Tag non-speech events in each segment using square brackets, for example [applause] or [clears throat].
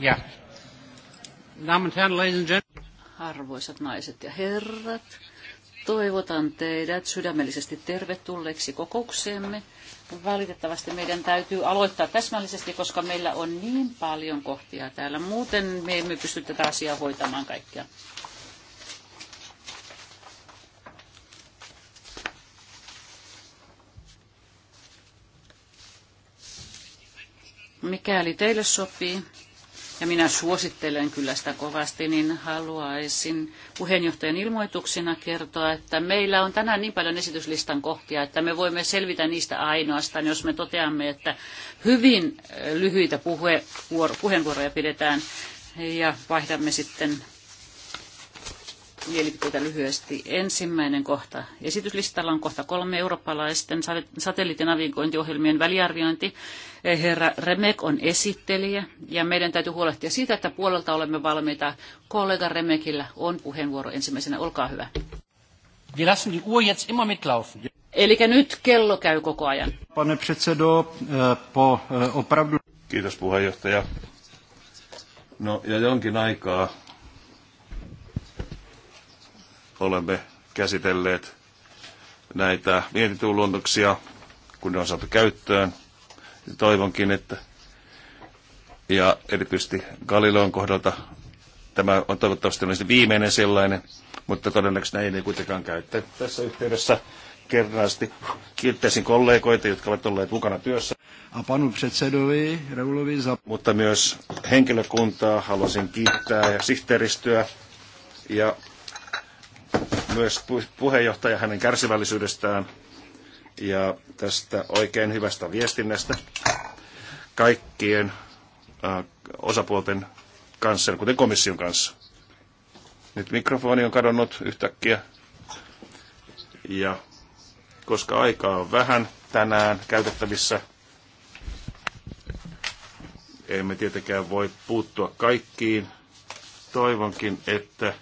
Ja. Arvoisat naiset ja herrat, toivotan teidät sydämellisesti tervetulleeksi kokoukseemme. Valitettavasti meidän täytyy aloittaa täsmällisesti, koska meillä on niin paljon kohtia täällä. Muuten me emme pysty tätä asiaa hoitamaan kaikkea. Mikäli teille sopii, ja minä suosittelen kyllä sitä kovasti, niin haluaisin puheenjohtajan ilmoituksena kertoa, että meillä on tänään niin paljon esityslistan kohtia, että me voimme selvitä niistä ainoastaan, jos me toteamme, että hyvin eh, lyhyitä puheenvuoroja pidetään ja vaihdamme sitten mielipiteitä lyhyesti. Ensimmäinen kohta. Esityslistalla on kohta kolme eurooppalaisten satelliittinavigointiohjelmien väliarviointi. Eh, herra Remek on esittelijä ja meidän täytyy huolehtia siitä, että puolelta olemme valmiita. Kollega Remekillä on puheenvuoro ensimmäisenä. Olkaa hyvä. Wir lassen die Uhr jetzt immer mitlaufen. Eli nyt kello käy koko ajan. Pane předsedo, eh, po eh, opravdu... Kiitos puheenjohtaja. No ja jonkin aikaa olemme käsitelleet näitä mietintöluonnoksia, kun ne on saatu käyttöön. Toivonkin, että ja erityisesti Galileon kohdalta tämä on toivottavasti olisi viimeinen sellainen, mutta todennäköisesti näin ei kuitenkaan käy. Tässä yhteydessä kerrasti kiittäisin kollegoita, jotka ovat olleet mukana työssä. Mutta myös henkilökuntaa haluaisin kiittää ja sihteeristöä ja myös puheenjohtaja hänen kärsivällisyydestään ja tästä oikein hyvästä viestinnästä kaikkien äh, osapuolten kanssa, kuten komission kanssa. Nyt mikrofoni on kadonnut yhtäkkiä. Ja koska aikaa on vähän tänään käytettävissä, emme tietenkään voi puuttua kaikkiin. Toivonkin, että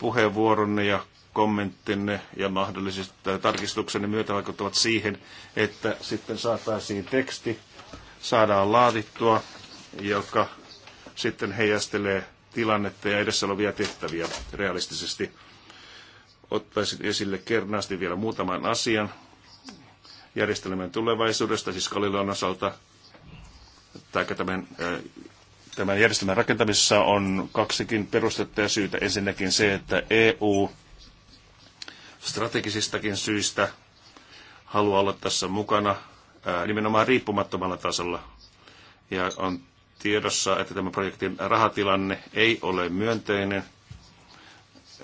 puheenvuoronne ja kommenttinne ja mahdolliset tarkistuksenne myötä vaikuttavat siihen, että sitten saataisiin teksti, saadaan laadittua, joka sitten heijastelee tilannetta ja edessä olevia tehtäviä realistisesti. Ottaisin esille kernaasti vielä muutaman asian järjestelmän tulevaisuudesta, siis Kalilan osalta, tai tämän tämän järjestelmän rakentamisessa on kaksikin perustetta ja syytä. Ensinnäkin se, että EU strategisistakin syistä haluaa olla tässä mukana nimenomaan riippumattomalla tasolla. Ja on tiedossa, että tämä projektin rahatilanne ei ole myönteinen.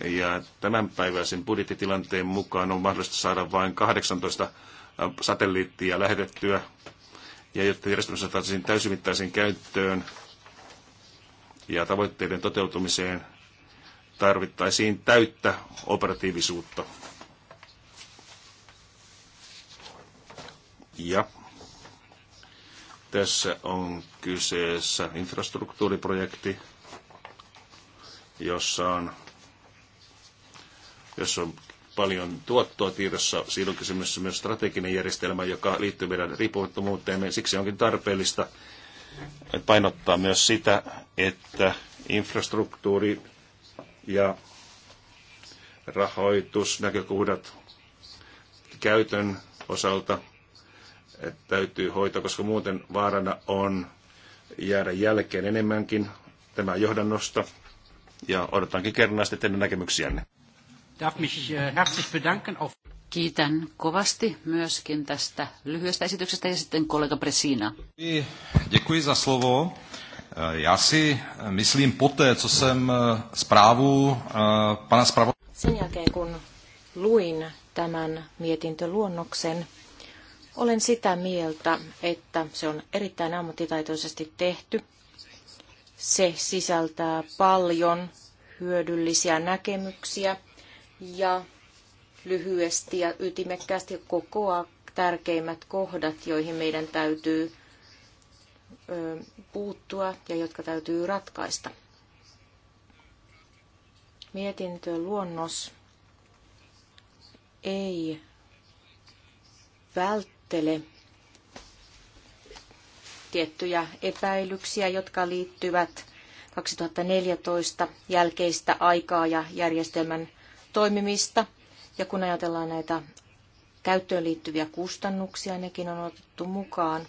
Ja tämänpäiväisen budjettitilanteen mukaan on mahdollista saada vain 18 satelliittia lähetettyä. Ja jotta järjestelmä saataisiin täysimittaisen käyttöön, ja tavoitteiden toteutumiseen tarvittaisiin täyttä operatiivisuutta. Ja tässä on kyseessä infrastruktuuriprojekti, jossa on, jossa on paljon tuottoa tiedossa. Siinä on kysymys myös strateginen järjestelmä, joka liittyy meidän riippumattomuuteemme. Siksi onkin tarpeellista, painottaa myös sitä, että infrastruktuuri ja rahoitusnäkökohdat käytön osalta että täytyy hoitaa, koska muuten vaarana on jäädä jälkeen enemmänkin tämä johdannosta. Ja odotankin kernaasti teidän näkemyksiänne. Darf mich äh, herzlich bedanken auf Kiitän kovasti myöskin tästä lyhyestä esityksestä ja sitten kollega Presina. Děkuji za slovo. Já si myslím poté, co jsem eh, zprávu eh, pana spravo... Sen jälkeen kun luin tämän mietintöluonnoksen, olen sitä mieltä, että se on erittäin ammattitaitoisesti tehty. Se sisältää paljon hyödyllisiä näkemyksiä ja lyhyesti ja ytimekkäästi kokoaa tärkeimmät kohdat, joihin meidän täytyy puuttua ja jotka täytyy ratkaista. Mietintö luonnos ei välttele tiettyjä epäilyksiä, jotka liittyvät 2014 jälkeistä aikaa ja järjestelmän toimimista. Ja kun ajatellaan näitä käyttöön liittyviä kustannuksia, nekin on otettu mukaan.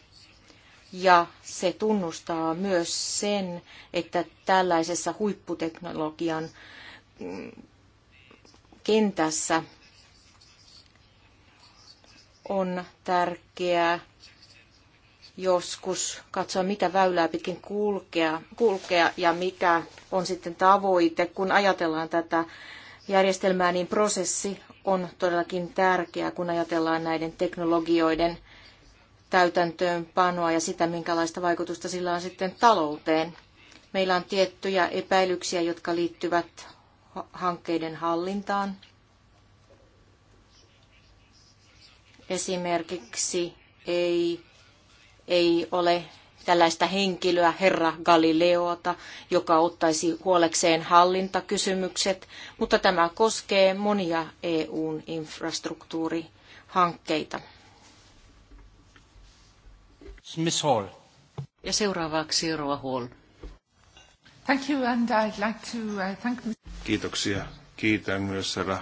Ja se tunnustaa myös sen, että tällaisessa huipputeknologian mm, kentässä on tärkeää joskus katsoa, mitä väylää pitkin kulkea, kulkea ja mikä on sitten tavoite. Kun ajatellaan tätä järjestelmää, niin prosessi on todellakin tärkeää, kun ajatellaan näiden teknologioiden täytäntöönpanoa ja sitä, minkälaista vaikutusta sillä on sitten talouteen. Meillä on tiettyjä epäilyksiä, jotka liittyvät hankkeiden hallintaan. Esimerkiksi ei, ei ole tällaista henkilöä, herra Galileota, joka ottaisi huolekseen hallintakysymykset, mutta tämä koskee monia EUn infrastruktuurihankkeita. Miss Hall. Ja seuraavaksi Rova Hall. Thank you and I'd like to uh, thank... Kiitoksia. Kiitän myös herra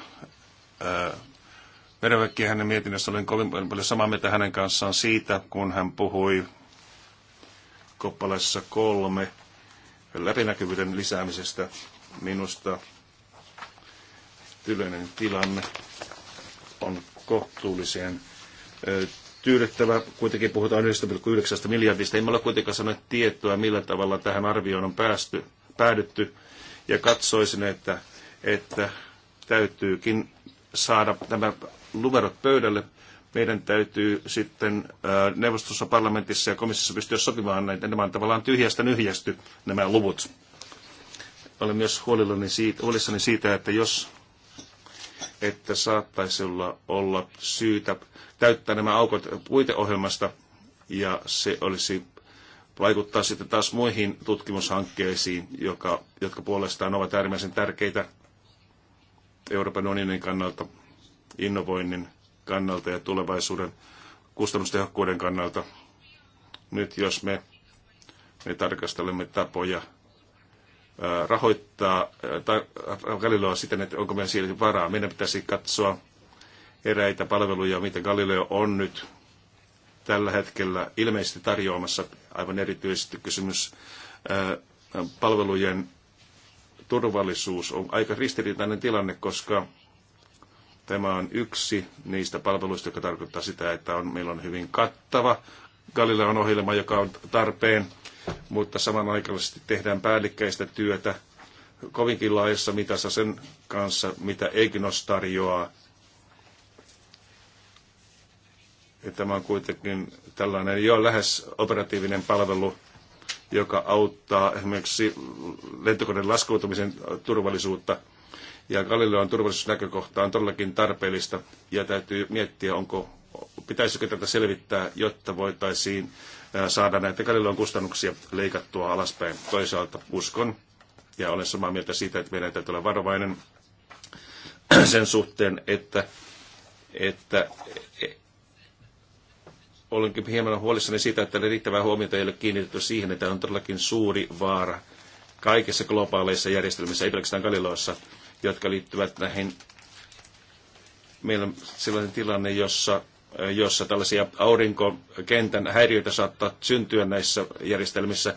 Vereväkkiä hänen mietinnössä olin kovin paljon samaa mieltä hänen kanssaan siitä, kun hän puhui kappaleessa kolme läpinäkyvyyden lisäämisestä minusta tyylinen tilanne on kohtuullisen tyydyttävä. Kuitenkin puhutaan 1,9 miljardista. Emme ole kuitenkaan saaneet tietoa, millä tavalla tähän arvioon on päästy, päädytty. Ja katsoisin, että, että täytyykin saada nämä numerot pöydälle meidän täytyy sitten neuvostossa, parlamentissa ja komissiossa pystyä sopimaan näitä. Nämä on tavallaan tyhjästä nyhjästy nämä luvut. Olen myös huolissani siitä, huolissani siitä että jos että saattaisi olla, olla syytä täyttää nämä aukot puiteohjelmasta, ja se olisi vaikuttaa sitten taas muihin tutkimushankkeisiin, joka, jotka puolestaan ovat äärimmäisen tärkeitä Euroopan unionin kannalta innovoinnin kannalta ja tulevaisuuden kustannustehokkuuden kannalta. Nyt jos me, me tarkastelemme tapoja rahoittaa Galileo siten, että onko meidän siihen varaa. Meidän pitäisi katsoa eräitä palveluja, mitä Galileo on nyt tällä hetkellä ilmeisesti tarjoamassa. Aivan erityisesti kysymys palvelujen turvallisuus on aika ristiriitainen tilanne, koska Tämä on yksi niistä palveluista, joka tarkoittaa sitä, että on, meillä on hyvin kattava Galileon ohjelma, joka on tarpeen, mutta samanaikaisesti tehdään päällikkäistä työtä kovinkin laajassa mitassa sen kanssa, mitä Egnos tarjoaa. Ja tämä on kuitenkin tällainen jo lähes operatiivinen palvelu, joka auttaa esimerkiksi lentokoneen laskeutumisen turvallisuutta – ja Galileon turvallisuusnäkökohta on todellakin tarpeellista ja täytyy miettiä, onko, pitäisikö tätä selvittää, jotta voitaisiin saada näitä Galileon kustannuksia leikattua alaspäin. Toisaalta uskon ja olen samaa mieltä siitä, että meidän täytyy olla varovainen sen suhteen, että, että e, olenkin hieman huolissani siitä, että riittävää huomiota ei ole kiinnitetty siihen, että on todellakin suuri vaara kaikissa globaaleissa järjestelmissä, ei pelkästään Galiloissa, jotka liittyvät näihin. Meillä on sellainen tilanne, jossa, jossa tällaisia aurinkokentän häiriöitä saattaa syntyä näissä järjestelmissä.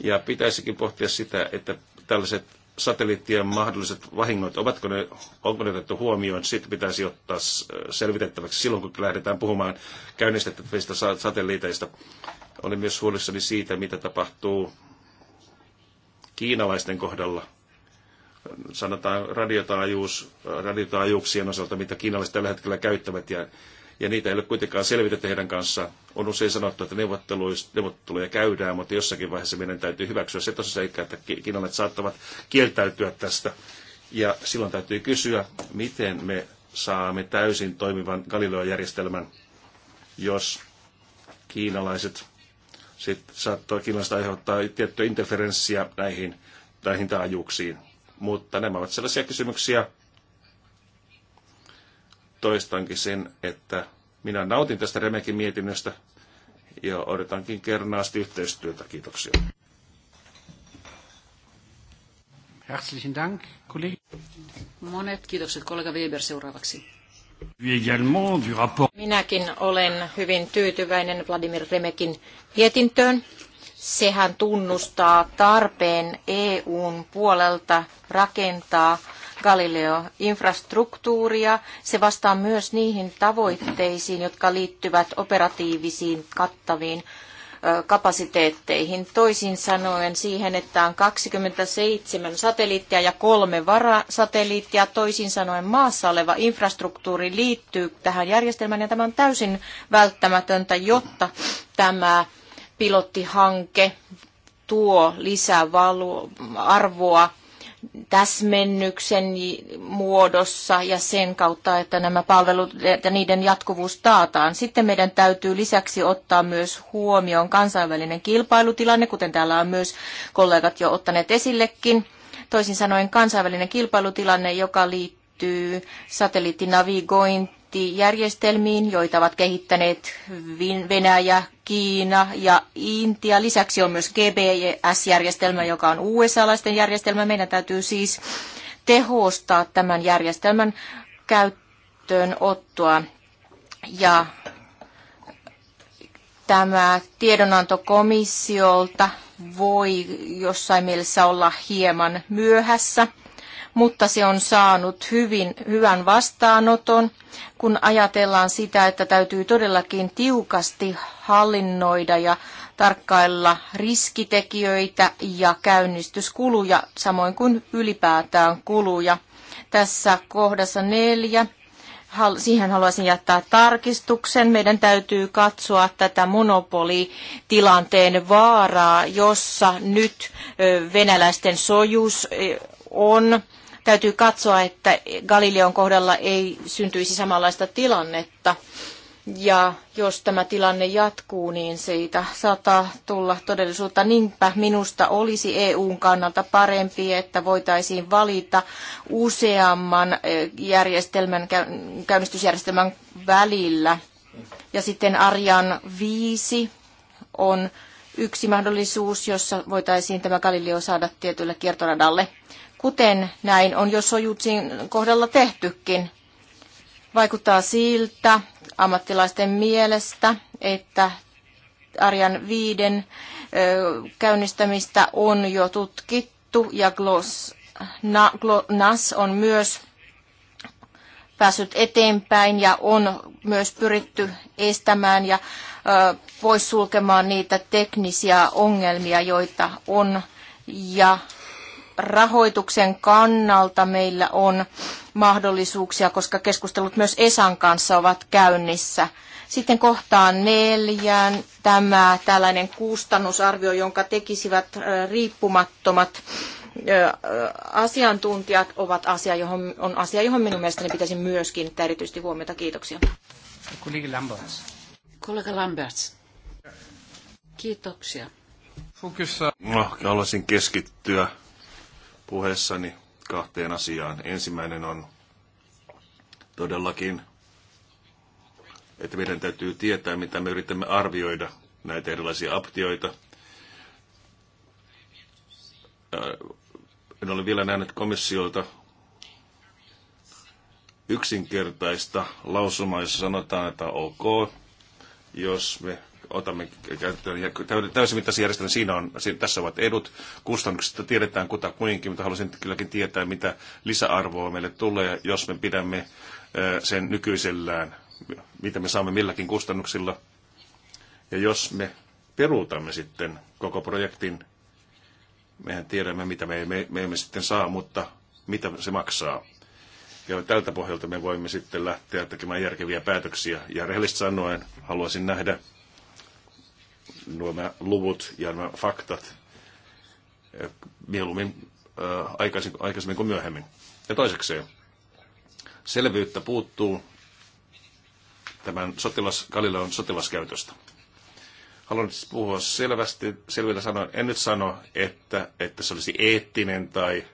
Ja pitäisikin pohtia sitä, että tällaiset satelliittien mahdolliset vahingot, ovatko ne, onko ne otettu huomioon, sitten pitäisi ottaa selvitettäväksi silloin, kun lähdetään puhumaan käynnistettävistä satelliiteista. Olen myös huolissani siitä, mitä tapahtuu kiinalaisten kohdalla sanotaan radiotaajuus, radiotaajuuksien osalta, mitä kiinalaiset tällä hetkellä käyttävät, ja, ja niitä ei ole kuitenkaan selvitetty heidän kanssaan. On usein sanottu, että neuvotteluja käydään, mutta jossakin vaiheessa meidän täytyy hyväksyä se tosiseikka, että kiinalaiset saattavat kieltäytyä tästä. Ja silloin täytyy kysyä, miten me saamme täysin toimivan Galileo-järjestelmän, jos kiinalaiset sit saattaa kiinalaiset aiheuttaa tiettyä interferenssiä näihin, näihin taajuuksiin mutta nämä ovat sellaisia kysymyksiä. Toistankin sen, että minä nautin tästä Remekin mietinnöstä ja odotankin kernaasti yhteistyötä. Kiitoksia. Herzlichen Dank, kollegi. Monet kiitokset kollega Weber seuraavaksi. Minäkin olen hyvin tyytyväinen Vladimir Remekin mietintöön sehän tunnustaa tarpeen EUn puolelta rakentaa Galileo-infrastruktuuria. Se vastaa myös niihin tavoitteisiin, jotka liittyvät operatiivisiin kattaviin kapasiteetteihin. Toisin sanoen siihen, että on 27 satelliittia ja kolme varasatelliittia. Toisin sanoen maassa oleva infrastruktuuri liittyy tähän järjestelmään ja tämä on täysin välttämätöntä, jotta tämä pilottihanke tuo lisää valu- arvoa täsmennyksen muodossa ja sen kautta, että nämä palvelut ja niiden jatkuvuus taataan. Sitten meidän täytyy lisäksi ottaa myös huomioon kansainvälinen kilpailutilanne, kuten täällä on myös kollegat jo ottaneet esillekin. Toisin sanoen kansainvälinen kilpailutilanne, joka liittyy satelliittinavigointiin patenttijärjestelmiin, joita ovat kehittäneet Venäjä, Kiina ja Intia. Lisäksi on myös GBS-järjestelmä, joka on USA-laisten järjestelmä. Meidän täytyy siis tehostaa tämän järjestelmän käyttöönottoa. Ja tämä tiedonanto komissiolta voi jossain mielessä olla hieman myöhässä – mutta se on saanut hyvin hyvän vastaanoton, kun ajatellaan sitä, että täytyy todellakin tiukasti hallinnoida ja tarkkailla riskitekijöitä ja käynnistyskuluja, samoin kuin ylipäätään kuluja. Tässä kohdassa neljä siihen haluaisin jättää tarkistuksen. Meidän täytyy katsoa tätä monopolitilanteen vaaraa, jossa nyt venäläisten sojus on Täytyy katsoa, että Galileon kohdalla ei syntyisi samanlaista tilannetta. Ja jos tämä tilanne jatkuu, niin siitä saattaa tulla todellisuutta. Niinpä minusta olisi EUn kannalta parempi, että voitaisiin valita useamman eh, järjestelmän, käynnistysjärjestelmän välillä. Ja sitten Arjan 5 on yksi mahdollisuus, jossa voitaisiin tämä Galileo saada tietylle kiertoradalle kuten näin on jo Sojutsin kohdalla tehtykin. Vaikuttaa siltä ammattilaisten mielestä, että Arjan viiden käynnistämistä on jo tutkittu ja GLOS, na, on myös päässyt eteenpäin ja on myös pyritty estämään ja poissulkemaan niitä teknisiä ongelmia, joita on ja rahoituksen kannalta meillä on mahdollisuuksia, koska keskustelut myös Esan kanssa ovat käynnissä. Sitten kohtaan neljään tämä tällainen kustannusarvio, jonka tekisivät riippumattomat asiantuntijat ovat asia, johon, on asia, johon minun mielestäni pitäisi myös kiinnittää erityisesti huomiota. Kiitoksia. Kollega Lamberts. Kollega Lamberts. Kiitoksia. Fokussa. No, haluaisin keskittyä puheessani kahteen asiaan. Ensimmäinen on todellakin, että meidän täytyy tietää, mitä me yritämme arvioida näitä erilaisia aptioita. Äh, en ole vielä nähnyt komissiolta yksinkertaista lausumaa, jossa sanotaan, että ok, jos me otamme käyttöön mitä järjestelmän. Siinä on, tässä ovat edut. Kustannuksista tiedetään kuinkin, mutta haluaisin kylläkin tietää, mitä lisäarvoa meille tulee, jos me pidämme sen nykyisellään, mitä me saamme milläkin kustannuksilla. Ja jos me peruutamme sitten koko projektin, mehän tiedämme, mitä me, me, me emme sitten saa, mutta mitä se maksaa. Ja tältä pohjalta me voimme sitten lähteä tekemään järkeviä päätöksiä. Ja rehellisesti sanoen haluaisin nähdä nuo luvut ja nämä faktat eh, mieluummin eh, aikaisemmin kuin myöhemmin. Ja toisekseen, selvyyttä puuttuu tämän sotilas, Galileon sotilaskäytöstä. Haluan siis puhua selvästi, selvillä sanoin. En nyt sano, että, että se olisi eettinen tai,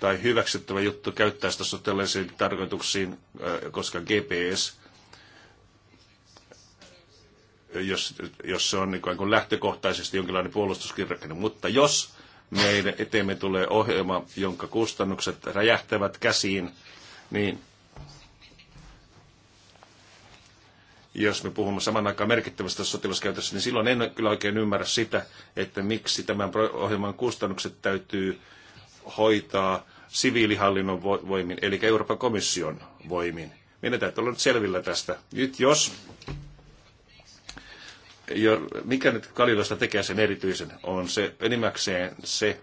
tai hyväksyttävä juttu käyttää sitä sotilaisiin tarkoituksiin, eh, koska GPS jos, jos se on niin kuin lähtökohtaisesti jonkinlainen puolustuskirjakin. Mutta jos meidän eteemme tulee ohjelma, jonka kustannukset räjähtävät käsiin, niin jos me puhumme saman aikaan merkittävästä sotilaskäytössä, niin silloin en kyllä oikein ymmärrä sitä, että miksi tämän ohjelman kustannukset täytyy hoitaa siviilihallinnon voimin, eli Euroopan komission voimin. Meidän täytyy olla nyt selvillä tästä. Nyt jos jo, mikä nyt Kalilosta tekee sen erityisen, on se enimmäkseen se,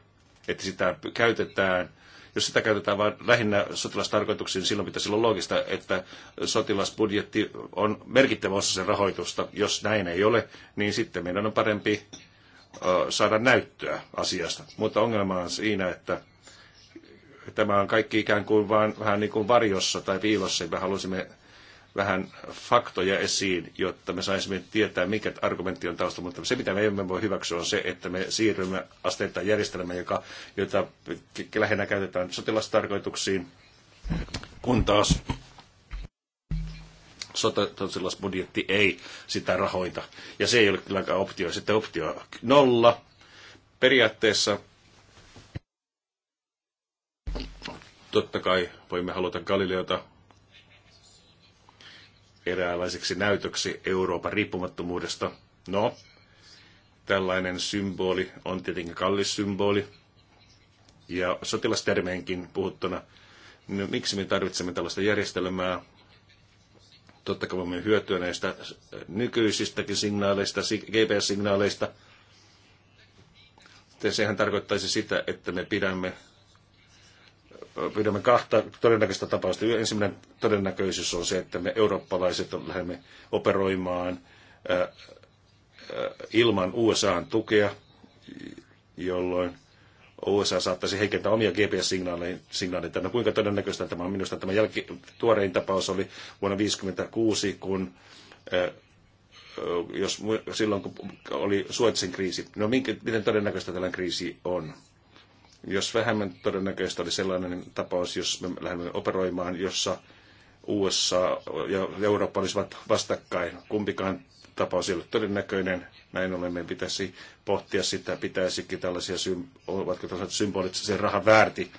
että sitä käytetään, jos sitä käytetään vain lähinnä sotilastarkoituksiin, niin silloin pitäisi olla loogista, että sotilasbudjetti on merkittävä osa sen rahoitusta. Jos näin ei ole, niin sitten meidän on parempi saada näyttöä asiasta. Mutta ongelma on siinä, että tämä on kaikki ikään kuin vain vähän niin kuin varjossa tai piilossa, ja me haluaisimme vähän faktoja esiin, jotta me saisimme tietää, mikä argumentti on taustalla. Mutta se, mitä me emme voi hyväksyä, on se, että me siirrymme asteittain järjestelmään, joka, jota lähinnä käytetään sotilastarkoituksiin, kun taas sotilasbudjetti ei sitä rahoita. Ja se ei ole kylläkään optio. Sitten optio nolla. Periaatteessa totta kai voimme haluta Galileota eräänlaiseksi näytöksi Euroopan riippumattomuudesta. No, tällainen symboli on tietenkin kallis symboli. Ja sotilastermeenkin puhuttuna, no, miksi me tarvitsemme tällaista järjestelmää? Totta kai voimme hyötyä näistä nykyisistäkin signaaleista, GPS-signaaleista. Sehän tarkoittaisi sitä, että me pidämme pidämme kahta todennäköistä tapausta. Ensimmäinen todennäköisyys on se, että me eurooppalaiset lähdemme operoimaan äh, äh, ilman USAn tukea, jolloin USA saattaisi heikentää omia GPS-signaaleita. No kuinka todennäköistä tämä on minusta? Tämä jälki, tuorein tapaus oli vuonna 1956, kun äh, jos, silloin kun oli Suotsin kriisi. No minkä, miten todennäköistä tällainen kriisi on? jos vähemmän todennäköistä oli sellainen tapaus, jos me lähdemme operoimaan, jossa USA ja Eurooppa olisivat vastakkain. Kumpikaan tapaus ei ole todennäköinen. Näin ollen meidän pitäisi pohtia sitä, pitäisikin tällaisia, ovatko tällaiset symbolit sen rahan väärti.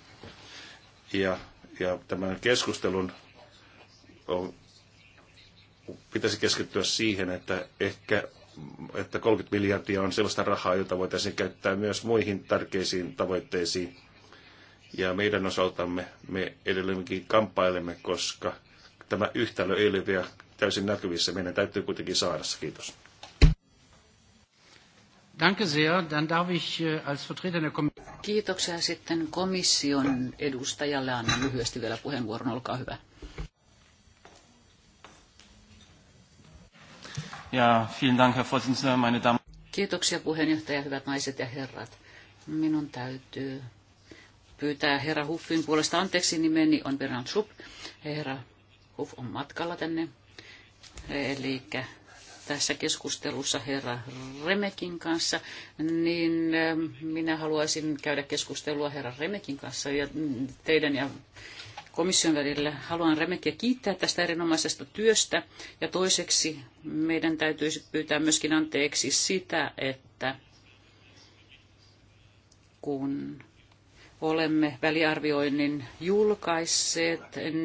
Ja, ja tämän keskustelun on, pitäisi keskittyä siihen, että ehkä että 30 miljardia on sellaista rahaa, jota voitaisiin käyttää myös muihin tärkeisiin tavoitteisiin. Ja meidän osaltamme me edelleenkin kamppailemme, koska tämä yhtälö ei ole vielä täysin näkyvissä. Meidän täytyy kuitenkin saada se. Kiitos. Danke sehr. Dann darf ich äh, als Vertreter der Kommission... Kiitoksia sitten komission edustajalle. Annan lyhyesti vielä puheenvuoron. Olkaa hyvä. Ja, vielen Dank, Herr Vorsitzender, meine Damen. Kiitoksia puheenjohtaja, hyvät naiset ja herrat. Minun täytyy pyytää herra Huffin puolesta anteeksi. Nimeni on Bernard Schupp. Herra Huff on matkalla tänne. Eli tässä keskustelussa herra Remekin kanssa, niin ähm, minä haluaisin käydä keskustelua herra Remekin kanssa ja teidän ja komission välillä. Haluan Remekia kiittää tästä erinomaisesta työstä ja toiseksi meidän täytyisi pyytää myöskin anteeksi sitä, että kun olemme väliarvioinnin julkaisseet,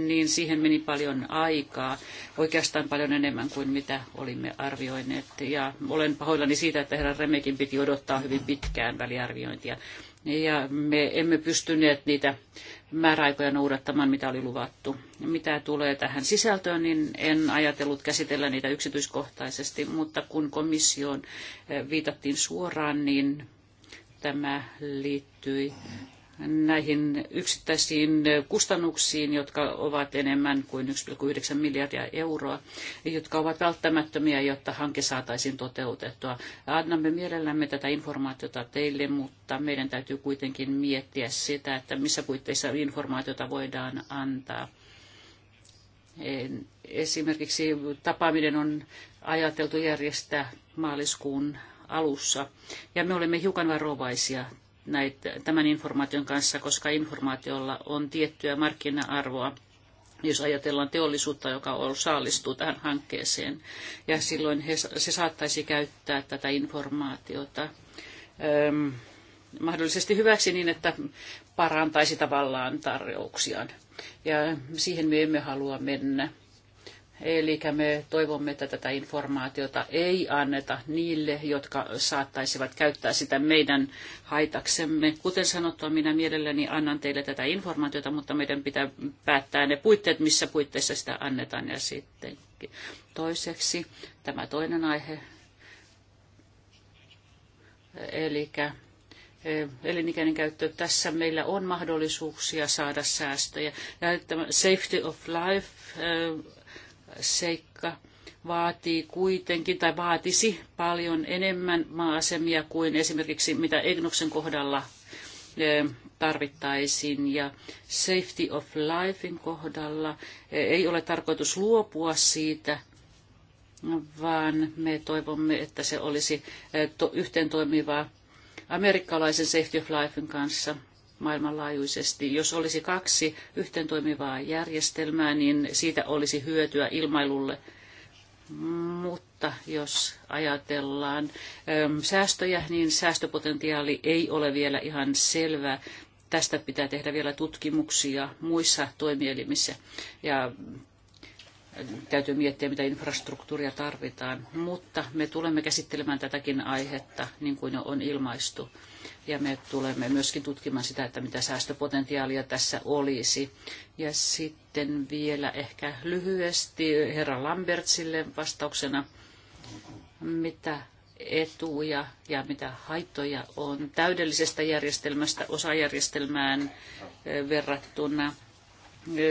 niin siihen meni paljon aikaa, oikeastaan paljon enemmän kuin mitä olimme arvioineet. Ja olen pahoillani siitä, että herra Remekin piti odottaa hyvin pitkään väliarviointia. Ja me emme pystyneet niitä määräaikoja noudattamaan, mitä oli luvattu. Mitä tulee tähän sisältöön, niin en ajatellut käsitellä niitä yksityiskohtaisesti, mutta kun komissioon eh, viitattiin suoraan, niin tämä liittyi näihin yksittäisiin kustannuksiin, jotka ovat enemmän kuin 1,9 miljardia euroa, jotka ovat välttämättömiä, jotta hanke saataisiin toteutettua. Annamme mielellämme tätä informaatiota teille, mutta meidän täytyy kuitenkin miettiä sitä, että missä puitteissa informaatiota voidaan antaa. Esimerkiksi tapaaminen on ajateltu järjestää maaliskuun alussa. Ja me olemme hiukan varovaisia näitä, tämän informaation kanssa, koska informaatiolla on tiettyä markkina-arvoa, jos ajatellaan teollisuutta, joka osallistuu tähän hankkeeseen. Ja silloin he, se saattaisi käyttää tätä informaatiota ähm, mahdollisesti hyväksi niin, että parantaisi tavallaan tarjouksiaan. Ja siihen me emme halua mennä. Eli me toivomme, että tätä informaatiota ei anneta niille, jotka saattaisivat käyttää sitä meidän haitaksemme. Kuten sanottua, minä mielelläni annan teille tätä informaatiota, mutta meidän pitää päättää ne puitteet, missä puitteissa sitä annetaan. Ja sitten toiseksi tämä toinen aihe, eli eh, elinikäinen käyttö. Tässä meillä on mahdollisuuksia saada säästöjä. Ja tämä Safety of Life eh, seikka vaatii kuitenkin tai vaatisi paljon enemmän maasemia kuin esimerkiksi mitä Egnoksen kohdalla tarvittaisiin ja Safety of Lifein kohdalla ei ole tarkoitus luopua siitä, vaan me toivomme, että se olisi yhteen toimivaa amerikkalaisen Safety of Lifein kanssa – maailmanlaajuisesti. Jos olisi kaksi yhteen toimivaa järjestelmää, niin siitä olisi hyötyä ilmailulle. Mutta jos ajatellaan ähm, säästöjä, niin säästöpotentiaali ei ole vielä ihan selvä. Tästä pitää tehdä vielä tutkimuksia muissa toimielimissä ja äh, täytyy miettiä, mitä infrastruktuuria tarvitaan. Mutta me tulemme käsittelemään tätäkin aihetta, niin kuin jo on ilmaistu ja me tulemme myöskin tutkimaan sitä, että mitä säästöpotentiaalia tässä olisi. Ja sitten vielä ehkä lyhyesti herra Lambertsille vastauksena, mitä etuja ja mitä haittoja on täydellisestä järjestelmästä osajärjestelmään verrattuna.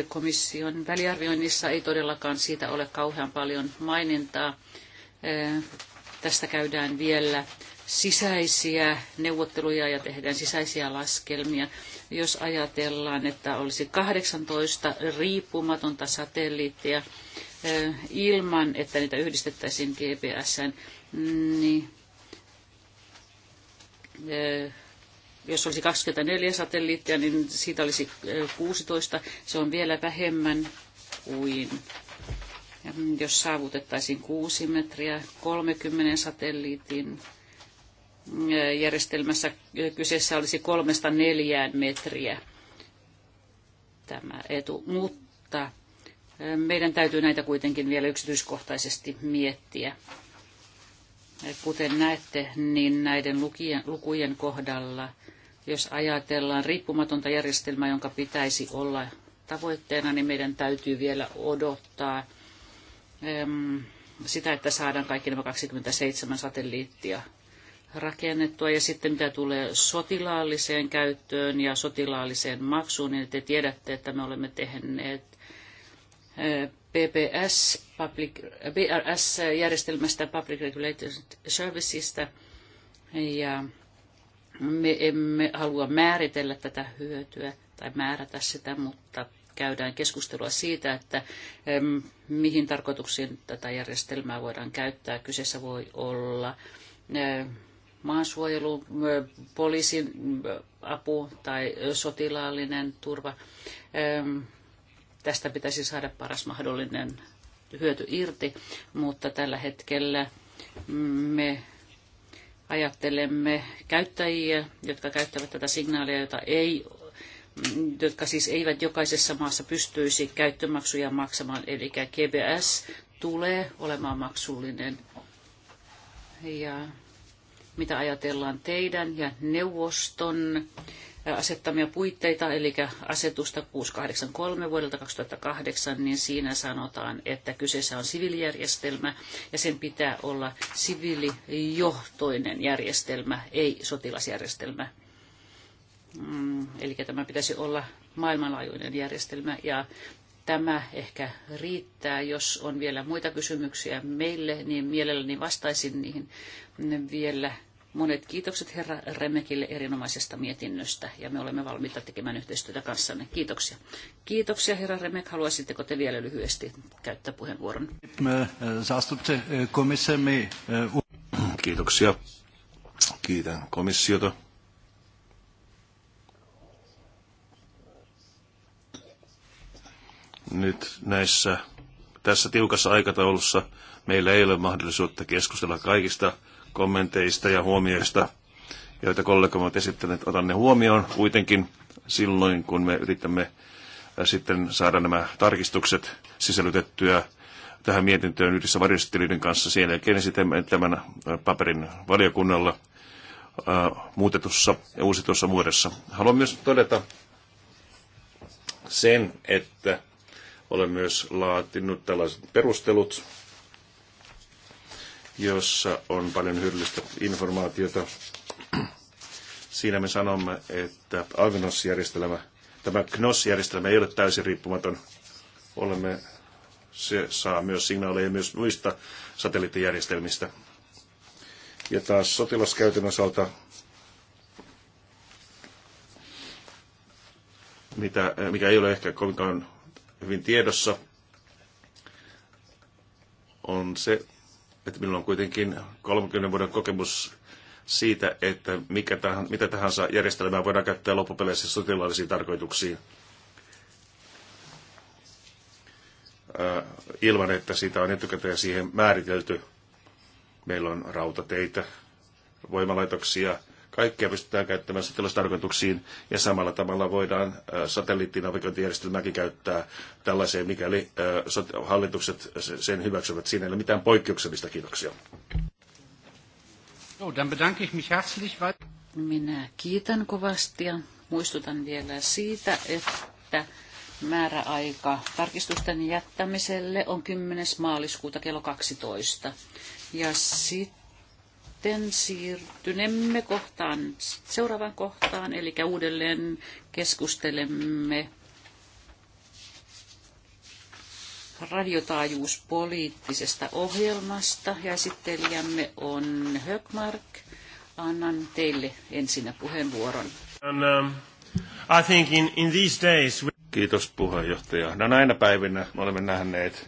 Komission väliarvioinnissa ei todellakaan siitä ole kauhean paljon mainintaa. Tästä käydään vielä sisäisiä neuvotteluja ja tehdään sisäisiä laskelmia. Jos ajatellaan, että olisi 18 riippumatonta satelliittia eh, ilman, että niitä yhdistettäisiin GPS, niin eh, jos olisi 24 satelliittia, niin siitä olisi 16. Eh, Se on vielä vähemmän kuin mm, jos saavutettaisiin 6 metriä 30 satelliitin järjestelmässä kyseessä olisi kolmesta neljään metriä tämä etu, mutta meidän täytyy näitä kuitenkin vielä yksityiskohtaisesti miettiä. Kuten näette, niin näiden lukien, lukujen kohdalla, jos ajatellaan riippumatonta järjestelmää, jonka pitäisi olla tavoitteena, niin meidän täytyy vielä odottaa sitä, että saadaan kaikki nämä 27 satelliittia rakennettua ja sitten mitä tulee sotilaalliseen käyttöön ja sotilaalliseen maksuun, niin te tiedätte, että me olemme tehneet eh, PPS, public, eh, BRS-järjestelmästä, Public Regulated Servicesista, ja me emme halua määritellä tätä hyötyä tai määrätä sitä, mutta käydään keskustelua siitä, että mihin tarkoituksiin tätä järjestelmää voidaan käyttää. Kyseessä voi olla eh, maansuojelu, poliisin apu tai sotilaallinen turva. Tästä pitäisi saada paras mahdollinen hyöty irti, mutta tällä hetkellä mm, me ajattelemme käyttäjiä, jotka käyttävät tätä signaalia, jota ei mm, jotka siis eivät jokaisessa maassa pystyisi käyttömaksuja maksamaan, eli GBS tulee olemaan maksullinen. Ja mitä ajatellaan teidän ja neuvoston asettamia puitteita, eli asetusta 683 vuodelta 2008, niin siinä sanotaan, että kyseessä on siviilijärjestelmä ja sen pitää olla siviilijohtoinen järjestelmä, ei sotilasjärjestelmä. Mm, eli tämä pitäisi olla maailmanlaajuinen järjestelmä ja tämä ehkä riittää. Jos on vielä muita kysymyksiä meille, niin mielelläni vastaisin niihin vielä. Monet kiitokset herra Remekille erinomaisesta mietinnöstä ja me olemme valmiita tekemään yhteistyötä kanssanne. Kiitoksia. Kiitoksia herra Remek. Haluaisitteko te vielä lyhyesti käyttää puheenvuoron? Eh, eh, Kiitoksia. Kiitän komissiota nyt näissä, tässä tiukassa aikataulussa meillä ei ole mahdollisuutta keskustella kaikista kommenteista ja huomioista, joita kollegamme ovat esittäneet. Otan ne huomioon kuitenkin silloin, kun me yritämme äh, sitten saada nämä tarkistukset sisällytettyä tähän mietintöön yhdessä varjostettelijoiden kanssa. Sen jälkeen esitämme tämän äh, paperin valiokunnalla äh, muutetussa ja uusitussa muodossa. Haluan myös todeta sen, että olen myös laatinut tällaiset perustelut, jossa on paljon hyödyllistä informaatiota. Siinä me sanomme, että Agnos-järjestelmä, tämä GNOS-järjestelmä ei ole täysin riippumaton. Olemme, se saa myös signaaleja myös muista satelliittijärjestelmistä. Ja taas sotilaskäytön osalta mitä, mikä ei ole ehkä kovinkaan hyvin tiedossa, on se, että minulla on kuitenkin 30 vuoden kokemus siitä, että mikä tahan, mitä tahansa järjestelmää voidaan käyttää loppupeleissä sotilaallisiin tarkoituksiin ilman, että siitä on etukäteen siihen määritelty. Meillä on rautateitä, voimalaitoksia, kaikkea pystytään käyttämään sotilastarkoituksiin ja samalla tavalla voidaan satelliittinavigointijärjestelmääkin käyttää tällaiseen, mikäli hallitukset sen hyväksyvät. Siinä ei ole mitään poikkeuksellista. Kiitoksia. No, dann bedanke ich mich herzlich. Minä kiitän kovasti ja muistutan vielä siitä, että määräaika tarkistusten jättämiselle on 10. maaliskuuta kello 12. Ja sitten sitten siirtynemme kohtaan, seuraavaan kohtaan, eli uudelleen keskustelemme radiotaajuuspoliittisesta ohjelmasta ja esittelijämme on Högmark. Annan teille ensin puheenvuoron. And, um, I think in, in these days we... Kiitos puheenjohtaja. No näinä päivinä me olemme nähneet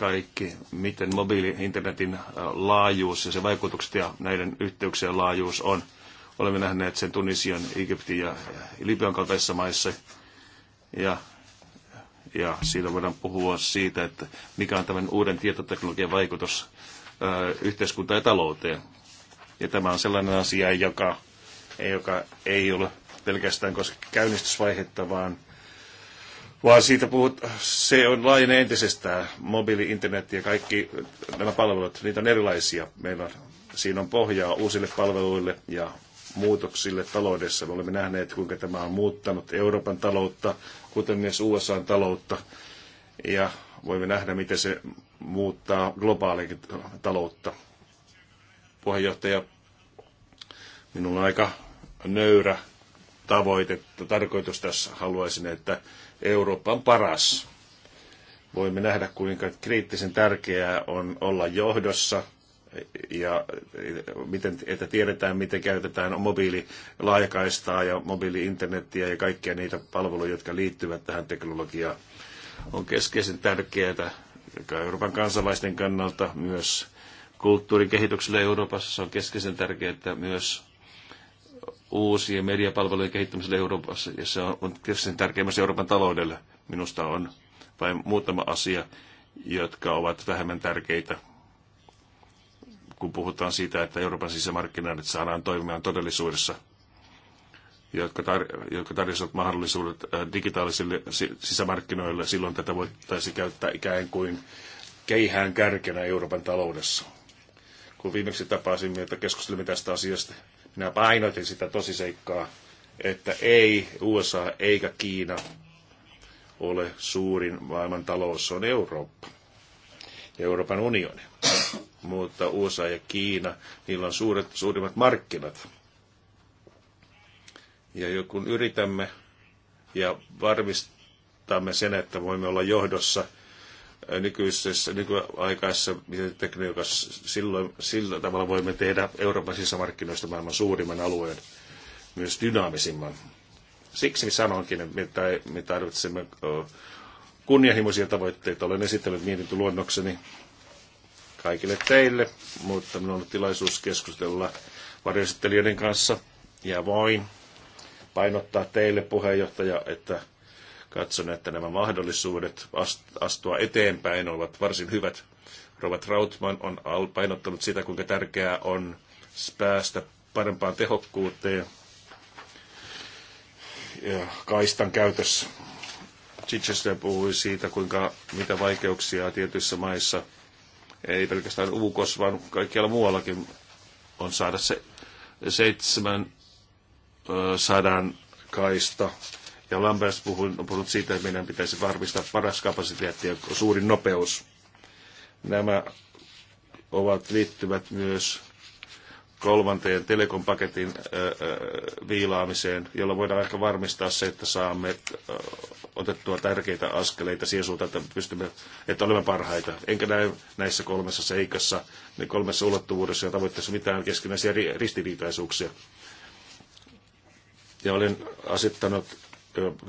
kaikki, miten mobiili-internetin äh, laajuus ja sen vaikutukset ja näiden yhteyksien laajuus on. Olemme nähneet sen Tunisian, Egyptin ja Libyan kaltaisissa maissa. Ja, ja siitä voidaan puhua siitä, että mikä on tämän uuden tietoteknologian vaikutus yhteiskunta- äh, yhteiskuntaan ja talouteen. Ja tämä on sellainen asia, joka, joka ei ole pelkästään koska käynnistysvaihetta, vaan – vaan siitä puhut, se on laajenee entisestään, mobiili, internet ja kaikki nämä palvelut, niitä on erilaisia. Meillä on, siinä on pohjaa uusille palveluille ja muutoksille taloudessa. Me olemme nähneet, kuinka tämä on muuttanut Euroopan taloutta, kuten myös USAn taloutta. Ja voimme nähdä, miten se muuttaa globaalikin taloutta. Puheenjohtaja, minulla on aika nöyrä tavoite, tarkoitus tässä. Haluaisin, että Euroopan paras. Voimme nähdä, kuinka kriittisen tärkeää on olla johdossa ja miten, että tiedetään, miten käytetään mobiililaajakaistaa ja mobiiliinternettiä ja kaikkia niitä palveluja, jotka liittyvät tähän teknologiaan. On keskeisen tärkeää joka Euroopan kansalaisten kannalta myös kulttuurin kehitykselle Euroopassa. Se on keskeisen tärkeää myös uusien mediapalvelujen kehittämiselle Euroopassa, ja se on tietysti tärkeä myös Euroopan taloudelle. Minusta on vain muutama asia, jotka ovat vähemmän tärkeitä, kun puhutaan siitä, että Euroopan sisämarkkinat saadaan toimimaan todellisuudessa, jotka, tar- jotka tarjoavat mahdollisuudet äh, digitaalisille sisämarkkinoille. Silloin tätä voitaisiin käyttää ikään kuin keihään kärkenä Euroopan taloudessa. Kun viimeksi tapasimme, että keskustelimme tästä asiasta, minä painotin sitä tosiseikkaa, että ei USA eikä Kiina ole suurin maailman talous, se on Eurooppa ja Euroopan unioni. Mutta USA ja Kiina, niillä on suuret, suurimmat markkinat. Ja kun yritämme ja varmistamme sen, että voimme olla johdossa – nykyisessä, nykyaikaisessa tekniikassa. Silloin, sillä tavalla voimme tehdä Euroopan sisämarkkinoista maailman suurimman alueen, myös dynaamisimman. Siksi sanonkin, että me tarvitsemme kunnianhimoisia tavoitteita. Olen esitellyt mietintöluonnokseni kaikille teille, mutta minulla on tilaisuus keskustella varjoesittelijöiden kanssa ja voin painottaa teille puheenjohtaja, että Katson, että nämä mahdollisuudet astua eteenpäin ovat varsin hyvät. Robert Rautman on painottanut sitä, kuinka tärkeää on päästä parempaan tehokkuuteen ja kaistan käytössä. Chichester puhui siitä, kuinka mitä vaikeuksia tietyissä maissa, ei pelkästään UKOS, vaan kaikkialla muuallakin on saada se seitsemän sadan kaista ja Lambers puhui, on puhunut siitä, että meidän pitäisi varmistaa paras kapasiteetti ja suurin nopeus. Nämä ovat liittyvät myös kolmanteen telekompaketin viilaamiseen, jolla voidaan ehkä varmistaa se, että saamme otettua tärkeitä askeleita siihen suuntaan, että pystymme, että olemme parhaita. Enkä näe näissä kolmessa seikassa, ne kolmessa ulottuvuudessa ja tavoitteessa mitään keskinäisiä ristiriitaisuuksia. Ja olen asettanut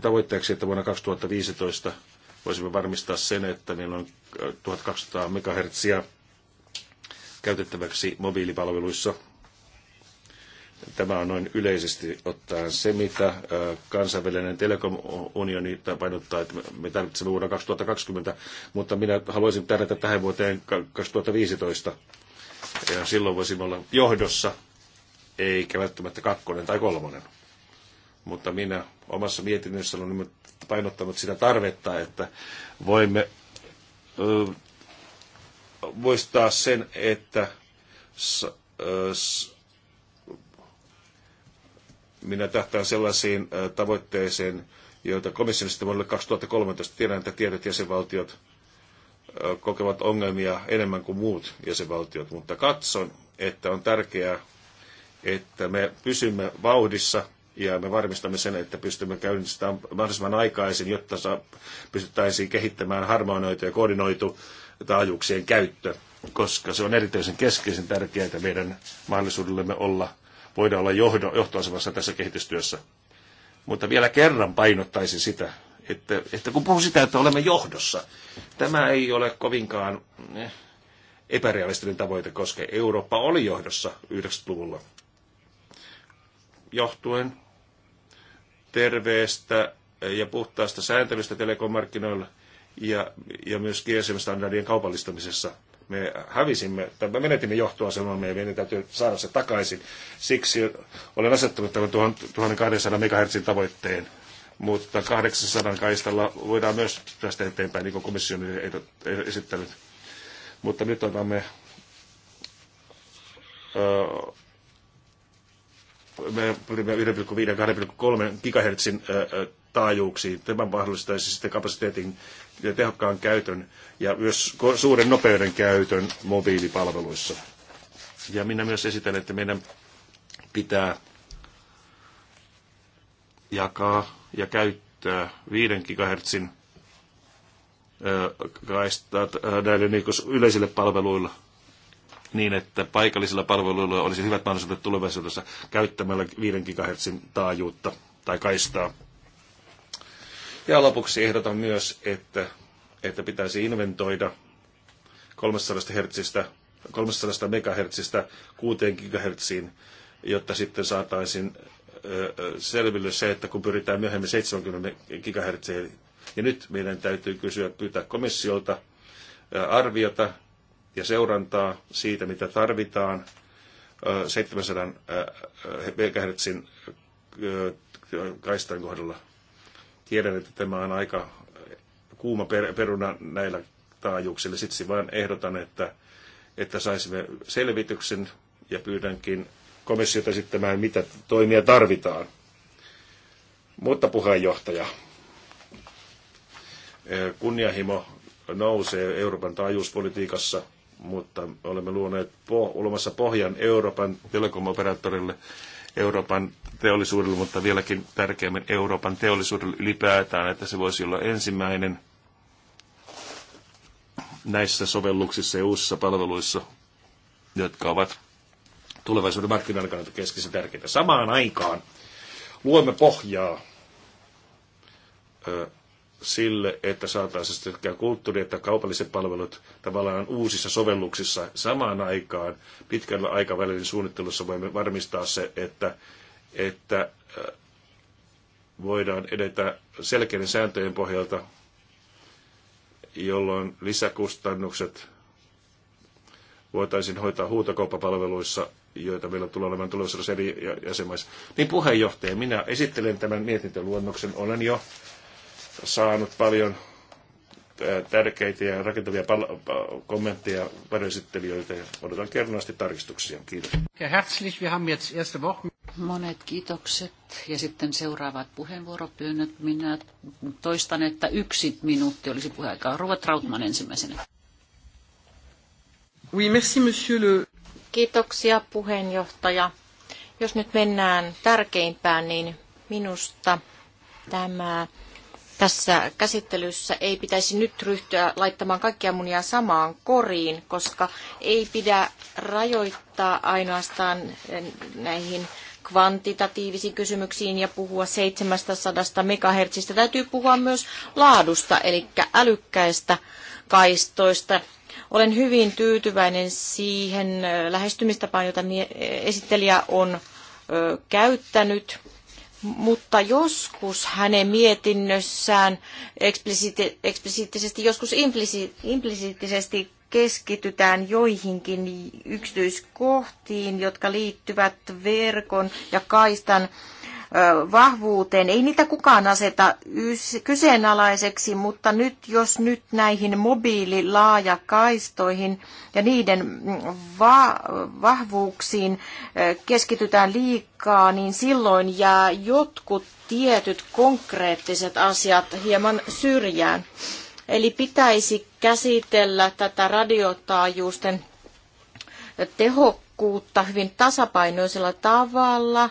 tavoitteeksi, että vuonna 2015 voisimme varmistaa sen, että niin on 1200 MHz käytettäväksi mobiilipalveluissa. Tämä on noin yleisesti ottaen se, mitä kansainvälinen telekomunioni painottaa, että me tarvitsemme vuonna 2020, mutta minä haluaisin tähdätä tähän vuoteen 2015. Ja silloin voisimme olla johdossa, eikä välttämättä kakkonen tai kolmonen mutta minä omassa mietinnössä olen painottanut sitä tarvetta, että voimme ö, muistaa sen, että s, ö, s, minä tähtään sellaisiin ö, tavoitteeseen, joita komissionista vuodelle 2013 tiedän, että tietyt jäsenvaltiot ö, kokevat ongelmia enemmän kuin muut jäsenvaltiot, mutta katson, että on tärkeää, että me pysymme vauhdissa – ja me varmistamme sen, että pystymme käynnistämään mahdollisimman aikaisin, jotta saa, pystyttäisiin kehittämään harmonoitu ja koordinoitu taajuuksien käyttö, koska se on erityisen keskeisen tärkeää meidän mahdollisuudellemme olla, voida olla johdo, johtoasemassa tässä kehitystyössä. Mutta vielä kerran painottaisin sitä, että, että kun puhun sitä, että olemme johdossa, tämä ei ole kovinkaan eh, epärealistinen tavoite, koska Eurooppa oli johdossa 90-luvulla johtuen terveestä ja puhtaasta sääntelystä telekomarkkinoilla ja, ja myös GSM-standardien kaupallistamisessa. Me hävisimme, tai me menetimme johtoasemamme ja meidän täytyy saada se takaisin. Siksi olen asettanut tämän 1200 MHz tavoitteen, mutta 800 kaistalla voidaan myös tästä eteenpäin, niin kuin komissio on esittänyt. Mutta nyt otamme me pyrimme 1,5-2,3 gigahertsin taajuuksiin. Tämä mahdollistaisi sitten kapasiteetin tehokkaan käytön ja myös suuren nopeuden käytön mobiilipalveluissa. Ja minä myös esitän, että meidän pitää jakaa ja käyttää 5 GHz kaistaa näille niin yleisille palveluilla – niin, että paikallisilla palveluilla olisi hyvät mahdollisuudet tulevaisuudessa käyttämällä 5 GHz taajuutta tai kaistaa. Ja lopuksi ehdotan myös, että, että pitäisi inventoida 300 Hz 300 MHz 6 GHz, jotta sitten saataisiin selville se, että kun pyritään myöhemmin 70 GHz, ja nyt meidän täytyy kysyä, pyytää komissiolta arviota ja seurantaa siitä, mitä tarvitaan 700 MHz kaistan kohdalla. Tiedän, että tämä on aika kuuma peruna näillä taajuuksilla. Sitten vain ehdotan, että, että saisimme selvityksen ja pyydänkin komissiota esittämään, mitä toimia tarvitaan. Mutta puheenjohtaja, kunnianhimo nousee Euroopan taajuuspolitiikassa – mutta olemme luoneet po- olemassa pohjan Euroopan telekomoperaattorille, Euroopan teollisuudelle, mutta vieläkin tärkeämmin Euroopan teollisuudelle ylipäätään, että se voisi olla ensimmäinen näissä sovelluksissa ja uusissa palveluissa, jotka ovat tulevaisuuden markkinoiden kannalta keskeisesti tärkeitä. Samaan aikaan luomme pohjaa sille, että saataisiin sekä kulttuuri- että kaupalliset palvelut tavallaan uusissa sovelluksissa samaan aikaan. Pitkällä aikavälin suunnittelussa voimme varmistaa se, että, että äh, voidaan edetä selkeiden sääntöjen pohjalta, jolloin lisäkustannukset voitaisiin hoitaa huutokauppapalveluissa, joita meillä tulee olemaan tulevaisuudessa eri jäsenmaissa. Niin puheenjohtaja, minä esittelen tämän mietintöluonnoksen. Olen jo saanut paljon tärkeitä ja rakentavia kommentteja varjoesittelijöiltä ja odotan kernaasti tarkistuksia. Kiitos. Herzlich, wir haben jetzt erste Woche. Monet kiitokset. Ja sitten seuraavat puheenvuoropyynnöt. Minä toistan, että yksi minuutti olisi puheaikaa. Rova Trautman ensimmäisenä. Oui, merci, monsieur le... Kiitoksia puheenjohtaja. Jos nyt mennään tärkeimpään, niin minusta tämä tässä käsittelyssä ei pitäisi nyt ryhtyä laittamaan kaikkia munia samaan koriin, koska ei pidä rajoittaa ainoastaan näihin kvantitatiivisiin kysymyksiin ja puhua 700 megahertsistä. Täytyy puhua myös laadusta, eli älykkäistä kaistoista. Olen hyvin tyytyväinen siihen lähestymistapaan, jota esittelijä on käyttänyt mutta joskus hänen mietinnössään eksplisiittisesti, joskus implisiittisesti keskitytään joihinkin yksityiskohtiin, jotka liittyvät verkon ja kaistan vahvuuteen. Ei niitä kukaan aseta kyseenalaiseksi, mutta nyt jos nyt näihin mobiililaajakaistoihin ja niiden mm, va- vahvuuksiin keskitytään liikaa, niin silloin jää jotkut tietyt konkreettiset asiat hieman syrjään. Eli pitäisi käsitellä tätä radiotaajuusten tehokkuutta hyvin tasapainoisella tavalla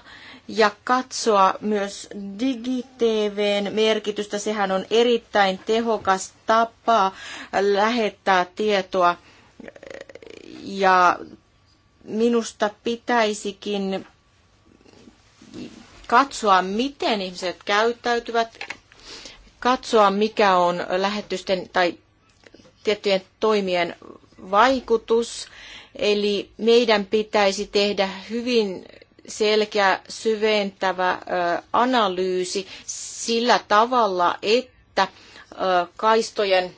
ja katsoa myös DigiTVn merkitystä. Sehän on erittäin tehokas tapa lähettää tietoa ja minusta pitäisikin katsoa, miten ihmiset käyttäytyvät, katsoa, mikä on lähetysten tai tiettyjen toimien vaikutus. Eli meidän pitäisi tehdä hyvin selkeä syventävä analyysi sillä tavalla, että kaistojen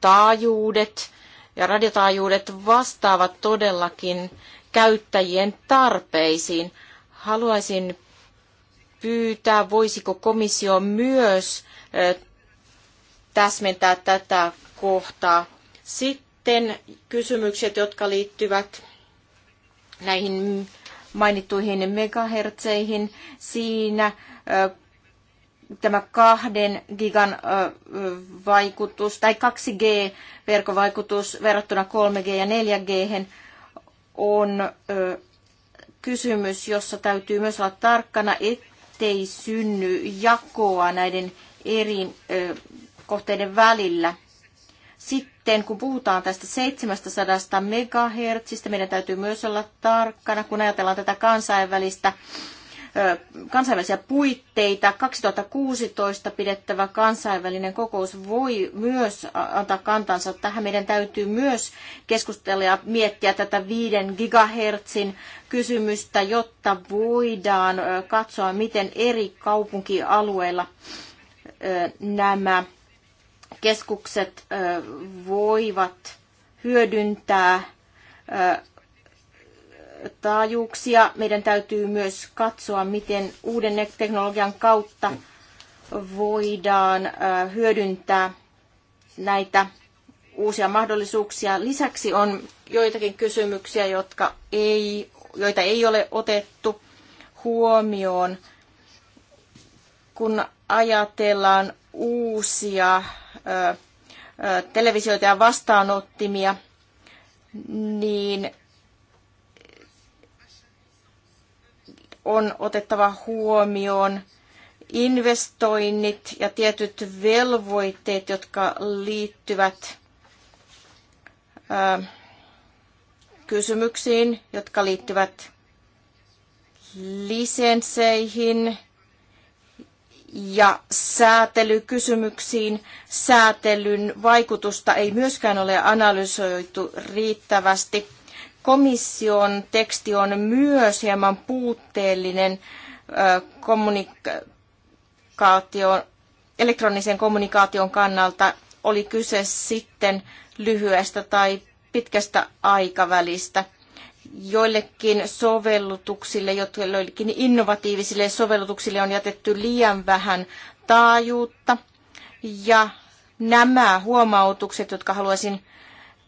taajuudet ja radiotaajuudet vastaavat todellakin käyttäjien tarpeisiin. Haluaisin pyytää, voisiko komissio myös täsmentää tätä kohtaa. Sitten kysymykset, jotka liittyvät näihin mainittuihin megahertseihin. Siinä tämä kahden gigan vaikutus tai 2 g verkovaikutus verrattuna 3G ja 4G on kysymys, jossa täytyy myös olla tarkkana, ettei synny jakoa näiden eri kohteiden välillä. Sitten sitten kun puhutaan tästä 700 megahertsistä, meidän täytyy myös olla tarkkana, kun ajatellaan tätä kansainvälistä kansainvälisiä puitteita. 2016 pidettävä kansainvälinen kokous voi myös antaa kantansa tähän. Meidän täytyy myös keskustella ja miettiä tätä 5 gigahertsin kysymystä, jotta voidaan katsoa, miten eri kaupunkialueilla nämä keskukset voivat hyödyntää taajuuksia. Meidän täytyy myös katsoa, miten uuden teknologian kautta voidaan hyödyntää näitä uusia mahdollisuuksia. Lisäksi on joitakin kysymyksiä, jotka ei, joita ei ole otettu huomioon, kun ajatellaan uusia televisioita ja vastaanottimia, niin on otettava huomioon investoinnit ja tietyt velvoitteet, jotka liittyvät kysymyksiin, jotka liittyvät lisensseihin, ja säätelykysymyksiin. Säätelyn vaikutusta ei myöskään ole analysoitu riittävästi. Komission teksti on myös hieman puutteellinen elektronisen kommunikaation kannalta, oli kyse sitten lyhyestä tai pitkästä aikavälistä – joillekin sovellutuksille, joillekin innovatiivisille sovellutuksille on jätetty liian vähän taajuutta. Ja nämä huomautukset, jotka haluaisin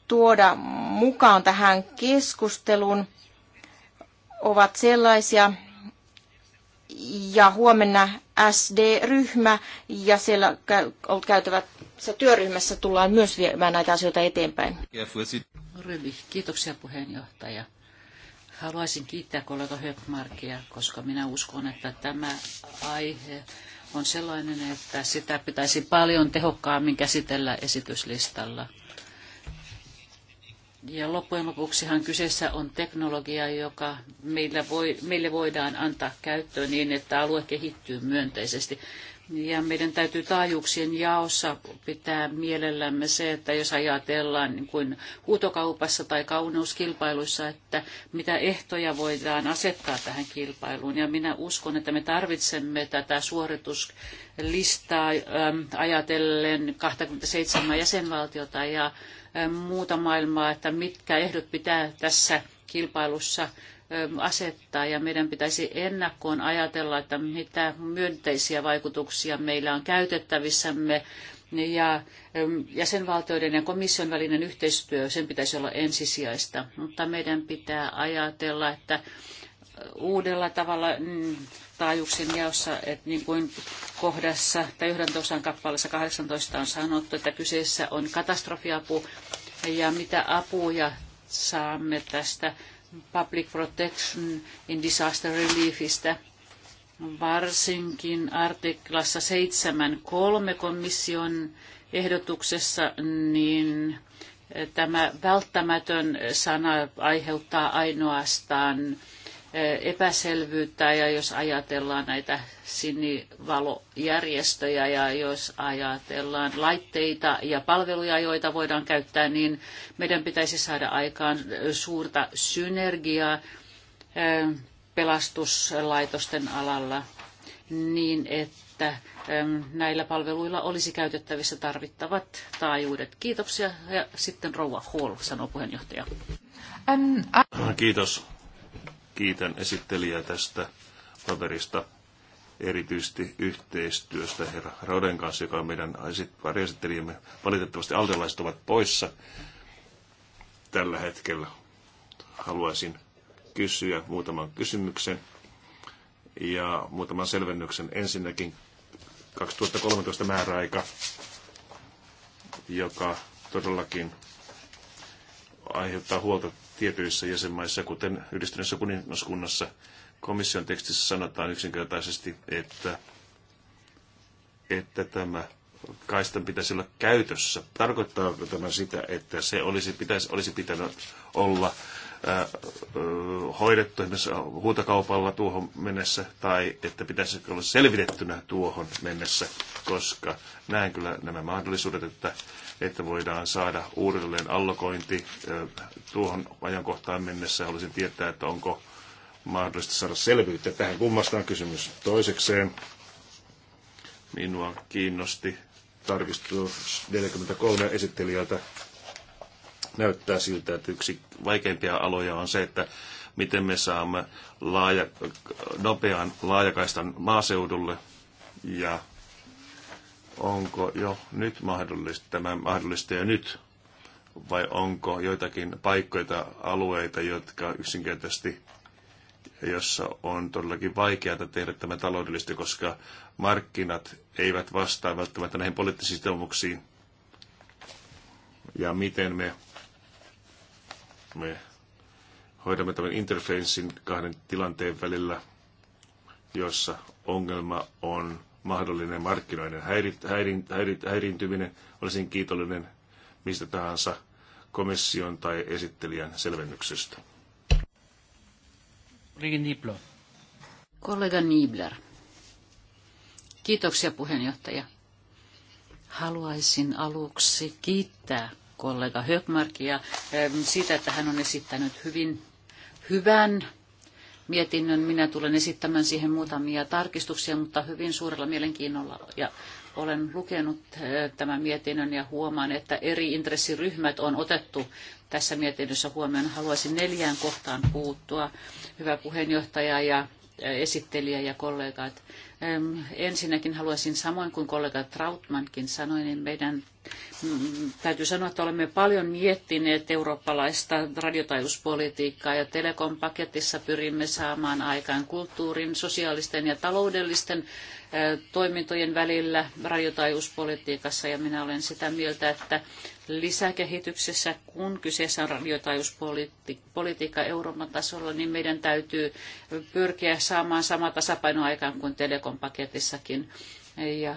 tuoda mukaan tähän keskusteluun, ovat sellaisia, ja huomenna SD-ryhmä ja siellä käytävässä työryhmässä tullaan myös viemään näitä asioita eteenpäin. Kiitoksia puheenjohtaja. Haluaisin kiittää kollega Höpmarkia, koska minä uskon, että tämä aihe on sellainen, että sitä pitäisi paljon tehokkaammin käsitellä esityslistalla. Ja loppujen lopuksihan kyseessä on teknologia, joka meillä voi, meille voidaan antaa käyttöön niin, että alue kehittyy myönteisesti. Ja meidän täytyy taajuuksien jaossa pitää mielellämme se, että jos ajatellaan niin kuin huutokaupassa tai kauneuskilpailuissa, että mitä ehtoja voidaan asettaa tähän kilpailuun. Ja minä uskon, että me tarvitsemme tätä suorituslistaa ajatellen 27 jäsenvaltiota ja muuta maailmaa, että mitkä ehdot pitää tässä kilpailussa asettaa ja meidän pitäisi ennakkoon ajatella, että mitä myönteisiä vaikutuksia meillä on käytettävissämme ja jäsenvaltioiden ja komission välinen yhteistyö, sen pitäisi olla ensisijaista, mutta meidän pitää ajatella, että uudella tavalla mm, taajuuksien jaossa, että niin kuin kohdassa tai yhdentosan kappaleessa 18 on sanottu, että kyseessä on katastrofiapu ja mitä apuja saamme tästä Public Protection in Disaster Reliefistä. Varsinkin artiklassa 7.3 komission ehdotuksessa, niin tämä välttämätön sana aiheuttaa ainoastaan Eh, epäselvyyttä ja jos ajatellaan näitä sinivalojärjestöjä ja jos ajatellaan laitteita ja palveluja, joita voidaan käyttää, niin meidän pitäisi saada aikaan eh, suurta synergiaa eh, pelastuslaitosten alalla niin, että näillä palveluilla olisi käytettävissä tarvittavat taajuudet. Kiitoksia. Ja sitten Rouva Hall, sanoo puheenjohtaja. Kiitos Kiitän esittelijää tästä paperista, erityisesti yhteistyöstä herra Roden kanssa, joka on meidän esittelijämme. Valitettavasti altelaiset ovat poissa tällä hetkellä. Haluaisin kysyä muutaman kysymyksen ja muutaman selvennyksen. Ensinnäkin 2013 määräaika, joka todellakin aiheuttaa huolta tietyissä jäsenmaissa, kuten yhdistyneessä kuningaskunnassa. Komission tekstissä sanotaan yksinkertaisesti, että, että tämä kaistan pitäisi olla käytössä. Tarkoittaako tämä sitä, että se olisi, pitäisi, olisi pitänyt olla ää, hoidettu esimerkiksi huutakaupalla tuohon mennessä, tai että pitäisi olla selvitettynä tuohon mennessä, koska näen kyllä nämä mahdollisuudet, että että voidaan saada uudelleen allokointi tuohon ajankohtaan mennessä. Haluaisin tietää, että onko mahdollista saada selvyyttä tähän kummastaan kysymys. Toisekseen minua kiinnosti tarkistus 43 esittelijältä. Näyttää siltä, että yksi vaikeimpia aloja on se, että miten me saamme laaja, nopean laajakaistan maaseudulle ja onko jo nyt mahdollista, tämä mahdollista jo nyt, vai onko joitakin paikkoja, alueita, jotka yksinkertaisesti, jossa on todellakin vaikeaa tehdä tämä taloudellisesti, koska markkinat eivät vastaa välttämättä näihin poliittisiin sitoumuksiin. Ja miten me, me hoidamme tämän interfeinsin kahden tilanteen välillä, jossa ongelma on mahdollinen markkinoiden häirintyminen. Olisin kiitollinen mistä tahansa komission tai esittelijän selvennyksestä. Kollega Niebler. Kiitoksia puheenjohtaja. Haluaisin aluksi kiittää kollega Högmarkia eh, siitä, että hän on esittänyt hyvin hyvän mietinnön. Minä tulen esittämään siihen muutamia tarkistuksia, mutta hyvin suurella mielenkiinnolla ja olen lukenut eh, tämän mietinnön ja huomaan, että eri intressiryhmät on otettu tässä mietinnössä huomioon. Haluaisin neljään kohtaan puuttua, hyvä puheenjohtaja, ja esittelijä ja kollegat. Ensinnäkin haluaisin samoin kuin kollega Trautmankin sanoi, niin meidän mm, täytyy sanoa, että olemme paljon miettineet eurooppalaista radiotajuuspolitiikkaa ja telekompaketissa pyrimme saamaan aikaan kulttuurin, sosiaalisten ja taloudellisten toimintojen välillä radiotaajuuspolitiikassa ja minä olen sitä mieltä, että lisäkehityksessä, kun kyseessä on radiotaajuuspolitiikka Euroopan tasolla, niin meidän täytyy pyrkiä saamaan sama tasapaino aikaan kuin telekompaketissakin. Ja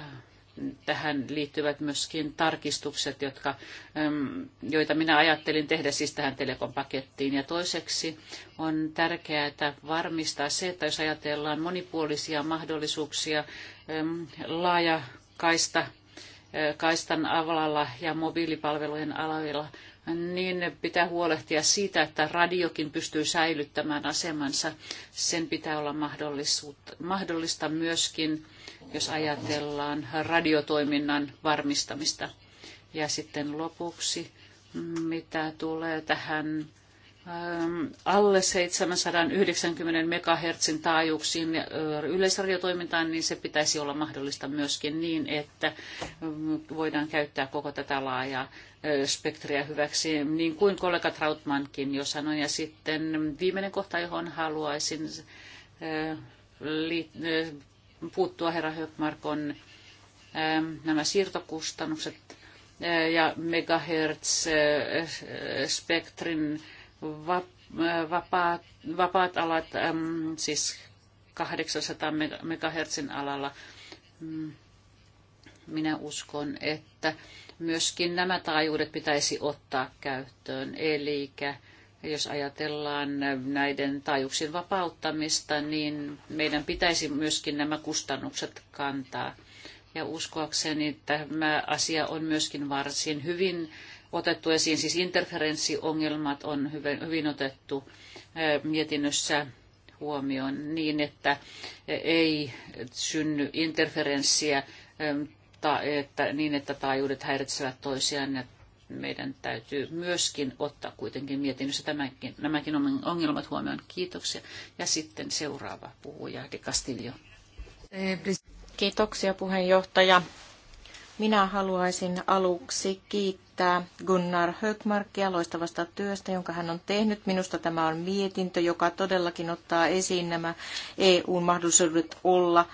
tähän liittyvät myöskin tarkistukset, jotka, joita minä ajattelin tehdä siis tähän telekompakettiin. Ja toiseksi on tärkeää että varmistaa se, että jos ajatellaan monipuolisia mahdollisuuksia laaja kaista, kaistan avalla ja mobiilipalvelujen alalla, niin pitää huolehtia siitä, että radiokin pystyy säilyttämään asemansa. Sen pitää olla mahdollista myöskin, jos ajatellaan radiotoiminnan varmistamista. Ja sitten lopuksi, mitä tulee tähän Ähm, alle 790 megahertsin taajuuksiin äh, yleisradiotoimintaan, niin se pitäisi olla mahdollista myöskin niin, että mm, voidaan käyttää koko tätä laajaa spektriä hyväksi, niin kuin kollega Trautmankin jo sanoi. Ja sitten viimeinen kohta, johon haluaisin puuttua, herra Höckmark, ähm, nämä siirtokustannukset ja megahertz-spektrin Äh, vapaat, vapaat alat, siis 800 megahertsin alalla. Mm. Minä uskon, että myöskin nämä taajuudet pitäisi ottaa käyttöön. Eli jos ajatellaan näiden taajuuksien vapauttamista, niin meidän pitäisi myöskin nämä kustannukset kantaa. Ja uskoakseni tämä asia on myöskin varsin hyvin otettu esiin, siis interferenssiongelmat on hyvin, hyvin otettu eh, mietinnössä huomioon niin, että ei synny interferenssiä että, niin, että taajuudet häiritsevät toisiaan ja meidän täytyy myöskin ottaa kuitenkin mietinnössä tämänkin, nämäkin ongelmat huomioon. Kiitoksia. Ja sitten seuraava puhuja, De Castillo. Kiitoksia puheenjohtaja. Minä haluaisin aluksi kiittää kiittää Gunnar Högmarkia loistavasta työstä, jonka hän on tehnyt. Minusta tämä on mietintö, joka todellakin ottaa esiin nämä eu mahdollisuudet olla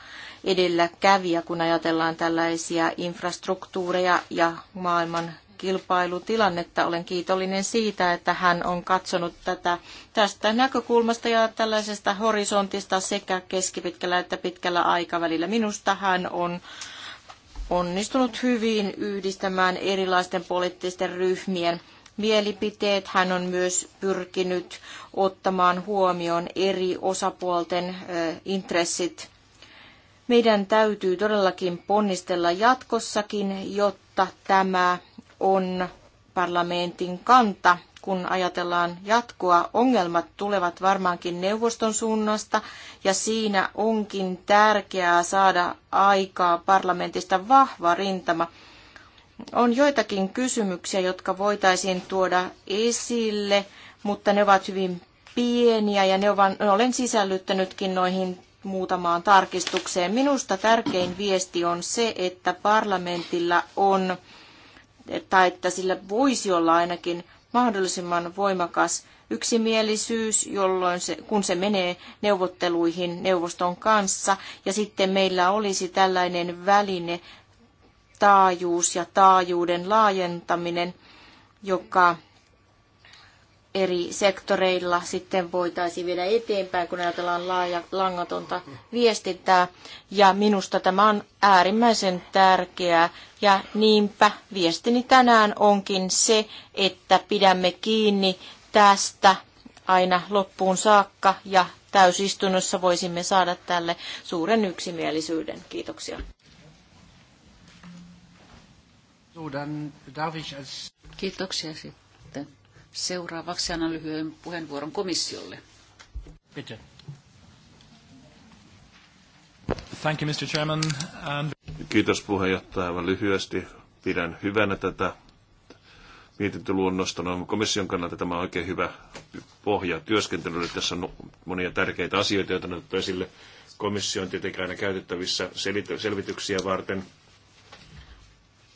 edelläkävijä, kun ajatellaan tällaisia infrastruktuureja ja maailman kilpailutilannetta. Olen kiitollinen siitä, että hän on katsonut tätä tästä näkökulmasta ja tällaisesta horisontista sekä keskipitkällä että pitkällä aikavälillä. Minusta hän on onnistunut hyvin yhdistämään erilaisten poliittisten ryhmien mielipiteet. Hän on myös pyrkinyt ottamaan huomioon eri osapuolten intressit. Meidän täytyy todellakin ponnistella jatkossakin, jotta tämä on parlamentin kanta kun ajatellaan jatkoa, ongelmat tulevat varmaankin neuvoston suunnasta, ja siinä onkin tärkeää saada aikaa parlamentista vahva rintama. On joitakin kysymyksiä, jotka voitaisiin tuoda esille, mutta ne ovat hyvin pieniä, ja ne ovat, olen sisällyttänytkin noihin muutamaan tarkistukseen. Minusta tärkein viesti on se, että parlamentilla on, tai että sillä voisi olla ainakin mahdollisimman voimakas yksimielisyys, jolloin se, kun se menee neuvotteluihin neuvoston kanssa, ja sitten meillä olisi tällainen väline, taajuus ja taajuuden laajentaminen, joka eri sektoreilla sitten voitaisiin viedä eteenpäin, kun ajatellaan laaja, langatonta viestintää. Ja minusta tämä on äärimmäisen tärkeää. Ja niinpä viestini tänään onkin se, että pidämme kiinni tästä aina loppuun saakka ja täysistunnossa voisimme saada tälle suuren yksimielisyyden. Kiitoksia. Kiitoksia sitten. Seuraavaksi annan lyhyen puheenvuoron komissiolle. Thank you, Mr. Chairman. And... Kiitos puheenjohtaja. Aivan lyhyesti pidän hyvänä tätä mietintöluonnosta. No, komission kannalta tämä on oikein hyvä pohja työskentelylle. Tässä on monia tärkeitä asioita, joita on otettu esille. Komissio on tietenkin aina käytettävissä selvityksiä varten –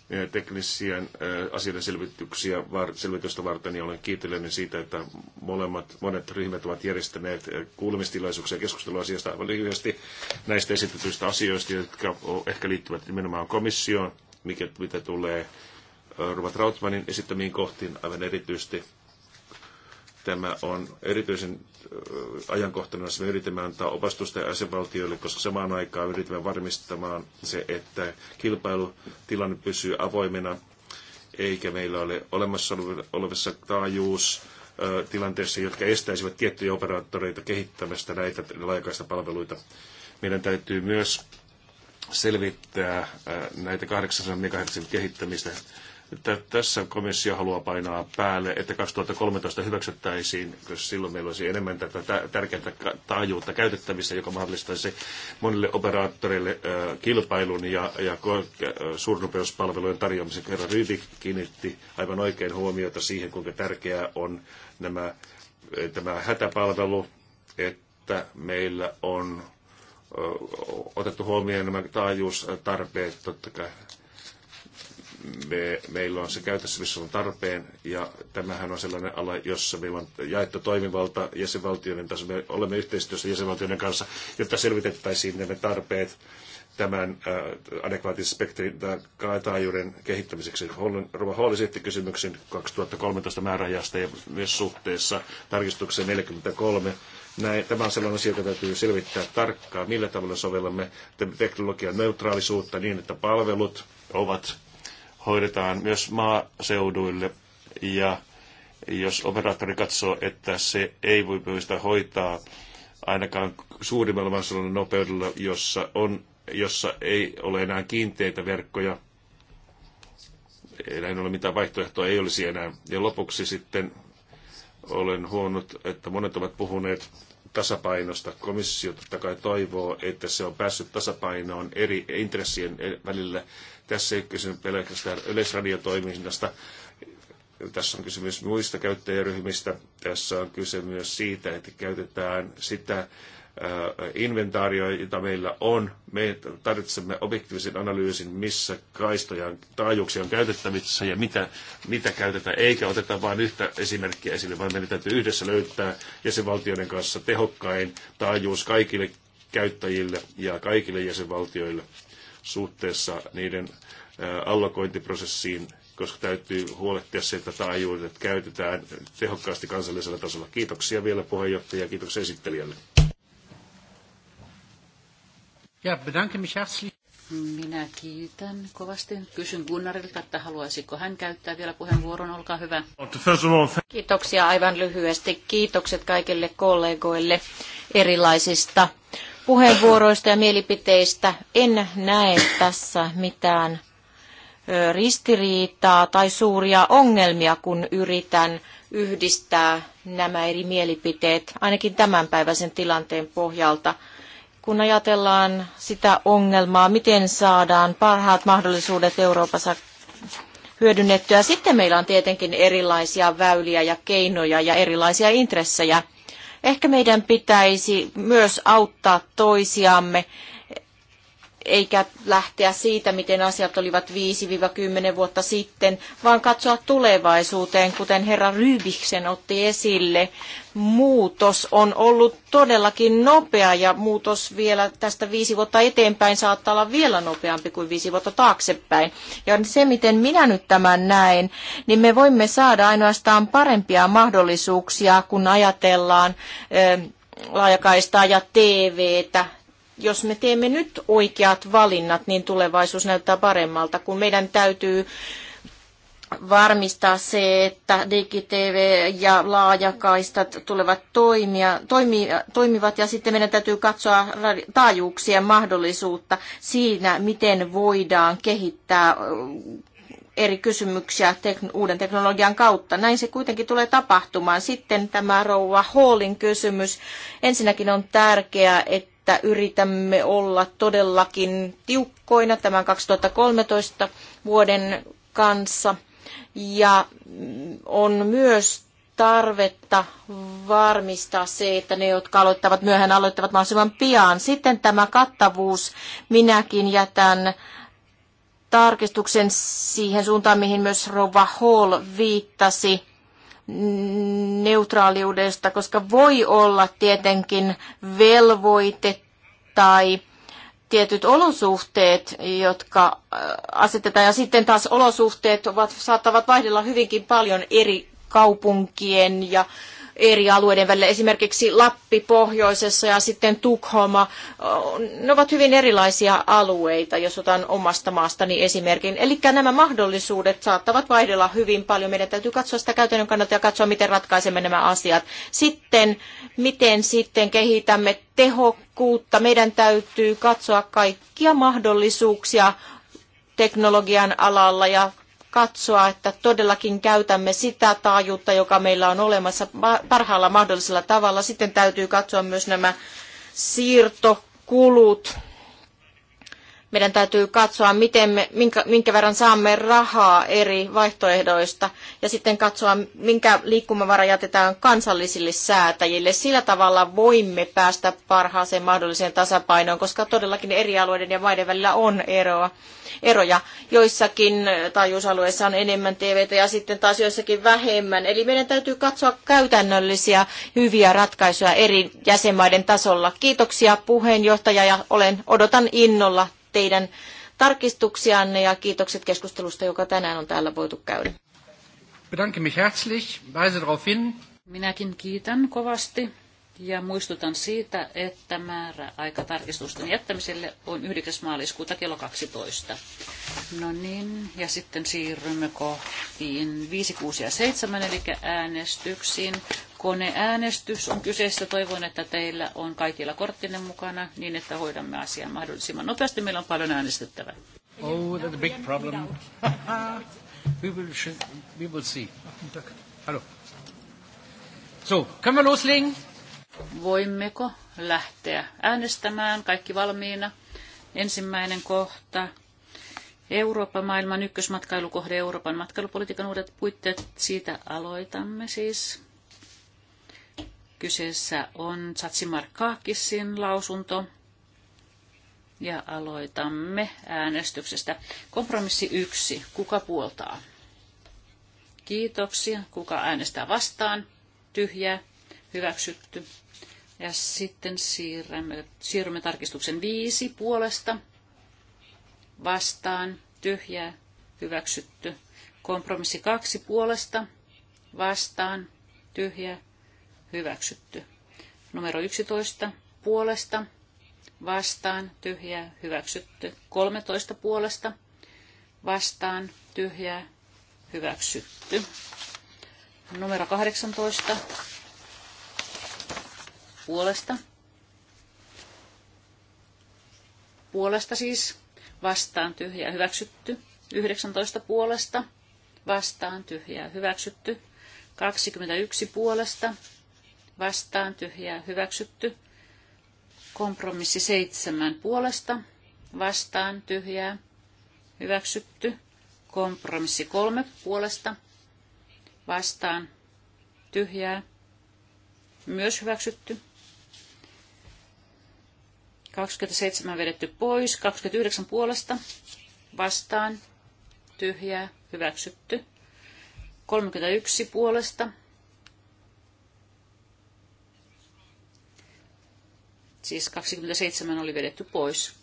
Eh, teknisiä eh, asioiden selvityksiä, selvitystä varten ja olen kiitollinen siitä, että molemmat, monet ryhmät ovat järjestäneet eh, kuulemistilaisuuksia ja keskustelua asiasta aivan lyhyesti näistä esitetyistä asioista, jotka ehkä liittyvät nimenomaan komissioon, mikä, mitä tulee Robert Rautmanin esittämiin kohtiin aivan erityisesti Tämä on erityisen ajankohtainen jos me yritämme antaa opastusta jäsenvaltioille, koska samaan aikaan yritämme varmistamaan se, että kilpailutilanne pysyy avoimena, eikä meillä ole olemassa olevassa taajuus tilanteessa, jotka estäisivät tiettyjä operaattoreita kehittämästä näitä laajakaista palveluita. Meidän täytyy myös selvittää näitä 800 MHz kehittämistä tässä komissio haluaa painaa päälle, että 2013 hyväksyttäisiin, koska silloin meillä olisi enemmän tätä tärkeää taajuutta käytettävissä, joka mahdollistaisi monille operaattoreille kilpailun ja, ja suurnopeuspalvelujen tarjoamisen. Herra Ryyvi kiinnitti aivan oikein huomiota siihen, kuinka tärkeää on nämä, tämä hätäpalvelu, että meillä on otettu huomioon nämä taajuustarpeet totta kai me, meillä on se käytössä, missä on tarpeen, ja tämähän on sellainen ala, jossa meillä on jaettu toimivalta jäsenvaltioiden tasolla. Me olemme yhteistyössä jäsenvaltioiden kanssa, jotta selvitettäisiin nämä tarpeet tämän äh, adekvaatin spektrin tai taajuuden kehittämiseksi. Rova Hall sitten kysymyksen 2013 määräajasta ja myös suhteessa tarkistukseen 43. Näin, tämä on sellainen asia, joka täytyy selvittää tarkkaan, millä tavalla sovellamme teknologian neutraalisuutta niin, että palvelut ovat hoidetaan myös maaseuduille ja jos operaattori katsoo, että se ei voi pystyä hoitaa ainakaan suurimmalla mahdollisella nopeudella, jossa, on, jossa ei ole enää kiinteitä verkkoja, näin ole mitään vaihtoehtoa, ei olisi enää. Ja lopuksi sitten olen huonut, että monet ovat puhuneet tasapainosta. Komissio totta kai toivoo, että se on päässyt tasapainoon eri intressien välillä tässä ei ole kysymys pelkästään yleisradiotoiminnasta, tässä on kysymys muista käyttäjäryhmistä. Tässä on kysymys myös siitä, että käytetään sitä äh, inventaarioa, jota meillä on. Me tarvitsemme objektiivisen analyysin, missä kaistoja taajuuksia on käytettävissä ja mitä, mitä käytetään, eikä oteta vain yhtä esimerkkiä esille, vaan meidän täytyy yhdessä löytää jäsenvaltioiden kanssa tehokkain taajuus kaikille käyttäjille ja kaikille jäsenvaltioille suhteessa niiden allokointiprosessiin, koska täytyy huolehtia se, että taajuudet käytetään tehokkaasti kansallisella tasolla. Kiitoksia vielä puheenjohtaja ja kiitoksia esittelijälle. Ja bedanke mich herzlich. Minä kiitän kovasti. Kysyn Gunnarilta, että haluaisiko hän käyttää vielä puheenvuoron. Olkaa hyvä. Kiitoksia aivan lyhyesti. Kiitokset kaikille kollegoille erilaisista puheenvuoroista ja mielipiteistä. En näe tässä mitään ristiriitaa tai suuria ongelmia, kun yritän yhdistää nämä eri mielipiteet, ainakin tämänpäiväisen tilanteen pohjalta. Kun ajatellaan sitä ongelmaa, miten saadaan parhaat mahdollisuudet Euroopassa hyödynnettyä, sitten meillä on tietenkin erilaisia väyliä ja keinoja ja erilaisia intressejä – Ehkä meidän pitäisi myös auttaa toisiamme eikä lähteä siitä, miten asiat olivat 5-10 vuotta sitten, vaan katsoa tulevaisuuteen, kuten herra Rybiksen otti esille. Muutos on ollut todellakin nopea ja muutos vielä tästä viisi vuotta eteenpäin saattaa olla vielä nopeampi kuin viisi vuotta taaksepäin. Ja se, miten minä nyt tämän näen, niin me voimme saada ainoastaan parempia mahdollisuuksia, kun ajatellaan laajakaistaa ja TVtä jos me teemme nyt oikeat valinnat, niin tulevaisuus näyttää paremmalta, kun meidän täytyy varmistaa se, että digitv ja laajakaistat tulevat toimia, toimi, toimivat ja sitten meidän täytyy katsoa taajuuksien mahdollisuutta siinä, miten voidaan kehittää eri kysymyksiä tekn, uuden teknologian kautta. Näin se kuitenkin tulee tapahtumaan. Sitten tämä rouva Hallin kysymys. Ensinnäkin on tärkeää, että että yritämme olla todellakin tiukkoina tämän 2013 vuoden kanssa. Ja on myös tarvetta varmistaa se, että ne, jotka aloittavat myöhään, aloittavat mahdollisimman pian. Sitten tämä kattavuus, minäkin jätän tarkistuksen siihen suuntaan, mihin myös Rova Hall viittasi neutraaliudesta, koska voi olla tietenkin velvoite tai tietyt olosuhteet, jotka äh, asetetaan, ja sitten taas olosuhteet ovat, saattavat vaihdella hyvinkin paljon eri kaupunkien ja eri alueiden välillä. Esimerkiksi Lappi pohjoisessa ja sitten Tukholma, ne ovat hyvin erilaisia alueita, jos otan omasta maastani esimerkin. Eli nämä mahdollisuudet saattavat vaihdella hyvin paljon. Meidän täytyy katsoa sitä käytännön kannalta ja katsoa, miten ratkaisemme nämä asiat. Sitten, miten sitten kehitämme tehokkuutta. Meidän täytyy katsoa kaikkia mahdollisuuksia teknologian alalla ja katsoa, että todellakin käytämme sitä taajuutta, joka meillä on olemassa parhaalla mahdollisella tavalla. Sitten täytyy katsoa myös nämä siirtokulut meidän täytyy katsoa, miten me, minkä, minkä verran saamme rahaa eri vaihtoehdoista ja sitten katsoa, minkä liikkumavara jätetään kansallisille säätäjille. Sillä tavalla voimme päästä parhaaseen mahdolliseen tasapainoon, koska todellakin eri alueiden ja maiden välillä on eroa, eroja. Joissakin taajuusalueissa on enemmän TVtä ja sitten taas joissakin vähemmän. Eli meidän täytyy katsoa käytännöllisiä hyviä ratkaisuja eri jäsenmaiden tasolla. Kiitoksia puheenjohtaja ja olen, odotan innolla teidän tarkistuksianne ja kiitokset keskustelusta, joka tänään on täällä voitu käydä. Bedanke mich herzlich, weise darauf hin. Minäkin kiitän kovasti ja muistutan siitä, että määrä aika tarkistusten jättämiselle on 9. maaliskuuta kello 12. No niin, ja sitten siirrymme kohtiin 5, 6 ja 7, eli äänestyksiin. Koneäänestys on kyseessä. Toivon, että teillä on kaikilla korttinen mukana niin, että hoidamme asian mahdollisimman nopeasti. Meillä on paljon äänestettävää. Oh, that's a big problem. [laughs] we, will, we will see. Hello. So, können wir Voimmeko lähteä äänestämään? Kaikki valmiina. Ensimmäinen kohta. Euroopan maailman ykkösmatkailukohde, Euroopan matkailupolitiikan uudet puitteet. Siitä aloitamme siis. Kyseessä on Tsatsimarkaakisin lausunto ja aloitamme äänestyksestä. Kompromissi yksi. Kuka puoltaa? Kiitoksia. Kuka äänestää vastaan? Tyhjää. Hyväksytty. Ja sitten siirrymme, siirrymme tarkistuksen viisi puolesta. Vastaan. Tyhjää. Hyväksytty. Kompromissi kaksi puolesta. Vastaan. Tyhjää hyväksytty. Numero 11 puolesta vastaan tyhjää hyväksytty. 13 puolesta vastaan tyhjää hyväksytty. Numero 18 puolesta. Puolesta siis vastaan tyhjää hyväksytty. 19 puolesta vastaan tyhjää hyväksytty. 21 puolesta vastaan tyhjää hyväksytty. Kompromissi seitsemän puolesta vastaan tyhjää hyväksytty. Kompromissi kolme puolesta vastaan tyhjää myös hyväksytty. 27 vedetty pois, 29 puolesta vastaan tyhjää hyväksytty. 31 puolesta Siis 27 oli vedetty pois.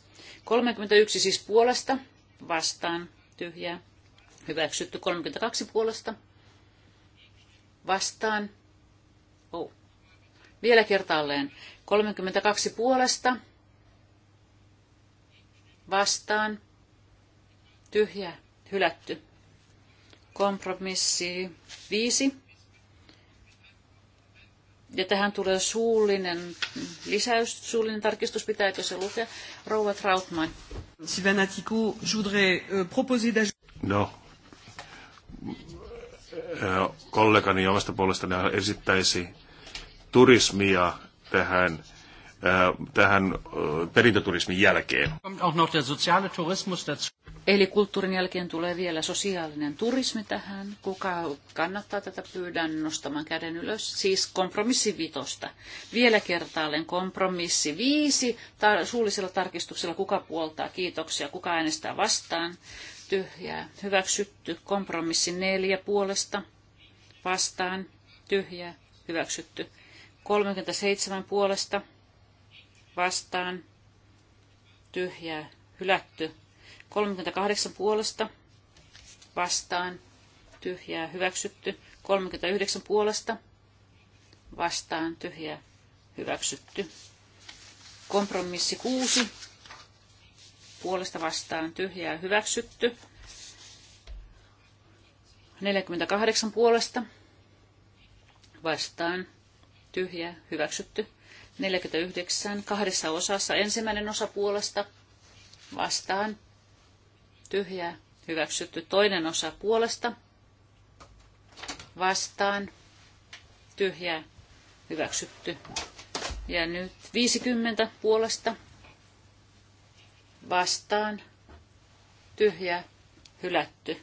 31 siis puolesta vastaan tyhjää. Hyväksytty 32 puolesta vastaan. Oh. Vielä kertaalleen. 32 puolesta vastaan tyhjää hylätty. Kompromissi 5 ja tähän tulee suullinen lisäys, suullinen tarkistus, pitääkö se lukea? Rouva Trautman. Sylvain Atiku, je voudrais euh, proposer No, äh, kollegani omasta puolestani esittäisi turismia tähän Äh, tähän äh, perintöturismin jälkeen. Eli kulttuurin jälkeen tulee vielä sosiaalinen turismi tähän. Kuka kannattaa tätä pyydän nostamaan käden ylös? Siis kompromissi vitosta. Vielä kertaalleen kompromissi viisi. Tar- suullisella tarkistuksella kuka puoltaa kiitoksia, kuka äänestää vastaan. Tyhjää. Hyväksytty. Kompromissi neljä puolesta. Vastaan. Tyhjää. Hyväksytty. 37 puolesta vastaan, tyhjää, hylätty. 38 puolesta vastaan, tyhjää, hyväksytty. 39 puolesta vastaan, tyhjää, hyväksytty. Kompromissi 6 puolesta vastaan, tyhjää, hyväksytty. 48 puolesta vastaan, tyhjää, hyväksytty. 49 kahdessa osassa. Ensimmäinen osa puolesta vastaan. Tyhjää. Hyväksytty. Toinen osa puolesta vastaan. Tyhjää. Hyväksytty. Ja nyt 50 puolesta vastaan. Tyhjää. Hylätty.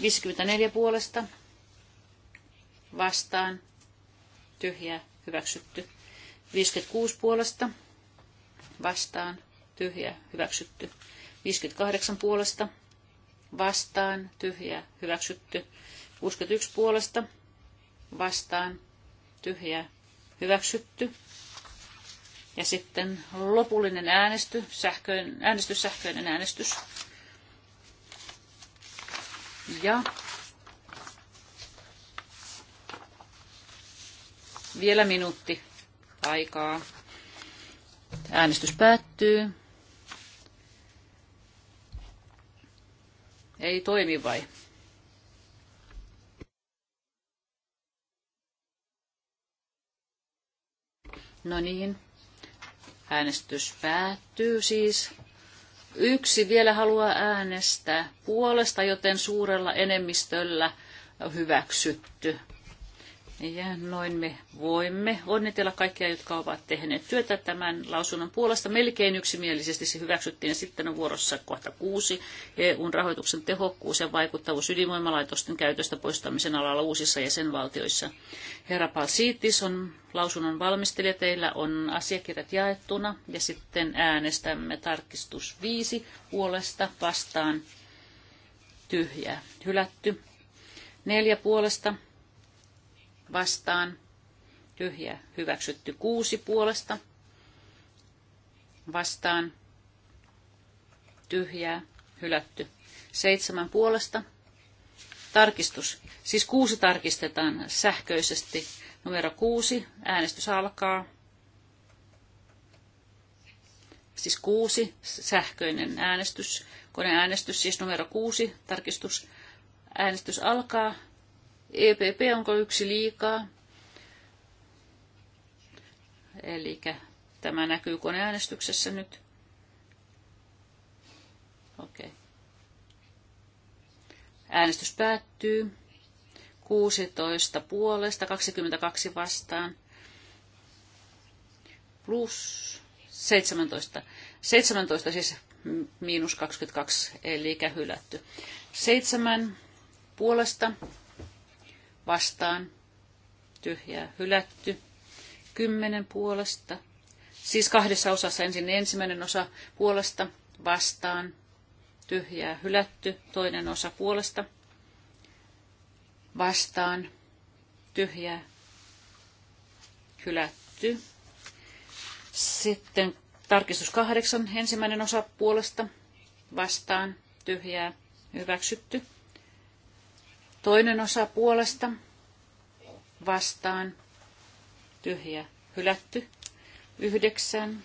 54 puolesta vastaan. Tyhjää. Hyväksytty. 56 puolesta vastaan tyhjä hyväksytty. 58 puolesta vastaan tyhjä hyväksytty. 61 puolesta vastaan tyhjä hyväksytty. Ja sitten lopullinen äänesty, sähköön, äänestys, sähköinen äänestys. Ja vielä minuutti aikaa. Äänestys päättyy. Ei toimi vai? No niin. Äänestys päättyy siis. Yksi vielä haluaa äänestää puolesta, joten suurella enemmistöllä hyväksytty. Ja noin me voimme onnitella kaikkia, jotka ovat tehneet työtä tämän lausunnon puolesta. Melkein yksimielisesti se hyväksyttiin. Sitten on vuorossa kohta kuusi. EUn rahoituksen tehokkuus ja vaikuttavuus ydinvoimalaitosten käytöstä poistamisen alalla uusissa jäsenvaltioissa. Herra Palsiitis on lausunnon valmistelija. Teillä on asiakirjat jaettuna ja sitten äänestämme tarkistus viisi puolesta vastaan tyhjää. Hylätty. Neljä puolesta vastaan, tyhjä hyväksytty kuusi puolesta vastaan, tyhjää hylätty seitsemän puolesta. Tarkistus. Siis kuusi tarkistetaan sähköisesti. Numero kuusi. Äänestys alkaa. Siis kuusi. Sähköinen äänestys. Koneäänestys. Siis numero kuusi. Tarkistus. Äänestys alkaa. EPP onko yksi liikaa? Eli tämä näkyy koneäänestyksessä nyt. Okei. Okay. Äänestys päättyy. 16 puolesta, 22 vastaan. Plus 17. 17 siis miinus 22, eli hylätty. 7 puolesta vastaan, tyhjää hylätty. Kymmenen puolesta, siis kahdessa osassa ensin ensimmäinen osa puolesta vastaan, tyhjää hylätty, toinen osa puolesta vastaan, tyhjää hylätty. Sitten tarkistus kahdeksan, ensimmäinen osa puolesta vastaan, tyhjää hyväksytty. Toinen osa puolesta vastaan tyhjä hylätty. Yhdeksän.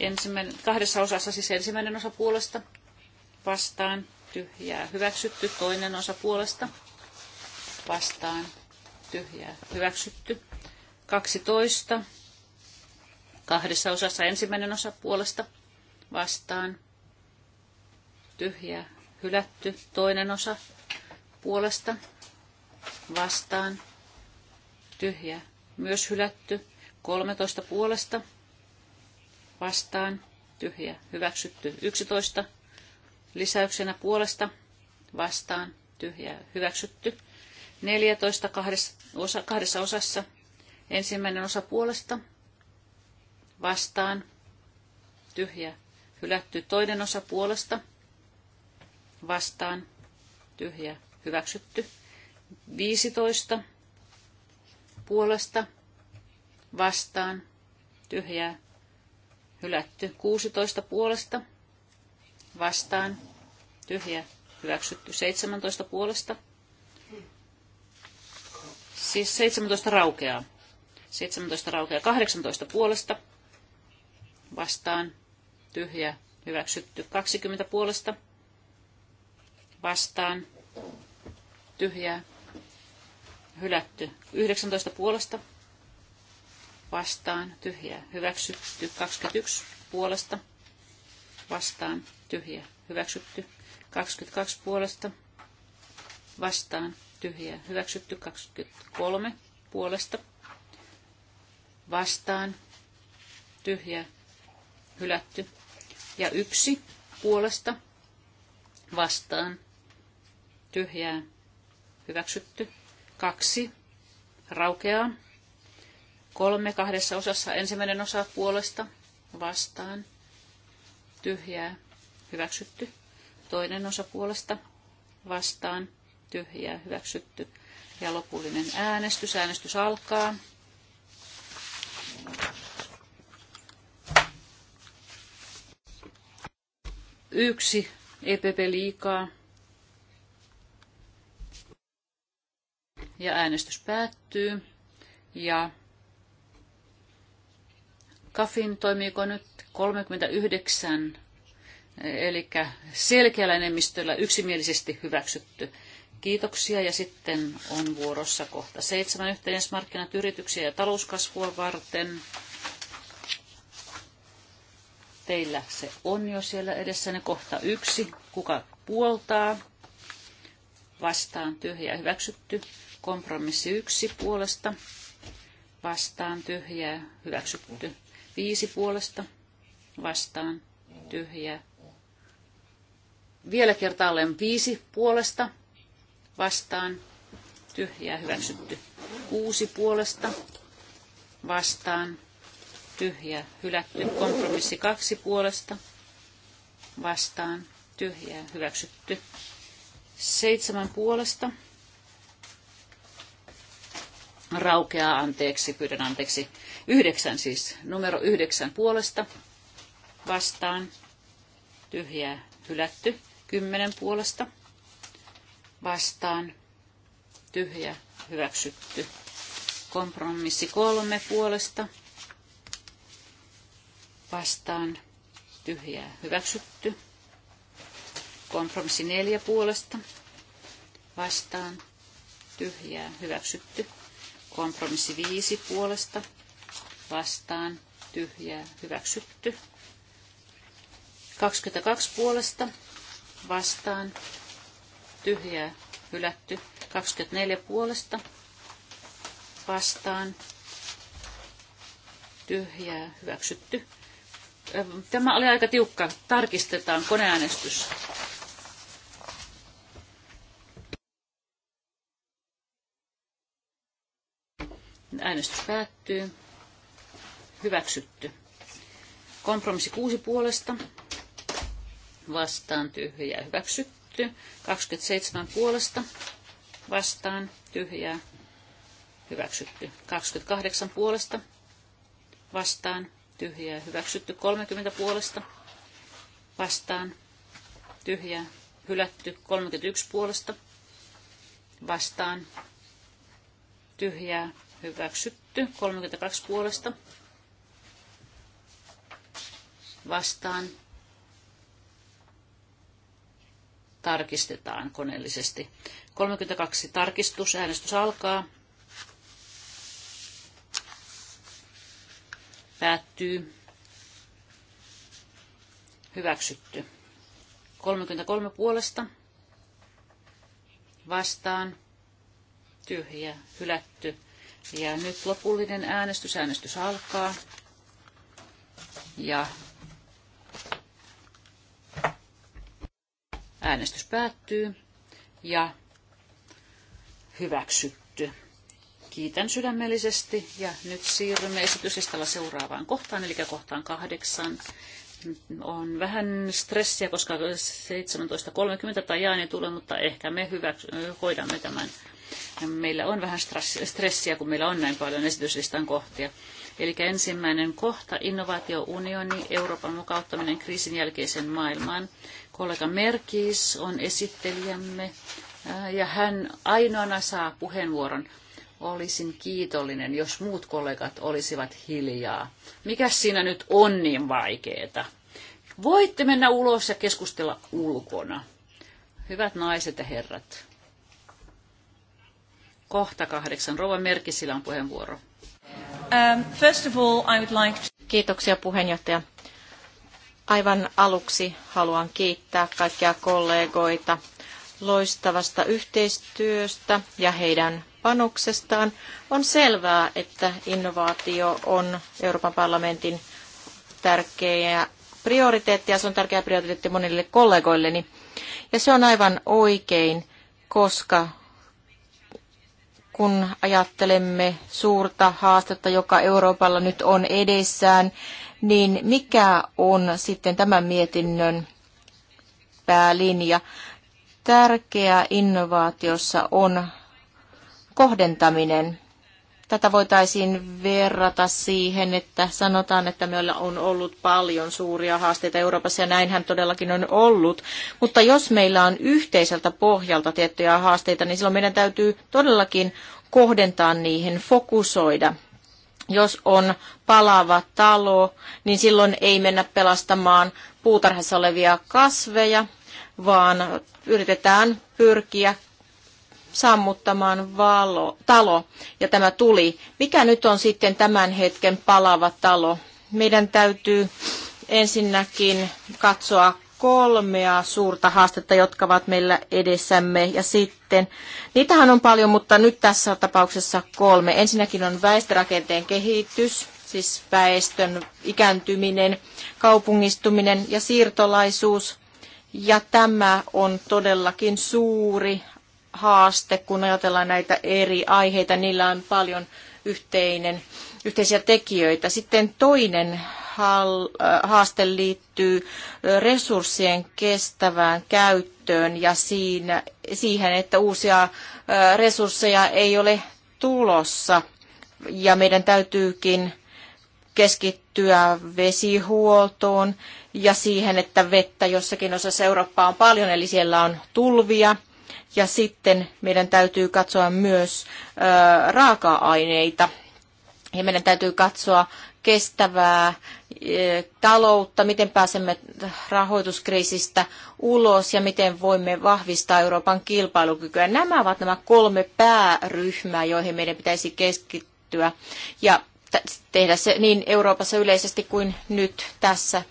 Ensimmäinen, kahdessa osassa siis ensimmäinen osa puolesta vastaan tyhjää hyväksytty. Toinen osa puolesta vastaan tyhjää hyväksytty. 12. Kahdessa osassa ensimmäinen osa puolesta vastaan tyhjää hylätty. Toinen osa puolesta vastaan, tyhjä, myös hylätty. 13 puolesta vastaan, tyhjä, hyväksytty. 11 lisäyksenä puolesta vastaan, tyhjä, hyväksytty. 14 kahdessa, osa, kahdessa osassa, ensimmäinen osa puolesta vastaan, tyhjä, hylätty. Toinen osa puolesta vastaan, tyhjä, hyväksytty. 15 puolesta vastaan tyhjää hylätty. 16 puolesta vastaan tyhjä hyväksytty. 17 puolesta siis 17 raukeaa. 17 raukeaa 18 puolesta vastaan tyhjä hyväksytty 20 puolesta vastaan tyhjää hylätty 19 puolesta vastaan tyhjä hyväksytty 21 puolesta vastaan tyhjä hyväksytty 22 puolesta vastaan tyhjä hyväksytty 23 puolesta vastaan tyhjä hylätty ja yksi puolesta vastaan tyhjää hyväksytty Kaksi raukeaa. Kolme kahdessa osassa ensimmäinen osa puolesta vastaan. Tyhjää. Hyväksytty. Toinen osa puolesta vastaan. Tyhjää. Hyväksytty. Ja lopullinen äänestys. Äänestys alkaa. Yksi EPP liikaa. ja äänestys päättyy. Ja Kafin toimiiko nyt 39, eli selkeällä enemmistöllä yksimielisesti hyväksytty. Kiitoksia ja sitten on vuorossa kohta seitsemän yhteismarkkinat yrityksiä ja talouskasvua varten. Teillä se on jo siellä ne kohta yksi. Kuka puoltaa? Vastaan tyhjä hyväksytty. Kompromissi yksi puolesta vastaan tyhjää hyväksytty. Viisi puolesta vastaan tyhjää. Vielä kertaalleen viisi puolesta vastaan tyhjää hyväksytty. Kuusi puolesta vastaan tyhjää hylätty. Kompromissi kaksi puolesta vastaan tyhjää hyväksytty. Seitsemän puolesta raukeaa, anteeksi, pyydän anteeksi, yhdeksän siis, numero yhdeksän puolesta vastaan, tyhjää hylätty, kymmenen puolesta vastaan, tyhjä hyväksytty, kompromissi kolme puolesta vastaan, tyhjää hyväksytty, kompromissi neljä puolesta vastaan, tyhjää hyväksytty. Kompromissi 5 puolesta vastaan tyhjää hyväksytty. 22 puolesta vastaan tyhjää hylätty. 24 puolesta vastaan tyhjää hyväksytty. Tämä oli aika tiukka. Tarkistetaan koneäänestys. Äänestys päättyy. Hyväksytty. Kompromissi 6 puolesta. Vastaan tyhjää. Hyväksytty. 27 puolesta. Vastaan tyhjää. Hyväksytty. 28 puolesta. Vastaan tyhjää. Hyväksytty. 30 puolesta. Vastaan tyhjää. Hylätty. 31 puolesta. Vastaan tyhjää hyväksytty 32 puolesta vastaan tarkistetaan koneellisesti. 32 tarkistus, äänestys alkaa. Päättyy. Hyväksytty. 33 puolesta vastaan tyhjä, hylätty. Ja nyt lopullinen äänestys. Äänestys alkaa. Ja äänestys päättyy. Ja hyväksytty. Kiitän sydämellisesti ja nyt siirrymme esitysestalla seuraavaan kohtaan, eli kohtaan kahdeksan. On vähän stressiä, koska 17.30 tai jaani niin tulee, mutta ehkä me hyväksy- hoidamme tämän Meillä on vähän stressiä, kun meillä on näin paljon esityslistan kohtia. Eli ensimmäinen kohta, innovaatiounioni, Euroopan mukauttaminen kriisin jälkeiseen maailmaan. Kollega Merkis on esittelijämme äh, ja hän ainoana saa puheenvuoron. Olisin kiitollinen, jos muut kollegat olisivat hiljaa. Mikä siinä nyt on niin vaikeeta? Voitte mennä ulos ja keskustella ulkona. Hyvät naiset ja herrat, kohta kahdeksan. rova Merkisillä on puheenvuoro. Um, first of all, I would like to... Kiitoksia puheenjohtaja. Aivan aluksi haluan kiittää kaikkia kollegoita loistavasta yhteistyöstä ja heidän panoksestaan. On selvää, että innovaatio on Euroopan parlamentin tärkeä prioriteetti ja se on tärkeä prioriteetti monille kollegoilleni. Ja se on aivan oikein, koska kun ajattelemme suurta haastetta, joka Euroopalla nyt on edessään, niin mikä on sitten tämän mietinnön päälinja? Tärkeää innovaatiossa on kohdentaminen. Tätä voitaisiin verrata siihen, että sanotaan, että meillä on ollut paljon suuria haasteita Euroopassa ja näinhän todellakin on ollut. Mutta jos meillä on yhteiseltä pohjalta tiettyjä haasteita, niin silloin meidän täytyy todellakin kohdentaa niihin, fokusoida jos on palava talo, niin silloin ei mennä pelastamaan puutarhassa olevia kasveja, vaan yritetään pyrkiä sammuttamaan valo, talo ja tämä tuli. Mikä nyt on sitten tämän hetken palava talo? Meidän täytyy ensinnäkin katsoa kolmea suurta haastetta, jotka ovat meillä edessämme. Ja sitten, niitähän on paljon, mutta nyt tässä tapauksessa kolme. Ensinnäkin on väestörakenteen kehitys, siis väestön ikääntyminen, kaupungistuminen ja siirtolaisuus. Ja tämä on todellakin suuri haaste, kun ajatellaan näitä eri aiheita. Niillä on paljon yhteinen, yhteisiä tekijöitä. Sitten toinen äh, haaste liittyy resurssien kestävään käyttöön ja siinä, siihen, että uusia äh, resursseja ei ole tulossa. Ja meidän täytyykin keskittyä vesihuoltoon ja siihen, että vettä jossakin osassa Eurooppaa on paljon, eli siellä on tulvia – ja sitten meidän täytyy katsoa myös raaka-aineita. Ja meidän täytyy katsoa kestävää taloutta, miten pääsemme rahoituskriisistä ulos ja miten voimme vahvistaa Euroopan kilpailukykyä. Nämä ovat nämä kolme pääryhmää, joihin meidän pitäisi keskittyä ja tehdä se niin Euroopassa yleisesti kuin nyt tässä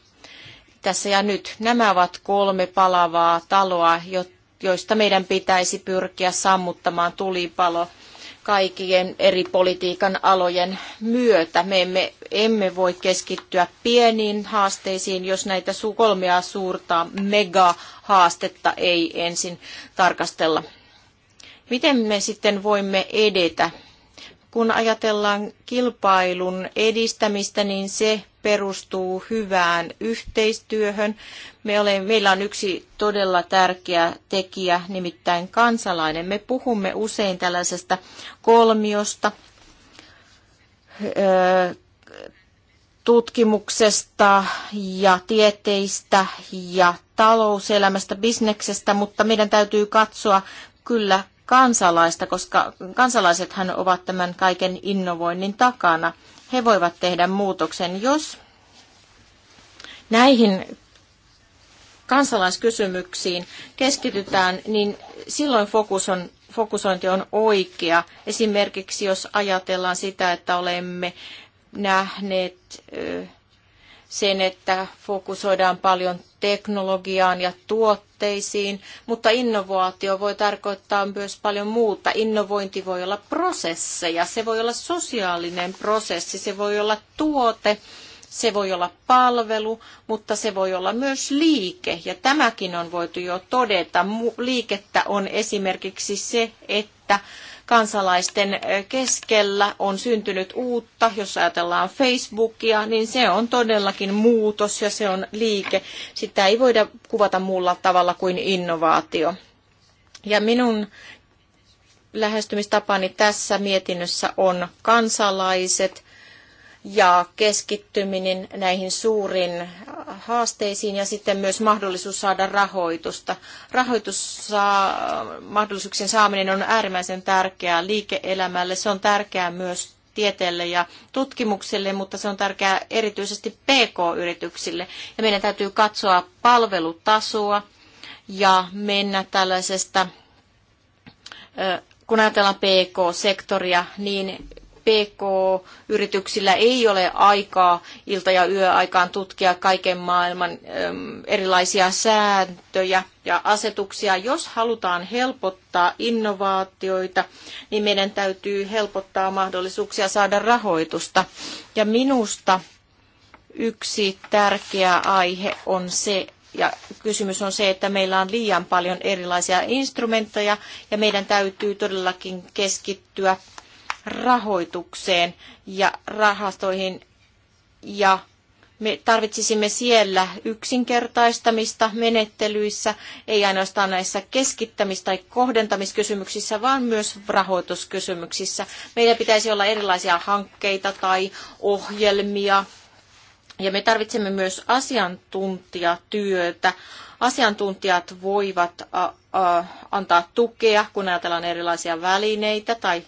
tässä ja nyt. Nämä ovat kolme palavaa taloa, joista meidän pitäisi pyrkiä sammuttamaan tulipalo kaikkien eri politiikan alojen myötä. Me emme, emme voi keskittyä pieniin haasteisiin, jos näitä su- kolmea suurta megahaastetta ei ensin tarkastella. Miten me sitten voimme edetä kun ajatellaan kilpailun edistämistä, niin se perustuu hyvään yhteistyöhön. Me ole, meillä on yksi todella tärkeä tekijä, nimittäin kansalainen. Me puhumme usein tällaisesta kolmiosta, tutkimuksesta ja tieteistä ja talouselämästä, bisneksestä, mutta meidän täytyy katsoa kyllä kansalaista, koska kansalaisethan ovat tämän kaiken innovoinnin takana. He voivat tehdä muutoksen, jos näihin kansalaiskysymyksiin keskitytään, niin silloin fokus on, fokusointi on oikea. Esimerkiksi jos ajatellaan sitä, että olemme nähneet sen, että fokusoidaan paljon teknologiaan ja tuotteisiin, mutta innovaatio voi tarkoittaa myös paljon muuta. Innovointi voi olla prosesseja, se voi olla sosiaalinen prosessi, se voi olla tuote, se voi olla palvelu, mutta se voi olla myös liike. Ja tämäkin on voitu jo todeta. Liikettä on esimerkiksi se, että kansalaisten keskellä on syntynyt uutta, jos ajatellaan Facebookia, niin se on todellakin muutos ja se on liike. Sitä ei voida kuvata muulla tavalla kuin innovaatio. Ja minun lähestymistapani tässä mietinnössä on kansalaiset, ja keskittyminen näihin suurin haasteisiin ja sitten myös mahdollisuus saada rahoitusta. Rahoitus saa, mahdollisuuksien saaminen on äärimmäisen tärkeää liike-elämälle. Se on tärkeää myös tieteelle ja tutkimukselle, mutta se on tärkeää erityisesti PK-yrityksille. Ja meidän täytyy katsoa palvelutasoa ja mennä tällaisesta, kun ajatellaan PK-sektoria, niin PK-yrityksillä ei ole aikaa ilta- ja yöaikaan tutkia kaiken maailman erilaisia sääntöjä ja asetuksia. Jos halutaan helpottaa innovaatioita, niin meidän täytyy helpottaa mahdollisuuksia saada rahoitusta. Ja minusta yksi tärkeä aihe on se, ja kysymys on se, että meillä on liian paljon erilaisia instrumentteja ja meidän täytyy todellakin keskittyä rahoitukseen ja rahastoihin ja me tarvitsisimme siellä yksinkertaistamista menettelyissä, ei ainoastaan näissä keskittämis- tai kohdentamiskysymyksissä, vaan myös rahoituskysymyksissä. Meillä pitäisi olla erilaisia hankkeita tai ohjelmia, ja me tarvitsemme myös asiantuntijatyötä. Asiantuntijat voivat antaa tukea, kun ajatellaan erilaisia välineitä tai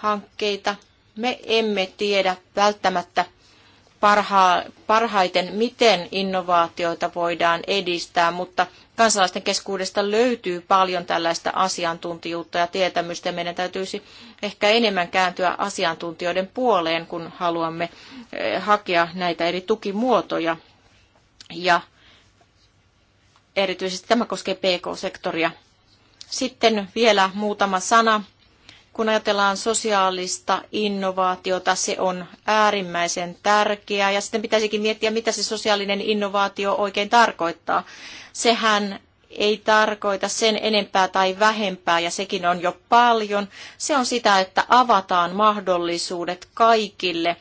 hankkeita. Me emme tiedä välttämättä parha, parhaiten, miten innovaatioita voidaan edistää, mutta kansalaisten keskuudesta löytyy paljon tällaista asiantuntijuutta ja tietämystä. Ja meidän täytyisi ehkä enemmän kääntyä asiantuntijoiden puoleen, kun haluamme eh, hakea näitä eri tukimuotoja. Ja erityisesti tämä koskee PK-sektoria. Sitten vielä muutama sana kun ajatellaan sosiaalista innovaatiota, se on äärimmäisen tärkeää ja sitten pitäisikin miettiä, mitä se sosiaalinen innovaatio oikein tarkoittaa. Sehän ei tarkoita sen enempää tai vähempää, ja sekin on jo paljon. Se on sitä, että avataan mahdollisuudet kaikille,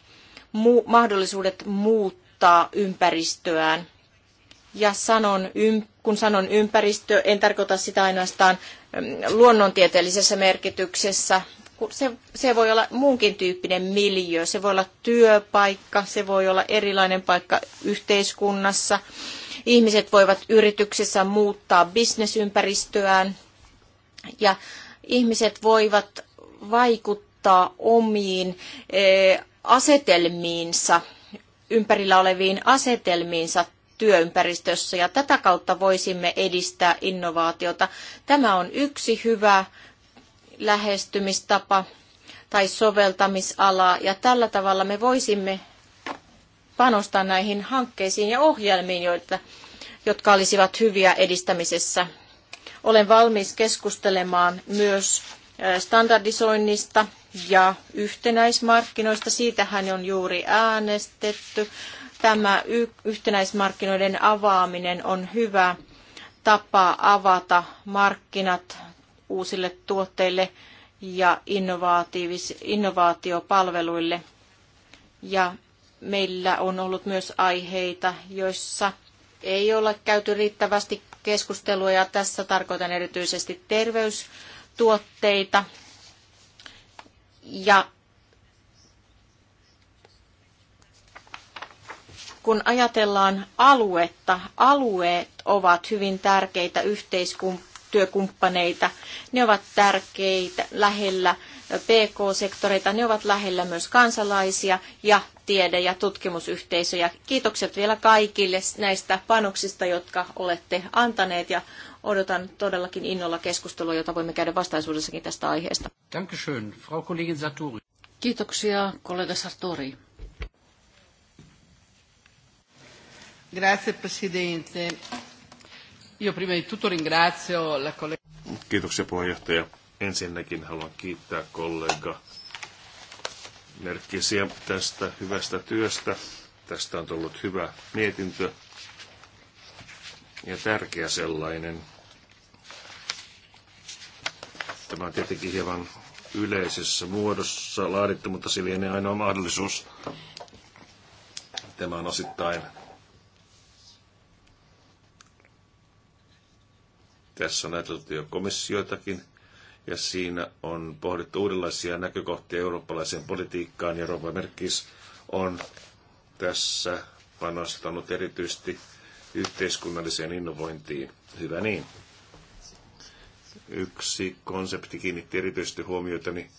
mu- mahdollisuudet muuttaa ympäristöään. Ja sanon, kun sanon ympäristö, en tarkoita sitä ainoastaan luonnontieteellisessä merkityksessä. Se, se voi olla muunkin tyyppinen miljöö, se voi olla työpaikka, se voi olla erilainen paikka yhteiskunnassa. Ihmiset voivat yrityksessä muuttaa bisnesympäristöään ja ihmiset voivat vaikuttaa omiin asetelmiinsa, ympärillä oleviin asetelmiinsa työympäristössä ja tätä kautta voisimme edistää innovaatiota. Tämä on yksi hyvä lähestymistapa tai soveltamisala ja tällä tavalla me voisimme panostaa näihin hankkeisiin ja ohjelmiin, joita, jotka olisivat hyviä edistämisessä. Olen valmis keskustelemaan myös standardisoinnista ja yhtenäismarkkinoista. Siitähän on juuri äänestetty tämä yhtenäismarkkinoiden avaaminen on hyvä tapa avata markkinat uusille tuotteille ja innovaatiopalveluille. Ja meillä on ollut myös aiheita, joissa ei ole käyty riittävästi keskustelua, ja tässä tarkoitan erityisesti terveystuotteita ja kun ajatellaan aluetta, alueet ovat hyvin tärkeitä yhteistyökumppaneita. Ne ovat tärkeitä lähellä PK-sektoreita, ne ovat lähellä myös kansalaisia ja tiede- ja tutkimusyhteisöjä. Kiitokset vielä kaikille näistä panoksista, jotka olette antaneet ja odotan todellakin innolla keskustelua, jota voimme käydä vastaisuudessakin tästä aiheesta. Dankeschön, Frau Kollegin Saturi. Kiitoksia, kollega Sartori. Grazie Presidente. Io prima di tutto ringrazio la collega... Kiitoksia puheenjohtaja. Ensinnäkin haluan kiittää kollega Merkkisiä tästä hyvästä työstä. Tästä on tullut hyvä mietintö ja tärkeä sellainen. Tämä on tietenkin hieman yleisessä muodossa laadittu, mutta se lienee ainoa mahdollisuus. Tämä on osittain Tässä on ajateltu jo komissioitakin, ja siinä on pohdittu uudenlaisia näkökohtia eurooppalaiseen politiikkaan, ja Rova Merkis on tässä panostanut erityisesti yhteiskunnalliseen innovointiin. Hyvä niin. Yksi konsepti kiinnitti erityisesti huomiotani,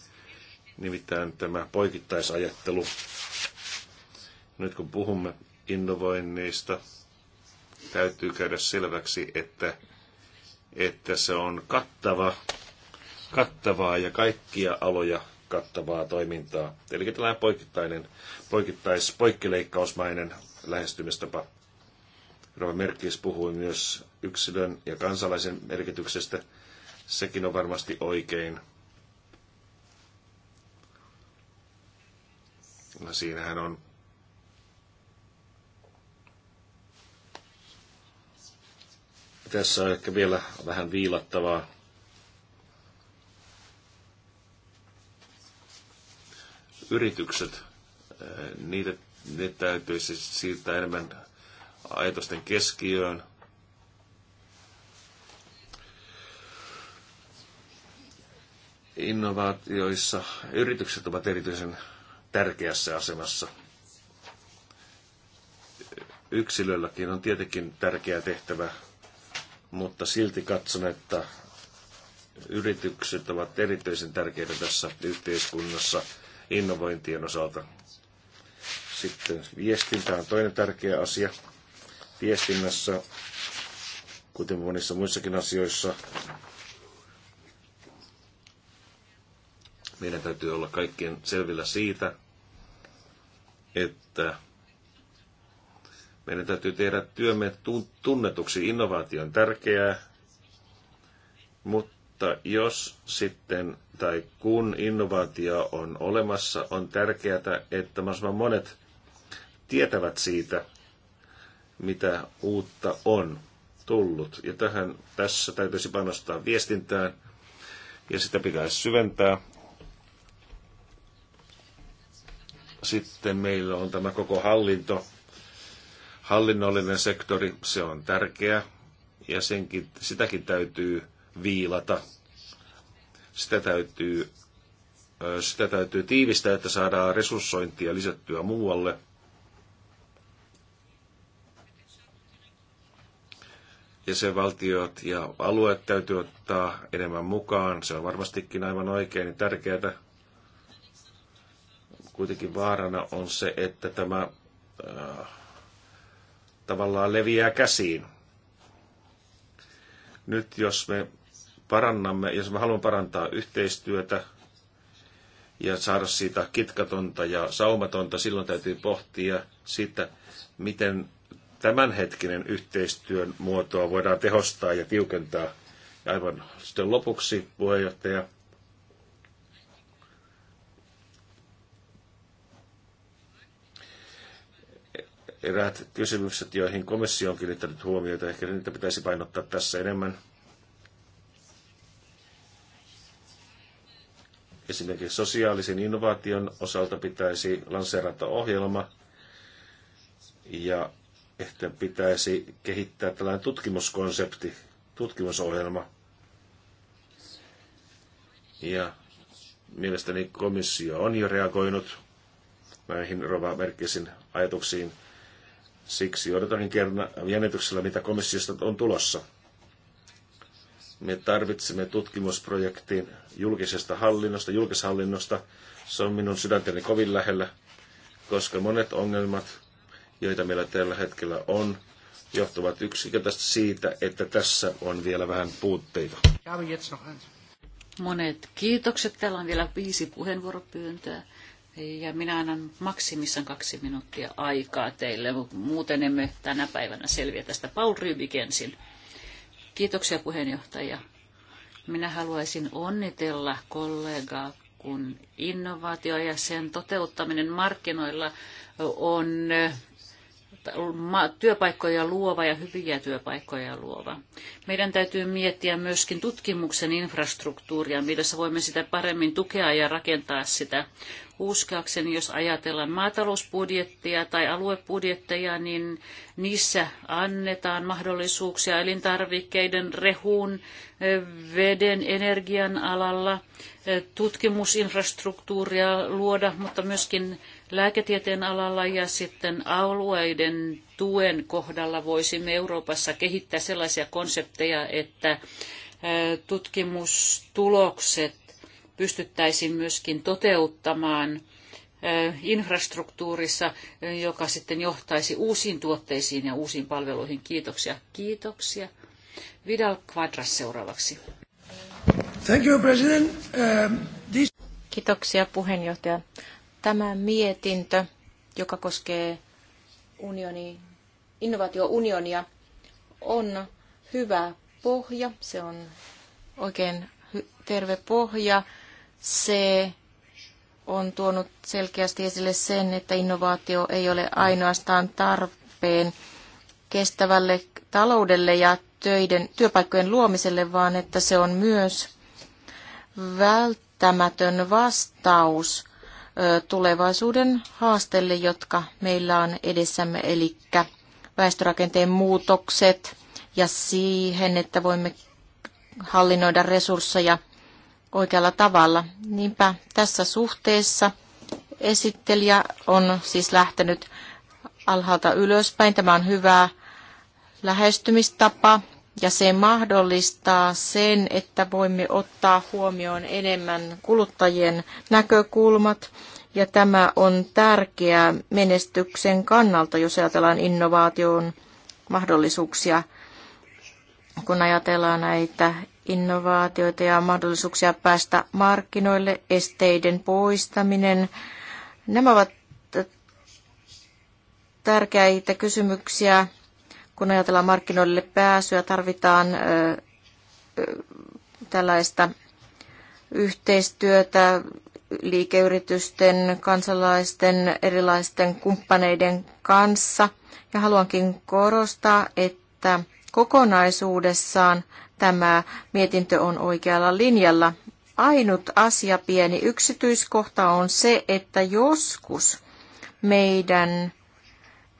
nimittäin tämä poikittaisajattelu. Nyt kun puhumme innovoinneista, täytyy käydä selväksi, että että se on kattava, kattavaa ja kaikkia aloja kattavaa toimintaa. Eli tällainen poikittainen, poikittais, poikkileikkausmainen lähestymistapa. Rova Merkis puhui myös yksilön ja kansalaisen merkityksestä. Sekin on varmasti oikein. No, siinähän on Tässä on ehkä vielä vähän viilattavaa. Yritykset, eh, niitä, niitä täytyisi siis siirtää enemmän ajatusten keskiöön. Innovaatioissa yritykset ovat erityisen tärkeässä asemassa. Yksilölläkin on tietenkin tärkeä tehtävä mutta silti katson, että yritykset ovat erityisen tärkeitä tässä yhteiskunnassa innovointien osalta. Sitten viestintä on toinen tärkeä asia. Viestinnässä, kuten monissa muissakin asioissa, meidän täytyy olla kaikkien selvillä siitä, että meidän täytyy tehdä työmme tunnetuksi. Innovaatio on tärkeää, mutta jos sitten tai kun innovaatio on olemassa, on tärkeää, että mahdollisimman monet tietävät siitä, mitä uutta on tullut. Ja tähän tässä täytyisi panostaa viestintään ja sitä pitäisi syventää. Sitten meillä on tämä koko hallinto, Hallinnollinen sektori, se on tärkeä ja senkin, sitäkin täytyy viilata. Sitä täytyy, sitä täytyy tiivistää, että saadaan resurssointia lisättyä muualle. valtiot ja alueet täytyy ottaa enemmän mukaan. Se on varmastikin aivan oikein niin tärkeää. Kuitenkin vaarana on se, että tämä äh, tavallaan leviää käsiin. Nyt jos me parannamme, jos me haluamme parantaa yhteistyötä ja saada siitä kitkatonta ja saumatonta, silloin täytyy pohtia sitä, miten tämänhetkinen yhteistyön muotoa voidaan tehostaa ja tiukentaa. Ja aivan sitten lopuksi, puheenjohtaja, eräät kysymykset, joihin komissio on kiinnittänyt huomiota, ehkä niitä pitäisi painottaa tässä enemmän. Esimerkiksi sosiaalisen innovaation osalta pitäisi lanseerata ohjelma ja ehkä pitäisi kehittää tällainen tutkimuskonsepti, tutkimusohjelma. Ja mielestäni komissio on jo reagoinut näihin Rova Merkisin ajatuksiin Siksi odotankin kerran jännityksellä, mitä komissiosta on tulossa. Me tarvitsemme tutkimusprojektin julkisesta hallinnosta, julkishallinnosta. Se on minun sydänteni kovin lähellä, koska monet ongelmat, joita meillä tällä hetkellä on, johtuvat yksinkertaisesti siitä, että tässä on vielä vähän puutteita. Monet kiitokset. Täällä on vielä viisi puheenvuoropyyntöä. Ja minä annan maksimissaan kaksi minuuttia aikaa teille, mutta muuten emme tänä päivänä selviä tästä. Paul Rybik ensin. Kiitoksia puheenjohtaja. Minä haluaisin onnitella kollegaa, kun innovaatio ja sen toteuttaminen markkinoilla on työpaikkoja luova ja hyviä työpaikkoja luova. Meidän täytyy miettiä myöskin tutkimuksen infrastruktuuria, millä voimme sitä paremmin tukea ja rakentaa sitä. Uskoakseni, jos ajatellaan maatalousbudjettia tai aluebudjetteja, niin niissä annetaan mahdollisuuksia elintarvikkeiden, rehuun, veden, energian alalla, tutkimusinfrastruktuuria luoda, mutta myöskin lääketieteen alalla ja sitten alueiden tuen kohdalla voisimme Euroopassa kehittää sellaisia konsepteja, että tutkimustulokset pystyttäisiin myöskin toteuttamaan infrastruktuurissa, joka sitten johtaisi uusiin tuotteisiin ja uusiin palveluihin. Kiitoksia. Kiitoksia. Vidal Quadras seuraavaksi. Thank you, President. Um, this... Kiitoksia puheenjohtaja. Tämä mietintö, joka koskee unioni, innovaatiounionia, on hyvä pohja. Se on oikein terve pohja se on tuonut selkeästi esille sen, että innovaatio ei ole ainoastaan tarpeen kestävälle taloudelle ja töiden, työpaikkojen luomiselle, vaan että se on myös välttämätön vastaus tulevaisuuden haasteille, jotka meillä on edessämme, eli väestörakenteen muutokset ja siihen, että voimme hallinnoida resursseja oikealla tavalla. Niinpä tässä suhteessa esittelijä on siis lähtenyt alhaalta ylöspäin. Tämä on hyvä lähestymistapa ja se mahdollistaa sen, että voimme ottaa huomioon enemmän kuluttajien näkökulmat. Ja tämä on tärkeää menestyksen kannalta, jos ajatellaan innovaation mahdollisuuksia, kun ajatellaan näitä innovaatioita ja mahdollisuuksia päästä markkinoille, esteiden poistaminen. Nämä ovat tärkeitä kysymyksiä, kun ajatellaan markkinoille pääsyä. Tarvitaan tällaista yhteistyötä liikeyritysten, kansalaisten, erilaisten kumppaneiden kanssa. Ja haluankin korostaa, että kokonaisuudessaan tämä mietintö on oikealla linjalla. Ainut asia pieni yksityiskohta on se, että joskus meidän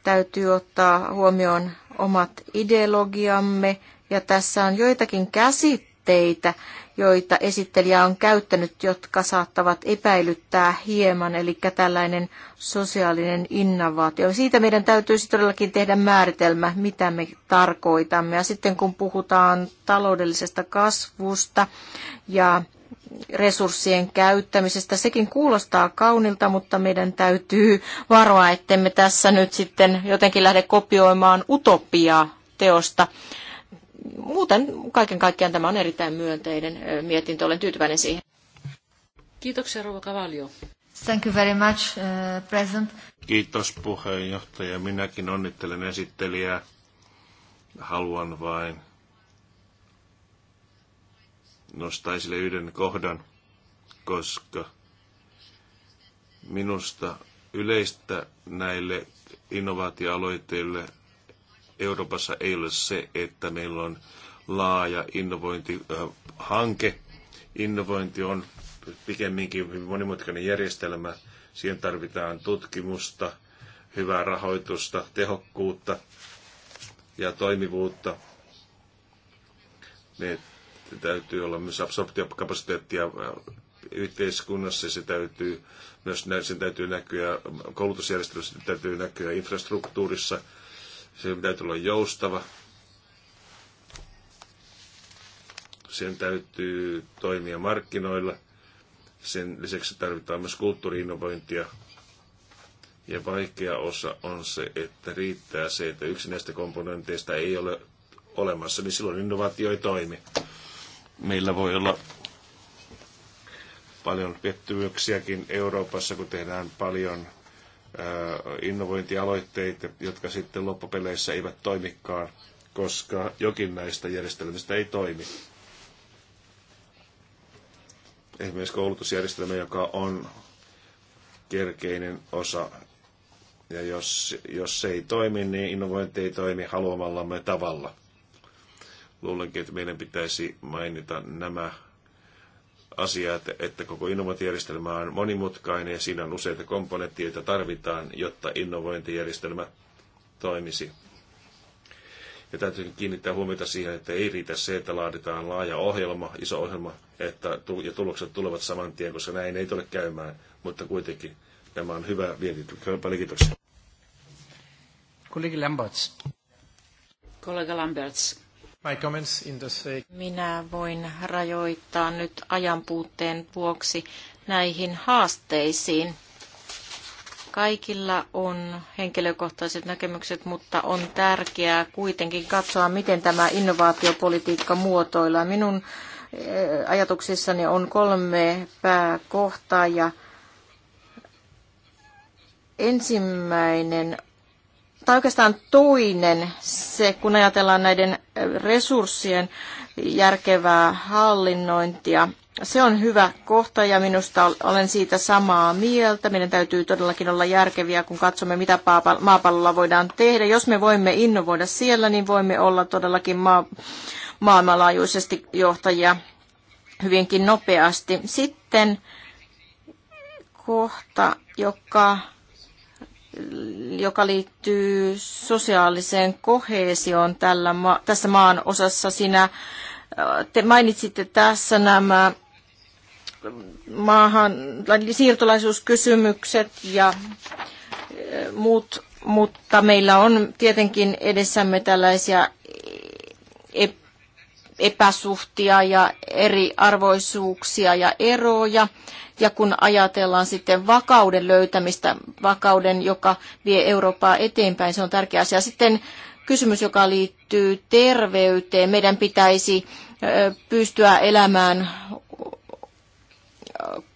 täytyy ottaa huomioon omat ideologiamme, ja tässä on joitakin käsitteitä, joita esittelijä on käyttänyt, jotka saattavat epäilyttää hieman, eli tällainen sosiaalinen innovaatio. Siitä meidän täytyisi todellakin tehdä määritelmä, mitä me tarkoitamme. Ja sitten kun puhutaan taloudellisesta kasvusta ja resurssien käyttämisestä. Sekin kuulostaa kaunilta, mutta meidän täytyy varoa, ettemme tässä nyt sitten jotenkin lähde kopioimaan utopiaa teosta, muuten kaiken kaikkiaan tämä on erittäin myönteinen mietintö. Olen tyytyväinen siihen. Kiitoksia, Rouva Kavalio. Thank you very much, uh, President. Kiitos puheenjohtaja. Minäkin onnittelen esittelijää. Haluan vain nostaa esille yhden kohdan, koska minusta yleistä näille innovaatioaloitteille Euroopassa ei ole se, että meillä on laaja innovointihanke. Innovointi on pikemminkin hyvin monimutkainen järjestelmä. Siihen tarvitaan tutkimusta, hyvää rahoitusta, tehokkuutta ja toimivuutta. Me täytyy olla myös absorptiokapasiteettia yhteiskunnassa, se täytyy myös sen täytyy näkyä koulutusjärjestelmässä, täytyy näkyä infrastruktuurissa, sen täytyy olla joustava. Sen täytyy toimia markkinoilla. Sen lisäksi tarvitaan myös kulttuuriinnovointia. Ja vaikea osa on se, että riittää se, että yksi näistä komponenteista ei ole olemassa, niin silloin innovaatio ei toimi. Meillä voi olla paljon pettymyksiäkin Euroopassa, kun tehdään paljon innovointialoitteita, jotka sitten loppupeleissä eivät toimikaan, koska jokin näistä järjestelmistä ei toimi. Esimerkiksi koulutusjärjestelmä, joka on kerkeinen osa. Ja jos, jos se ei toimi, niin innovointi ei toimi haluamallamme tavalla. Luulenkin, että meidän pitäisi mainita nämä asia, että, että koko innovointijärjestelmä on monimutkainen ja siinä on useita komponentteja, joita tarvitaan, jotta innovointijärjestelmä toimisi. Ja täytyy kiinnittää huomiota siihen, että ei riitä se, että laaditaan laaja ohjelma, iso ohjelma, että, ja tulokset tulevat saman tien, koska näin ei tule käymään. Mutta kuitenkin tämä on hyvä vienti. Paljon kiitoksia. Kollegi Lamberts. Kollega Lamberts. My comments in the Minä voin rajoittaa nyt ajan puutteen vuoksi näihin haasteisiin. Kaikilla on henkilökohtaiset näkemykset, mutta on tärkeää kuitenkin katsoa, miten tämä innovaatiopolitiikka muotoillaan. Minun eh, ajatuksissani on kolme pääkohtaa ja ensimmäinen tai oikeastaan toinen se, kun ajatellaan näiden resurssien järkevää hallinnointia. Se on hyvä kohta ja minusta olen siitä samaa mieltä. Meidän täytyy todellakin olla järkeviä, kun katsomme, mitä maapallolla voidaan tehdä. Jos me voimme innovoida siellä, niin voimme olla todellakin ma- maailmanlaajuisesti johtajia hyvinkin nopeasti. Sitten kohta, joka joka liittyy sosiaaliseen kohesioon tällä ma- tässä maan osassa. Sinä, äh, te mainitsitte tässä nämä maahan, siirtolaisuuskysymykset ja äh, muut, mutta meillä on tietenkin edessämme tällaisia epäsuhtia ja eriarvoisuuksia ja eroja. Ja kun ajatellaan sitten vakauden löytämistä, vakauden, joka vie Eurooppaa eteenpäin, se on tärkeä asia. Sitten kysymys, joka liittyy terveyteen. Meidän pitäisi pystyä elämään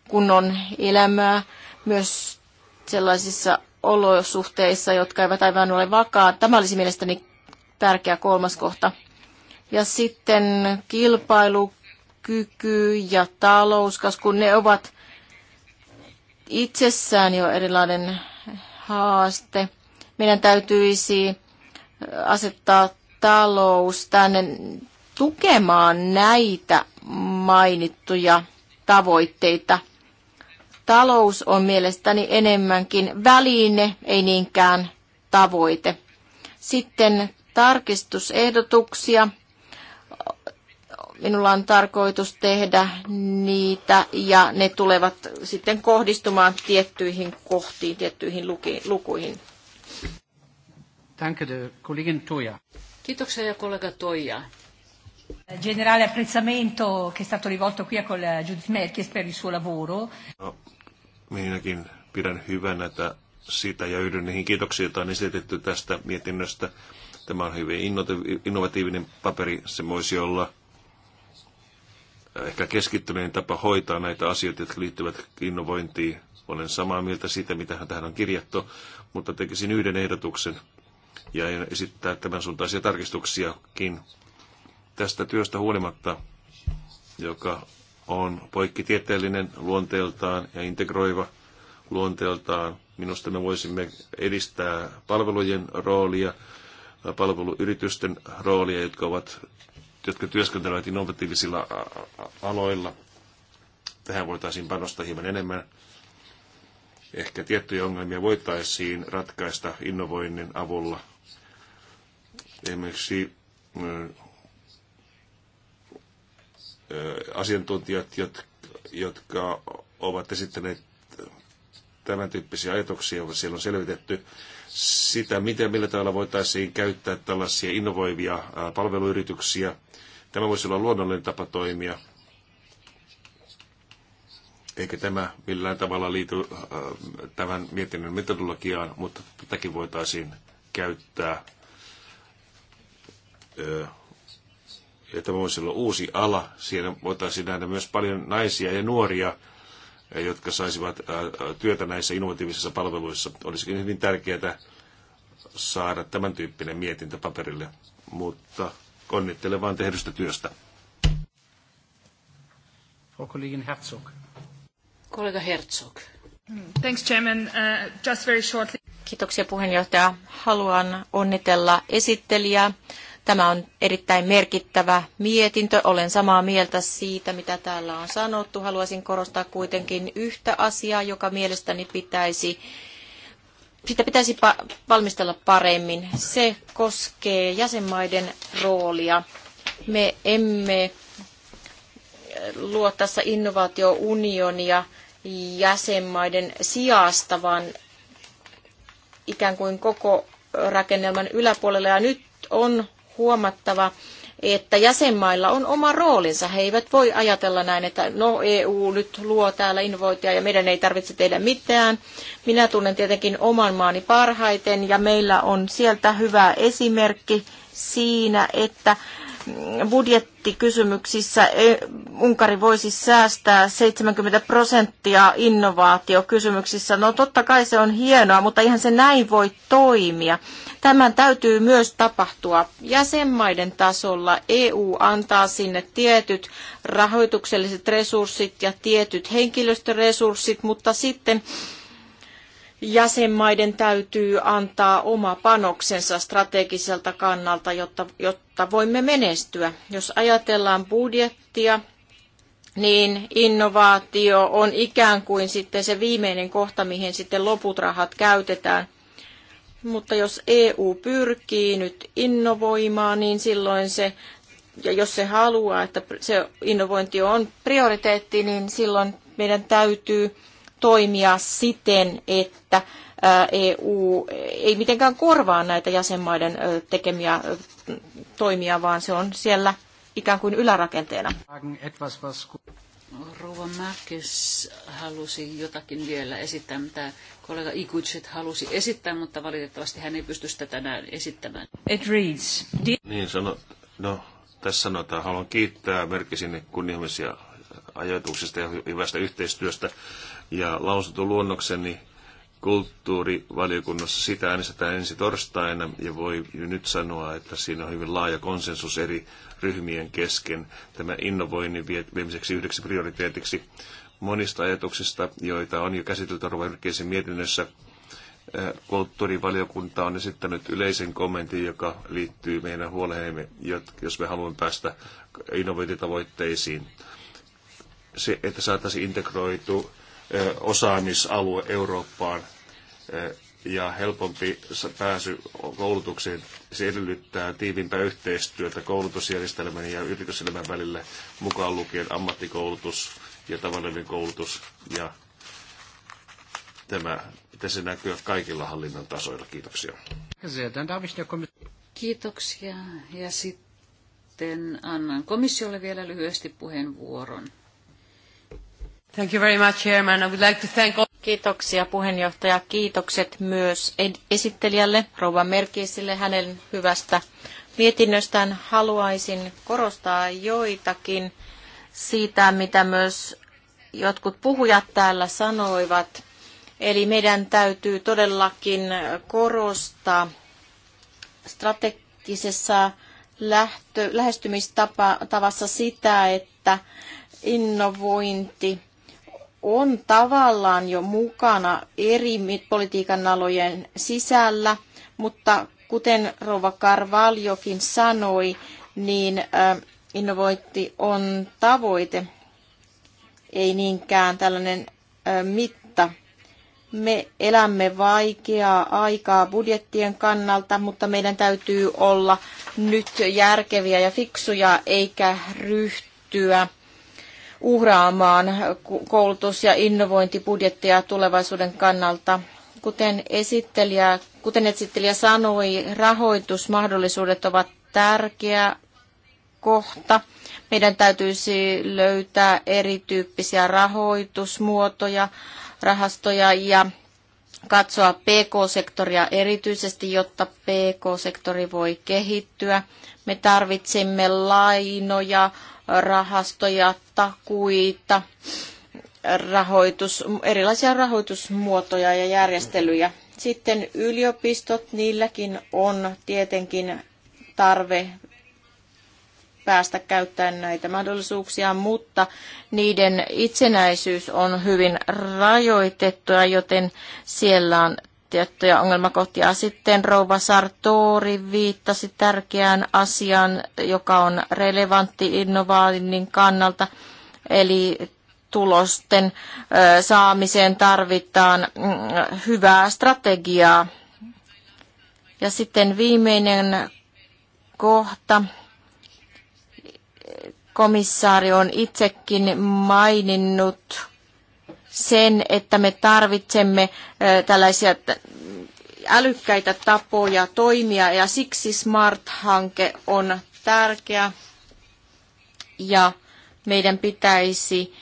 kunnon elämää myös sellaisissa olosuhteissa, jotka eivät aivan ole vakaa. Tämä olisi mielestäni tärkeä kolmas kohta. Ja sitten kilpailukyky ja kun ne ovat itsessään jo erilainen haaste. Meidän täytyisi asettaa talous tänne tukemaan näitä mainittuja tavoitteita. Talous on mielestäni enemmänkin väline, ei niinkään tavoite. Sitten tarkistusehdotuksia. Minulla on tarkoitus tehdä niitä ja ne tulevat sitten kohdistumaan tiettyihin kohtiin, tiettyihin lukuihin. Danke, kollegin Toja. Kiitoksia ja kollega Toija. Generale apprezzamento che è stato rivolto qui a eh, Judith Merkies per il suo lavoro. No, minäkin pidän hyvänä että sitä ja yhdyn niihin kiitoksiin, joita on esitetty tästä mietinnöstä. Tämä on hyvin innovatiivinen paperi. Se voisi olla ehkä keskittyneen tapa hoitaa näitä asioita, jotka liittyvät innovointiin. Olen samaa mieltä siitä, mitä hän tähän on kirjattu, mutta tekisin yhden ehdotuksen ja en esittää tämän suuntaisia tarkistuksiakin. Tästä työstä huolimatta, joka on poikkitieteellinen luonteeltaan ja integroiva luonteeltaan, minusta me voisimme edistää palvelujen roolia, palveluyritysten roolia, jotka ovat jotka työskentelevät innovatiivisilla niin aloilla. Tähän voitaisiin panostaa hieman enemmän. Ehkä tiettyjä ongelmia voitaisiin ratkaista innovoinnin avulla. Esimerkiksi asiantuntijat, jotka ovat esittäneet tämän tyyppisiä ajatuksia, joilla siellä on selvitetty sitä, miten, millä tavalla voitaisiin käyttää tällaisia innovoivia palveluyrityksiä Tämä voisi olla luonnollinen tapa toimia, eikä tämä millään tavalla liity äh, tämän mietinnön metodologiaan, mutta tätäkin voitaisiin käyttää. Ja tämä voisi olla uusi ala. Siellä voitaisiin nähdä myös paljon naisia ja nuoria, äh, jotka saisivat äh, työtä näissä innovatiivisissa palveluissa. Olisikin hyvin tärkeää saada tämän tyyppinen mietintä paperille, mutta Onnittelen vaan tehdystä työstä. Frau Kollegin Herzog. Kollega Herzog. Hmm, thanks, Chairman. Uh, just very shortly. Kiitoksia puheenjohtaja. Haluan onnitella esittelijää. Tämä on erittäin merkittävä mietintö. Olen samaa mieltä siitä, mitä täällä on sanottu. Haluaisin korostaa kuitenkin yhtä asiaa, joka mielestäni pitäisi sitä pitäisi valmistella paremmin. Se koskee jäsenmaiden roolia. Me emme eh, luo tässä innovaatiounionia jäsenmaiden sijasta, vaan ikään kuin koko rakennelman yläpuolella. Ja nyt on huomattava, että jäsenmailla on oma roolinsa. He eivät voi ajatella näin, että no EU nyt luo täällä invoitia ja meidän ei tarvitse tehdä mitään. Minä tunnen tietenkin oman maani parhaiten ja meillä on sieltä hyvä esimerkki siinä, että budjettikysymyksissä e, Unkari voisi säästää 70 prosenttia innovaatiokysymyksissä. No totta kai se on hienoa, mutta ihan se näin voi toimia. Tämän täytyy myös tapahtua jäsenmaiden tasolla. EU antaa sinne tietyt rahoitukselliset resurssit ja tietyt henkilöstöresurssit, mutta sitten jäsenmaiden täytyy antaa oma panoksensa strategiselta kannalta, jotta, jotta voimme menestyä. Jos ajatellaan budjettia, niin innovaatio on ikään kuin sitten se viimeinen kohta, mihin sitten loput rahat käytetään. Mutta jos EU pyrkii nyt innovoimaan, niin silloin se, ja jos se haluaa, että se innovointi on prioriteetti, niin silloin meidän täytyy toimia siten, että EU ei mitenkään korvaa näitä jäsenmaiden tekemiä toimia, vaan se on siellä ikään kuin ylärakenteena. Rouva Mäkis halusi jotakin vielä esittää, mitä kollega Ikutset halusi esittää, mutta valitettavasti hän ei pysty sitä tänään esittämään. It reads. Niin sano, no tässä sanotaan, haluan kiittää merkisin kunniallisia ajatuksista ja hyvästä yhteistyöstä ja lausuntoluonnokseni kulttuurivaliokunnassa sitä äänestetään ensi torstaina ja voi nyt sanoa, että siinä on hyvin laaja konsensus eri ryhmien kesken tämä innovoinnin viemiseksi yhdeksi prioriteetiksi monista ajatuksista, joita on jo käsitelty arvoimerkkeisen mietinnössä. Kulttuurivaliokunta on esittänyt yleisen kommentin, joka liittyy meidän huoleemme, jos me haluamme päästä innovointitavoitteisiin. Se, että saataisiin integroitu osaamisalue Eurooppaan ja helpompi pääsy koulutukseen. Se edellyttää tiivimpää yhteistyötä koulutusjärjestelmän ja yrityselämän välille, mukaan lukien ammattikoulutus ja tavallinen koulutus. Ja tämä pitäisi näkyä kaikilla hallinnon tasoilla. Kiitoksia. Kiitoksia. Ja sitten annan komissiolle vielä lyhyesti puheenvuoron. Thank you very much, Chairman. I would like to thank all... Kiitoksia puheenjohtaja. Kiitokset myös esittelijälle, rouva Merkisille, hänen hyvästä mietinnöstään. Haluaisin korostaa joitakin siitä, mitä myös jotkut puhujat täällä sanoivat. Eli meidän täytyy todellakin korostaa strategisessa lähtö, lähestymistavassa sitä, että innovointi on tavallaan jo mukana eri politiikan alojen sisällä, mutta kuten Rova Karvaljokin sanoi, niin innovointi on tavoite, ei niinkään tällainen mitta. Me elämme vaikeaa aikaa budjettien kannalta, mutta meidän täytyy olla nyt järkeviä ja fiksuja eikä ryhtyä uhraamaan koulutus- ja innovointibudjettia tulevaisuuden kannalta. Kuten esittelijä, kuten esittelijä sanoi, rahoitusmahdollisuudet ovat tärkeä kohta. Meidän täytyisi löytää erityyppisiä rahoitusmuotoja, rahastoja ja katsoa PK-sektoria erityisesti, jotta PK-sektori voi kehittyä. Me tarvitsemme lainoja, rahastoja, takuita, rahoitus, erilaisia rahoitusmuotoja ja järjestelyjä. Sitten yliopistot, niilläkin on tietenkin tarve päästä käyttämään näitä mahdollisuuksia, mutta niiden itsenäisyys on hyvin rajoitettua, joten siellä on tiettyjä ongelmakohtia. Sitten rouva Sartori viittasi tärkeään asiaan, joka on relevantti innovaannin kannalta, eli tulosten saamiseen tarvitaan mm, hyvää strategiaa. Ja sitten viimeinen kohta. Komissaari on itsekin maininnut sen, että me tarvitsemme tällaisia älykkäitä tapoja toimia ja siksi Smart-hanke on tärkeä ja meidän pitäisi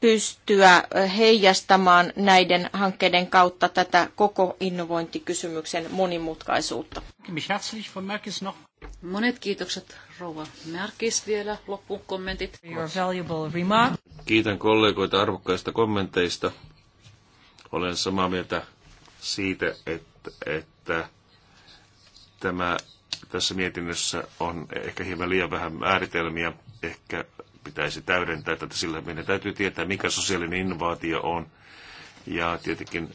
pystyä heijastamaan näiden hankkeiden kautta tätä koko innovointikysymyksen monimutkaisuutta. Monet kiitokset rouva Merkis vielä loppuun kommentit. Your valuable remark. Kiitän kollegoita arvokkaista kommenteista. Olen samaa mieltä siitä, että, että tämä tässä mietinnössä on ehkä hieman liian vähän määritelmiä. Ehkä pitäisi täydentää tätä sillä, meidän täytyy tietää, mikä sosiaalinen innovaatio on. Ja tietenkin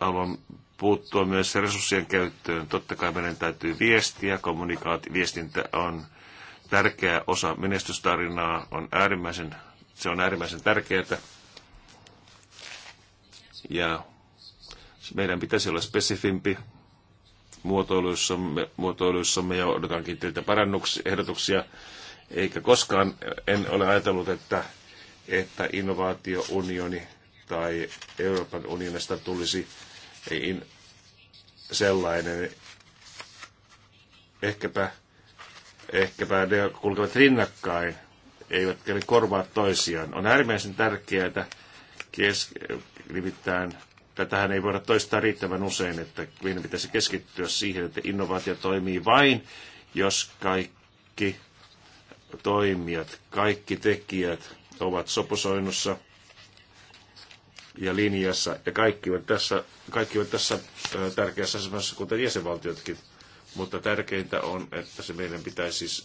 haluan puuttua myös resurssien käyttöön. Totta kai meidän täytyy viestiä, kommunikaati, viestintä on tärkeä osa menestystarinaa, on äärimmäisen, se on äärimmäisen tärkeää. Ja meidän pitäisi olla spesifimpi muotoiluissamme, muotoiluissamme ja odotankin teiltä parannuksia, ehdotuksia. Eikä koskaan en ole ajatellut, että, että innovaatiounioni tai Euroopan unionista tulisi niin sellainen. Ehkäpä, ehkäpä ne kulkevat rinnakkain, eivät ne korvaa toisiaan. On äärimmäisen tärkeää, että kes, nimittäin tätähän ei voida toistaa riittävän usein, että meidän pitäisi keskittyä siihen, että innovaatio toimii vain, jos kaikki toimijat, kaikki tekijät ovat sopusoinnussa – ja linjassa, ja kaikki ovat tässä, kaikki ovat tässä tärkeässä asemassa, kuten jäsenvaltiotkin. Mutta tärkeintä on, että se meidän pitäisi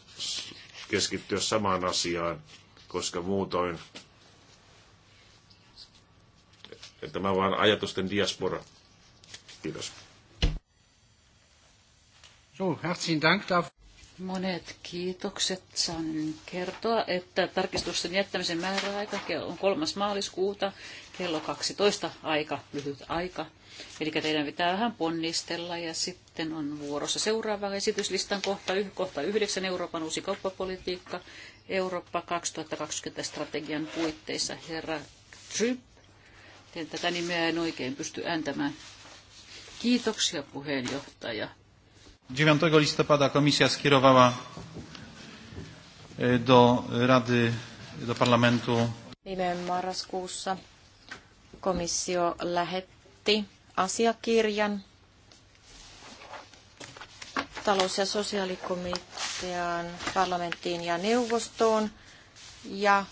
keskittyä samaan asiaan, koska muutoin tämä on vain ajatusten diaspora. Kiitos. So, herzlichen Dank Monet kiitokset. Saan kertoa, että tarkistusten jättämisen määräaika on 3. maaliskuuta kello 12 aika, lyhyt aika. Eli teidän pitää vähän ponnistella ja sitten on vuorossa seuraava esityslistan kohta, kohta 9 Euroopan uusi kauppapolitiikka Eurooppa 2020 strategian puitteissa. Herra Tryp, tätä nimeä en oikein pysty ääntämään. Kiitoksia puheenjohtaja. 9 listopada komisja skierowała e, do Rady, do Parlamentu. Viime marraskuussa komissio lähetti asiakirjan talous- ja sosiaalikomitean parlamenttiin ja neuvostoon. Ja,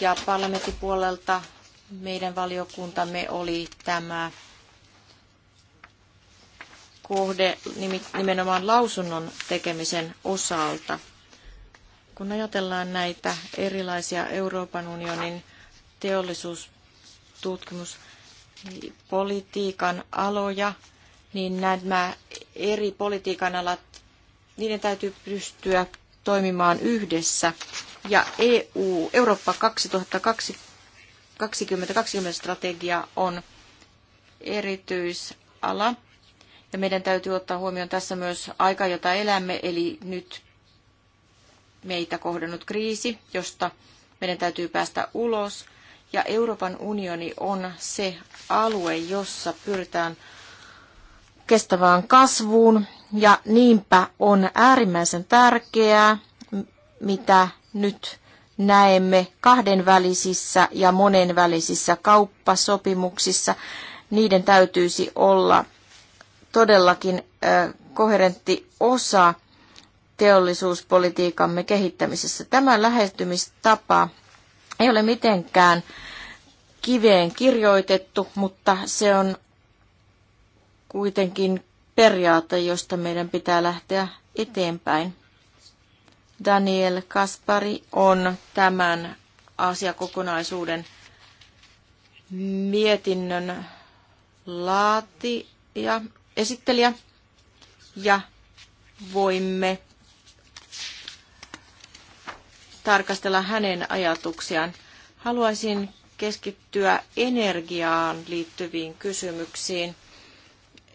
ja parlamentin puolelta meidän valiokuntamme oli tämä kohde nimenomaan lausunnon tekemisen osalta. Kun ajatellaan näitä erilaisia Euroopan unionin teollisuus politiikan aloja, niin nämä eri politiikan alat, niiden täytyy pystyä toimimaan yhdessä. Ja EU, Eurooppa 2020 strategia on erityisala. Ja meidän täytyy ottaa huomioon tässä myös aika, jota elämme, eli nyt meitä kohdannut kriisi, josta meidän täytyy päästä ulos. Ja Euroopan unioni on se alue, jossa pyritään kestävään kasvuun. Ja niinpä on äärimmäisen tärkeää, mitä nyt näemme kahdenvälisissä ja monenvälisissä kauppasopimuksissa. Niiden täytyisi olla todellakin koherentti osa teollisuuspolitiikamme kehittämisessä. Tämä lähestymistapa ei ole mitenkään kiveen kirjoitettu, mutta se on kuitenkin periaate, josta meidän pitää lähteä eteenpäin. Daniel Kaspari on tämän asiakokonaisuuden mietinnön laatija, esittelijä ja voimme tarkastella hänen ajatuksiaan. Haluaisin keskittyä energiaan liittyviin kysymyksiin.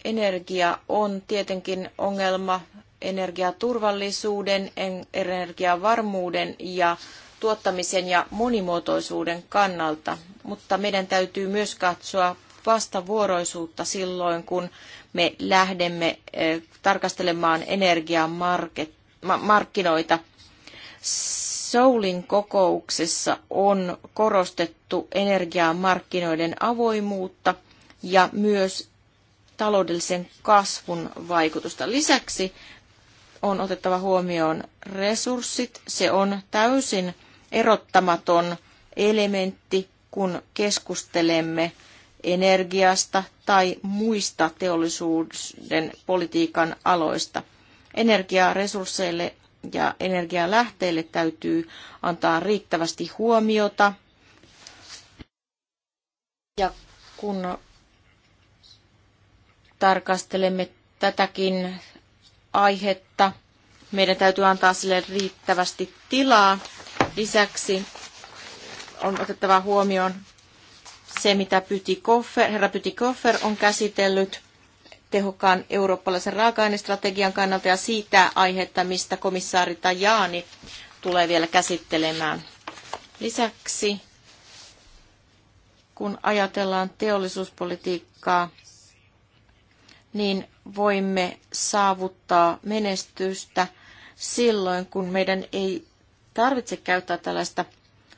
Energia on tietenkin ongelma energiaturvallisuuden, energiavarmuuden ja tuottamisen ja monimuotoisuuden kannalta, mutta meidän täytyy myös katsoa vastavuoroisuutta silloin, kun me lähdemme eh, tarkastelemaan energiamarkkinoita. Soulin kokouksessa on korostettu energiamarkkinoiden avoimuutta ja myös taloudellisen kasvun vaikutusta. Lisäksi on otettava huomioon resurssit. Se on täysin erottamaton elementti, kun keskustelemme energiasta tai muista teollisuuden politiikan aloista. Energiaresursseille ja energialähteille täytyy antaa riittävästi huomiota. Ja kun tarkastelemme tätäkin aihetta, meidän täytyy antaa sille riittävästi tilaa. Lisäksi on otettava huomioon se, mitä Koffer, herra Koffer on käsitellyt tehokkaan eurooppalaisen raaka-ainestrategian kannalta ja siitä aihetta, mistä komissaari Tajani tulee vielä käsittelemään. Lisäksi, kun ajatellaan teollisuuspolitiikkaa, niin voimme saavuttaa menestystä silloin, kun meidän ei tarvitse käyttää tällaista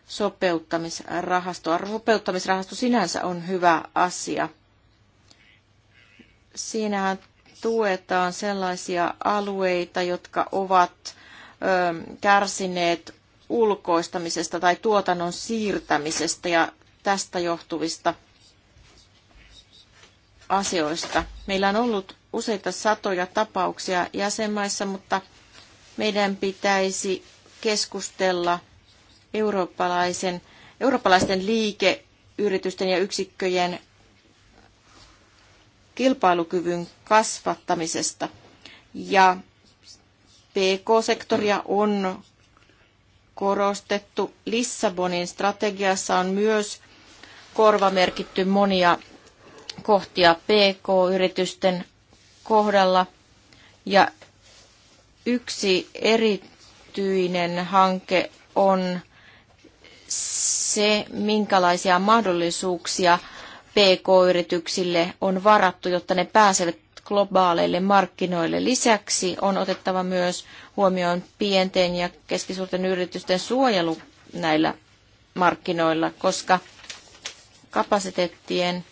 sopeuttamisrahastoa. Sopeuttamisrahasto sinänsä on hyvä asia – Siinähän tuetaan sellaisia alueita, jotka ovat kärsineet ulkoistamisesta tai tuotannon siirtämisestä ja tästä johtuvista asioista. Meillä on ollut useita satoja tapauksia jäsenmaissa, mutta meidän pitäisi keskustella eurooppalaisen, eurooppalaisten liikeyritysten ja yksikköjen kilpailukyvyn kasvattamisesta. Ja PK-sektoria on korostettu. Lissabonin strategiassa on myös korvamerkitty monia kohtia PK-yritysten kohdalla. Ja yksi erityinen hanke on se, minkälaisia mahdollisuuksia PK-yrityksille on varattu, jotta ne pääsevät globaaleille markkinoille. Lisäksi on otettava myös huomioon pienten ja keskisuurten yritysten suojelu näillä markkinoilla, koska kapasiteettien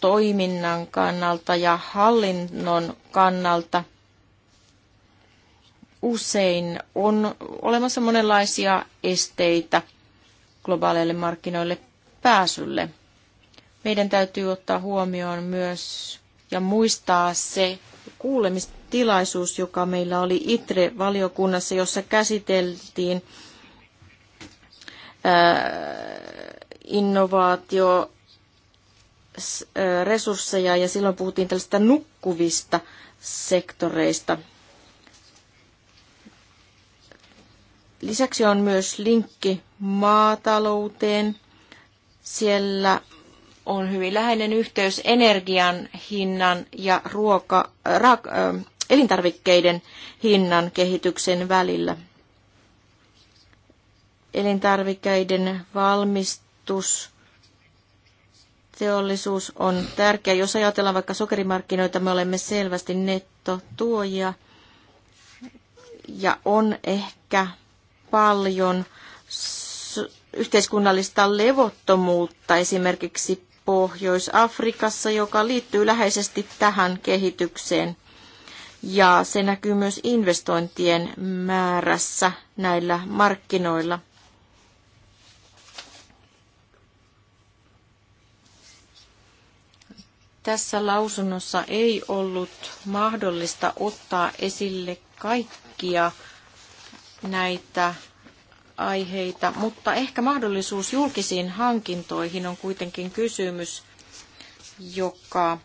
toiminnan kannalta ja hallinnon kannalta usein on olemassa monenlaisia esteitä globaaleille markkinoille pääsylle. Meidän täytyy ottaa huomioon myös ja muistaa se kuulemistilaisuus, joka meillä oli ITRE-valiokunnassa, jossa käsiteltiin innovaatio resursseja ja silloin puhuttiin tällaista nukkuvista sektoreista. Lisäksi on myös linkki maatalouteen. Siellä on hyvin läheinen yhteys energian hinnan ja ruoka, ra, äh, elintarvikkeiden hinnan kehityksen välillä. Elintarvikkeiden valmistus teollisuus on tärkeä. Jos ajatellaan vaikka sokerimarkkinoita, me olemme selvästi nettotuojia ja on ehkä paljon yhteiskunnallista levottomuutta esimerkiksi Pohjois-Afrikassa, joka liittyy läheisesti tähän kehitykseen. Ja se näkyy myös investointien määrässä näillä markkinoilla. Tässä lausunnossa ei ollut mahdollista ottaa esille kaikkia näitä aiheita, mutta ehkä mahdollisuus julkisiin hankintoihin on kuitenkin kysymys, joka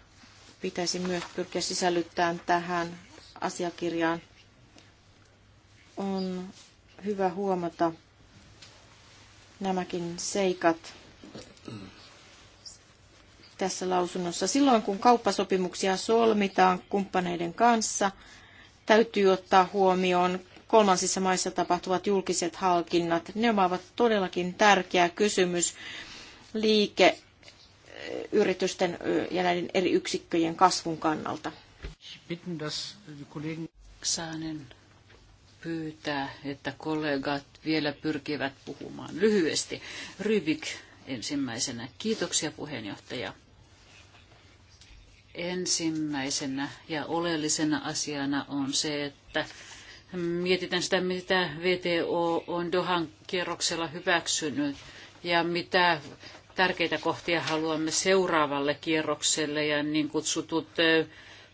pitäisi myös pyrkiä sisällyttämään tähän asiakirjaan. On hyvä huomata nämäkin seikat tässä lausunnossa. Silloin kun kauppasopimuksia solmitaan kumppaneiden kanssa, täytyy ottaa huomioon kolmansissa maissa tapahtuvat julkiset halkinnat. Ne ovat todellakin tärkeä kysymys liike yritysten ja näiden eri yksikköjen kasvun kannalta. Saanen pyytää, että kollegat vielä pyrkivät puhumaan lyhyesti. Rybik ensimmäisenä. Kiitoksia puheenjohtaja. Ensimmäisenä ja oleellisena asiana on se, että mietitään sitä, mitä VTO on Dohan kierroksella hyväksynyt ja mitä tärkeitä kohtia haluamme seuraavalle kierrokselle ja niin kutsutut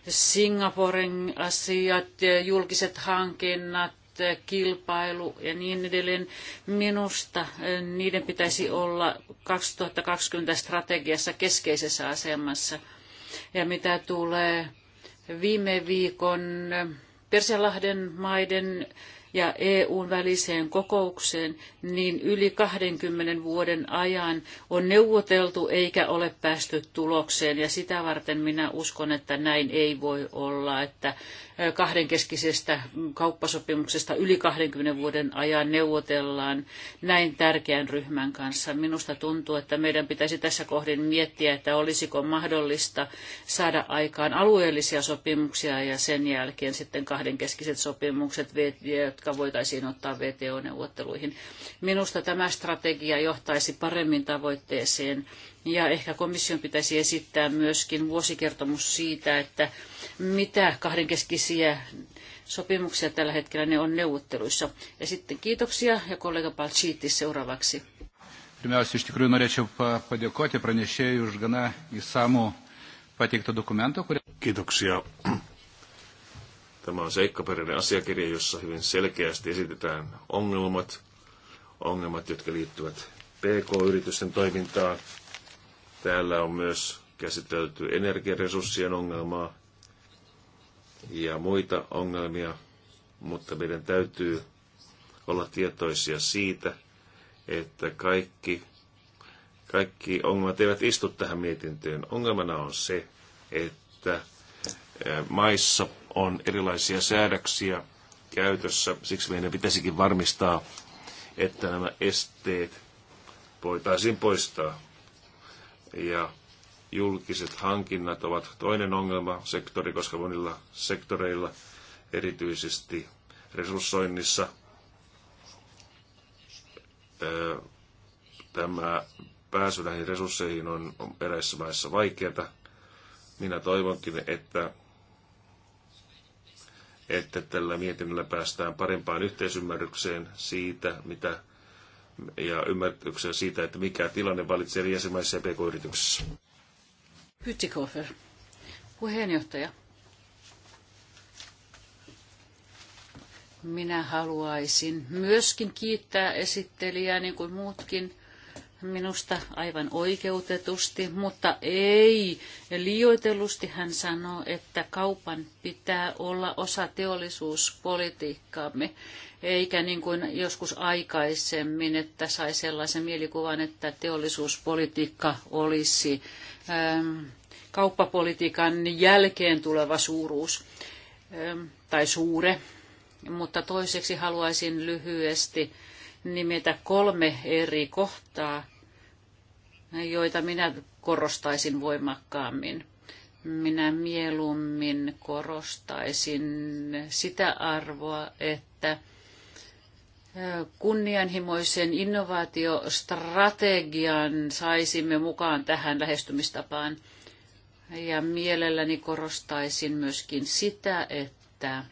Singaporen asiat, julkiset hankinnat, kilpailu ja niin edelleen. Minusta niiden pitäisi olla 2020 strategiassa keskeisessä asemassa. Ja mitä tulee viime viikon Persialahden maiden ja EUn väliseen kokoukseen, niin yli 20 vuoden ajan on neuvoteltu eikä ole päästy tulokseen. Ja sitä varten minä uskon, että näin ei voi olla, että kahdenkeskisestä kauppasopimuksesta yli 20 vuoden ajan neuvotellaan näin tärkeän ryhmän kanssa. Minusta tuntuu, että meidän pitäisi tässä kohdin miettiä, että olisiko mahdollista saada aikaan alueellisia sopimuksia ja sen jälkeen sitten kahdenkeskiset sopimukset, jotka voitaisiin ottaa VTO-neuvotteluihin. Minusta tämä strategia johtaisi paremmin tavoitteeseen ja ehkä komission pitäisi esittää myöskin vuosikertomus siitä, että mitä kahdenkeskisiä sopimuksia tällä hetkellä ne on neuvotteluissa. Ja sitten kiitoksia ja kollega Palchitis seuraavaksi. Pirmiausia, iš tikrųjų norėčiau padėkoti pranešėjui už gana įsamų pateiktą dokumentą. Kuri... Kiitoksia. [clears throat] Tämä on seikkaperäinen asiakirja, jossa hyvin selkeästi esitetään ongelmat, ongelmat, jotka liittyvät PK-yritysten toimintaan. Täällä on myös käsitelty energiaresurssien ongelmaa, ja muita ongelmia, mutta meidän täytyy olla tietoisia siitä, että kaikki, kaikki ongelmat eivät istu tähän mietintöön. Ongelmana on se, että maissa on erilaisia säädöksiä käytössä. Siksi meidän pitäisikin varmistaa, että nämä esteet voitaisiin poistaa. Ja Julkiset hankinnat ovat toinen ongelma sektori, koska monilla sektoreilla, erityisesti resurssoinnissa, tämä pääsy näihin resursseihin on eräissä maissa vaikeata. Minä toivonkin, että, että tällä mietinnöllä päästään parempaan yhteisymmärrykseen siitä, mitä ja ymmärrykseen siitä, että mikä tilanne valitsee jäsenmaissa ja pk-yrityksissä. Pytikofer, puheenjohtaja. Minä haluaisin myöskin kiittää esittelijää, niin kuin muutkin, minusta aivan oikeutetusti, mutta ei liioitellusti hän sanoo, että kaupan pitää olla osa teollisuuspolitiikkaamme eikä niin kuin joskus aikaisemmin, että sai sellaisen mielikuvan, että teollisuuspolitiikka olisi ähm, kauppapolitiikan jälkeen tuleva suuruus ähm, tai suure. Mutta toiseksi haluaisin lyhyesti nimetä kolme eri kohtaa, joita minä korostaisin voimakkaammin. Minä mieluummin korostaisin sitä arvoa, että kunnianhimoisen innovaatiostrategian saisimme mukaan tähän lähestymistapaan. Ja mielelläni korostaisin myöskin sitä, että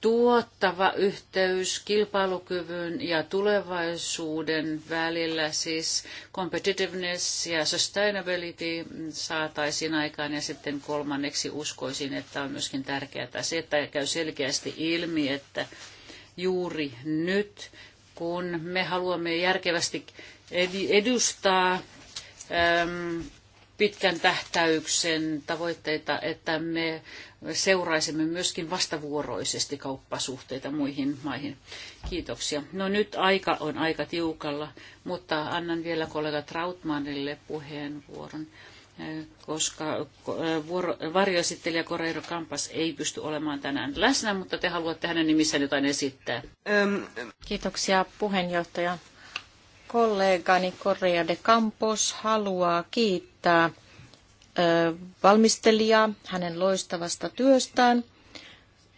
tuottava yhteys kilpailukyvyn ja tulevaisuuden välillä, siis competitiveness ja sustainability saataisiin aikaan. Ja sitten kolmanneksi uskoisin, että on myöskin tärkeää se, että käy selkeästi ilmi, että juuri nyt, kun me haluamme järkevästi edustaa pitkän tähtäyksen tavoitteita, että me seuraisimme myöskin vastavuoroisesti kauppasuhteita muihin maihin. Kiitoksia. No nyt aika on aika tiukalla, mutta annan vielä kollega Trautmanille puheenvuoron koska varjoesittelijä Koreiro Kampas ei pysty olemaan tänään läsnä, mutta te haluatte hänen nimissään jotain esittää. Kiitoksia puheenjohtaja. Kollegani Correa de Campos haluaa kiittää valmistelijaa hänen loistavasta työstään.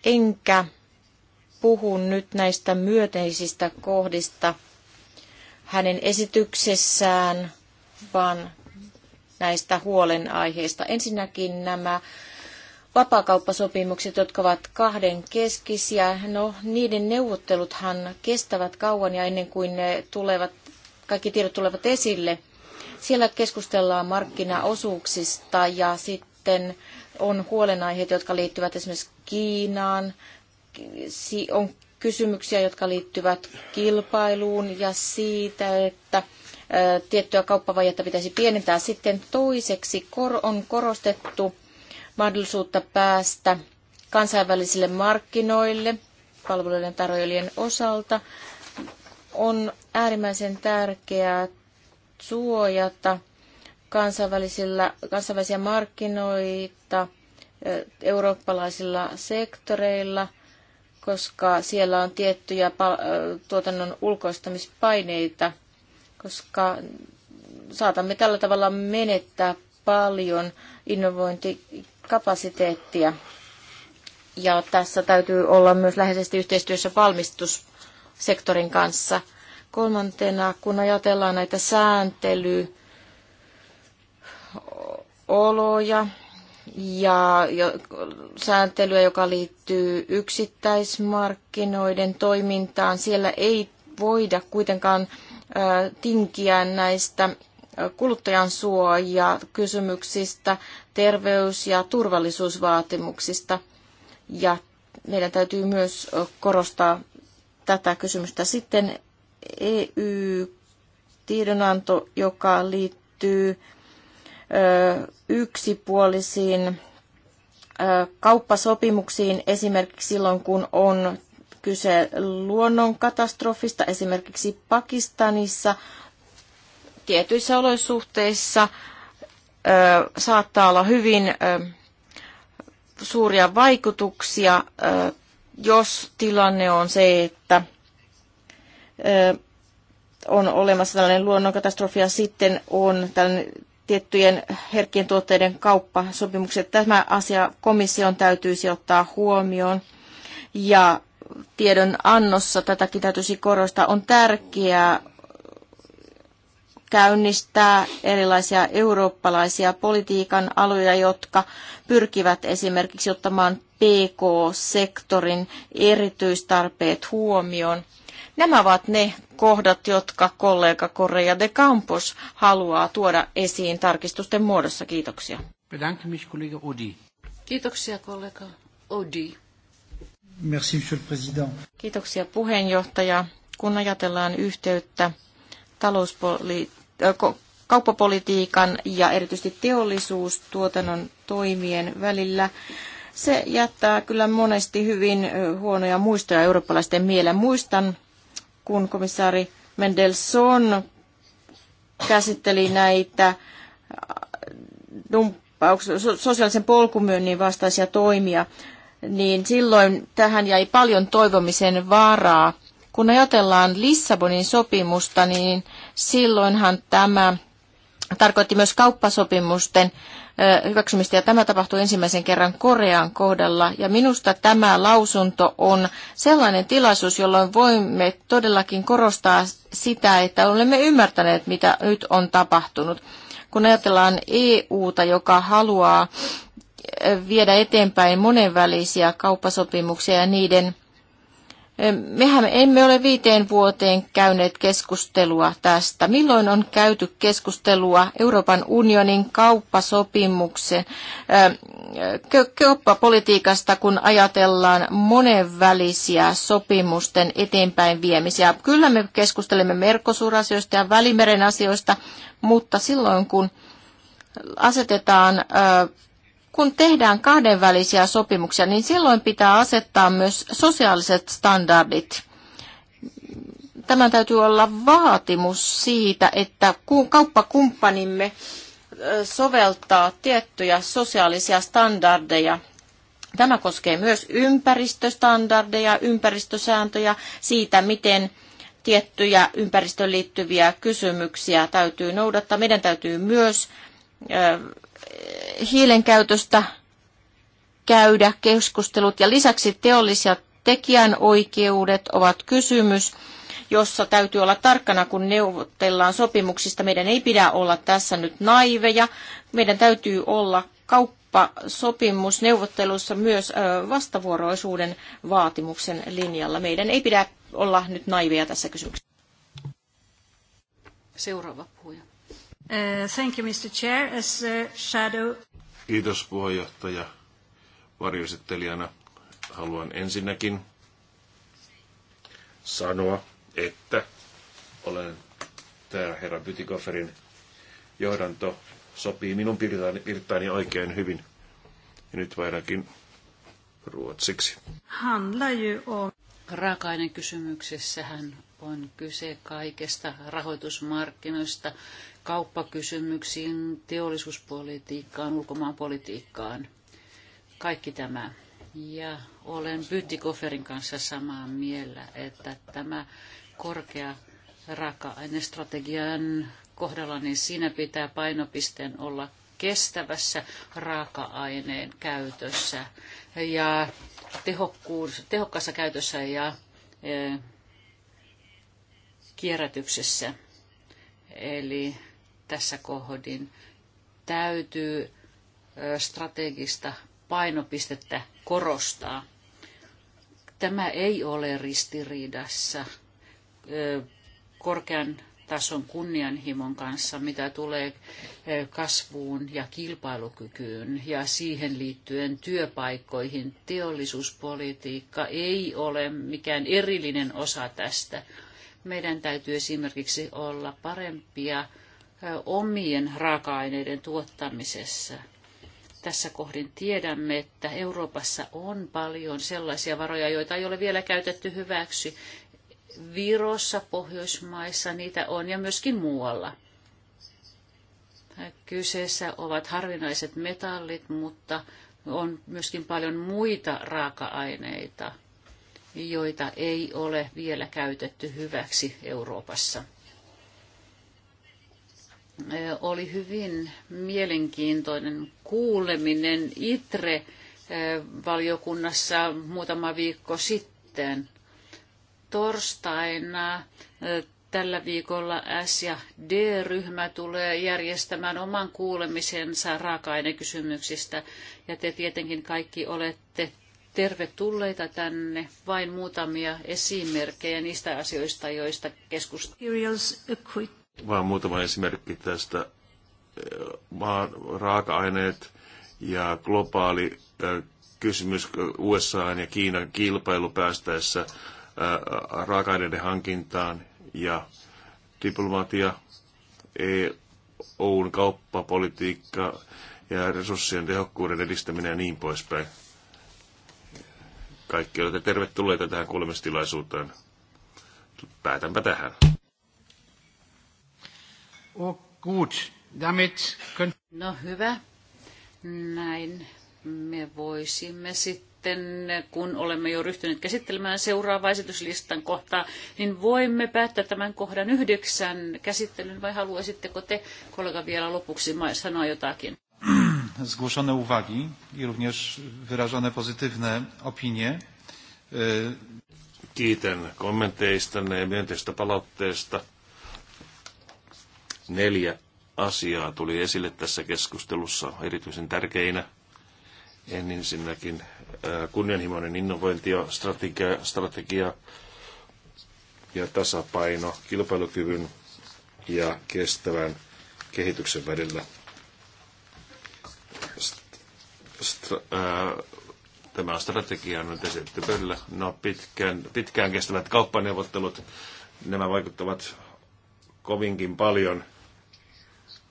Enkä puhu nyt näistä myönteisistä kohdista hänen esityksessään, vaan näistä huolenaiheista. Ensinnäkin nämä vapaakauppasopimukset, jotka ovat kahden keskisiä. No, niiden neuvotteluthan kestävät kauan ja ennen kuin ne tulevat, kaikki tiedot tulevat esille. Siellä keskustellaan markkinaosuuksista ja sitten on huolenaiheet, jotka liittyvät esimerkiksi Kiinaan. On kysymyksiä, jotka liittyvät kilpailuun ja siitä, että tiettyä kauppavajetta pitäisi pienentää. Sitten toiseksi on korostettu mahdollisuutta päästä kansainvälisille markkinoille palveluiden tarjoajien osalta. On äärimmäisen tärkeää suojata kansainvälisillä, kansainvälisiä markkinoita eurooppalaisilla sektoreilla, koska siellä on tiettyjä tuotannon ulkoistamispaineita – koska saatamme tällä tavalla menettää paljon innovointikapasiteettia. Ja tässä täytyy olla myös läheisesti yhteistyössä valmistussektorin kanssa. Kolmantena, kun ajatellaan näitä sääntelyoloja ja sääntelyä, joka liittyy yksittäismarkkinoiden toimintaan, siellä ei voida kuitenkaan tinkiä näistä kuluttajan suoja kysymyksistä, terveys- ja turvallisuusvaatimuksista. Ja meidän täytyy myös korostaa tätä kysymystä. Sitten EU-tiedonanto, joka liittyy yksipuolisiin kauppasopimuksiin esimerkiksi silloin, kun on kyse luonnonkatastrofista, esimerkiksi Pakistanissa tietyissä olosuhteissa ö, saattaa olla hyvin ö, suuria vaikutuksia, ö, jos tilanne on se, että ö, on olemassa tällainen luonnonkatastrofi ja sitten on tällainen tiettyjen herkkien tuotteiden kauppasopimukset. Tämä asia komission täytyisi ottaa huomioon. Ja tiedon annossa, tätäkin täytyisi korostaa, on tärkeää käynnistää erilaisia eurooppalaisia politiikan aloja, jotka pyrkivät esimerkiksi ottamaan PK-sektorin erityistarpeet huomioon. Nämä ovat ne kohdat, jotka kollega Correa de Campos haluaa tuoda esiin tarkistusten muodossa. Kiitoksia. Kiitoksia, kollega Odi. Merci, monsieur le président. Kiitoksia puheenjohtaja. Kun ajatellaan yhteyttä talouspoli- kauppapolitiikan ja erityisesti teollisuustuotannon toimien välillä, se jättää kyllä monesti hyvin huonoja muistoja eurooppalaisten mieleen. Muistan, kun komissaari Mendelssohn käsitteli näitä dumppauksia, sosiaalisen polkumyönnin vastaisia toimia niin silloin tähän jäi paljon toivomisen varaa. Kun ajatellaan Lissabonin sopimusta, niin silloinhan tämä tarkoitti myös kauppasopimusten hyväksymistä, ja tämä tapahtui ensimmäisen kerran Korean kohdalla. Ja minusta tämä lausunto on sellainen tilaisuus, jolloin voimme todellakin korostaa sitä, että olemme ymmärtäneet, mitä nyt on tapahtunut. Kun ajatellaan EUta, joka haluaa viedä eteenpäin monenvälisiä kauppasopimuksia ja niiden Mehän emme ole viiteen vuoteen käyneet keskustelua tästä. Milloin on käyty keskustelua Euroopan unionin kauppasopimuksen kauppapolitiikasta, kun ajatellaan monenvälisiä sopimusten eteenpäin viemisiä? Kyllä me keskustelemme merkosurasioista ja välimeren asioista, mutta silloin kun asetetaan kun tehdään kahdenvälisiä sopimuksia, niin silloin pitää asettaa myös sosiaaliset standardit. Tämän täytyy olla vaatimus siitä, että kauppakumppanimme soveltaa tiettyjä sosiaalisia standardeja. Tämä koskee myös ympäristöstandardeja, ympäristösääntöjä siitä, miten tiettyjä ympäristöön liittyviä kysymyksiä täytyy noudattaa. Meidän täytyy myös hiilen käytöstä käydä keskustelut ja lisäksi teollisia tekijänoikeudet ovat kysymys, jossa täytyy olla tarkkana, kun neuvotellaan sopimuksista. Meidän ei pidä olla tässä nyt naiveja. Meidän täytyy olla kauppasopimus neuvottelussa myös vastavuoroisuuden vaatimuksen linjalla. Meidän ei pidä olla nyt naiveja tässä kysymyksessä. Seuraava puhuja. Uh, thank you, Mr. Chair. As uh, shadow... Kiitos puheenjohtaja varjoesittelijänä. Haluan ensinnäkin sanoa, että olen tämä herra Bytikoferin johdanto sopii minun pirtaani, oikein hyvin. Ja nyt vainakin ruotsiksi. Handlar ju om... Raaka-ainekysymyksessähän on kyse kaikesta rahoitusmarkkinoista, kauppakysymyksiin, teollisuuspolitiikkaan, ulkomaanpolitiikkaan. Kaikki tämä. Ja olen Bytikoferin kanssa samaa mieltä, että tämä korkea raaka-ainestrategian kohdalla, niin siinä pitää painopisteen olla kestävässä raaka-aineen käytössä ja tehokkuus, tehokkaassa käytössä ja e, kierrätyksessä. Eli tässä kohdin täytyy strategista painopistettä korostaa. Tämä ei ole ristiriidassa korkean tason kunnianhimon kanssa, mitä tulee kasvuun ja kilpailukykyyn ja siihen liittyen työpaikkoihin. Teollisuuspolitiikka ei ole mikään erillinen osa tästä. Meidän täytyy esimerkiksi olla parempia omien raaka-aineiden tuottamisessa. Tässä kohdin tiedämme, että Euroopassa on paljon sellaisia varoja, joita ei ole vielä käytetty hyväksi. Virossa, Pohjoismaissa niitä on ja myöskin muualla. Kyseessä ovat harvinaiset metallit, mutta on myöskin paljon muita raaka-aineita, joita ei ole vielä käytetty hyväksi Euroopassa oli hyvin mielenkiintoinen kuuleminen ITRE valiokunnassa muutama viikko sitten. Torstaina tällä viikolla S- ja D-ryhmä tulee järjestämään oman kuulemisensa raaka-ainekysymyksistä. Ja te tietenkin kaikki olette tervetulleita tänne. Vain muutamia esimerkkejä niistä asioista, joista keskustellaan. Vaan muutama esimerkki tästä. Maan raaka-aineet ja globaali kysymys USA ja Kiinan kilpailu päästäessä raaka-aineiden hankintaan ja diplomatia, EUn kauppapolitiikka ja resurssien tehokkuuden edistäminen ja niin poispäin. Kaikki olette tervetulleita tähän kuulemistilaisuuteen. Päätänpä tähän. Oh, gut. Damit könnt... No hyvä. Näin me voisimme sitten, kun olemme jo ryhtyneet käsittelemään seuraavaa esityslistan kohtaa, niin voimme päättää tämän kohdan yhdeksän käsittelyn, vai haluaisitteko te, kollega, vielä lopuksi sanoa jotakin? [clears throat] Zgłoszone uwagi i również wyrażone pozytywne opinie. Kiitän kommenteistanne ja myönteistä palautteesta Neljä asiaa tuli esille tässä keskustelussa erityisen tärkeinä. Ensinnäkin kunnianhimoinen innovointistrategia strategia ja tasapaino kilpailukyvyn ja kestävän kehityksen välillä. Stra- ää, tämä strategia on nyt esitetty pöydällä. No, pitkään, pitkään kestävät kauppaneuvottelut, nämä vaikuttavat kovinkin paljon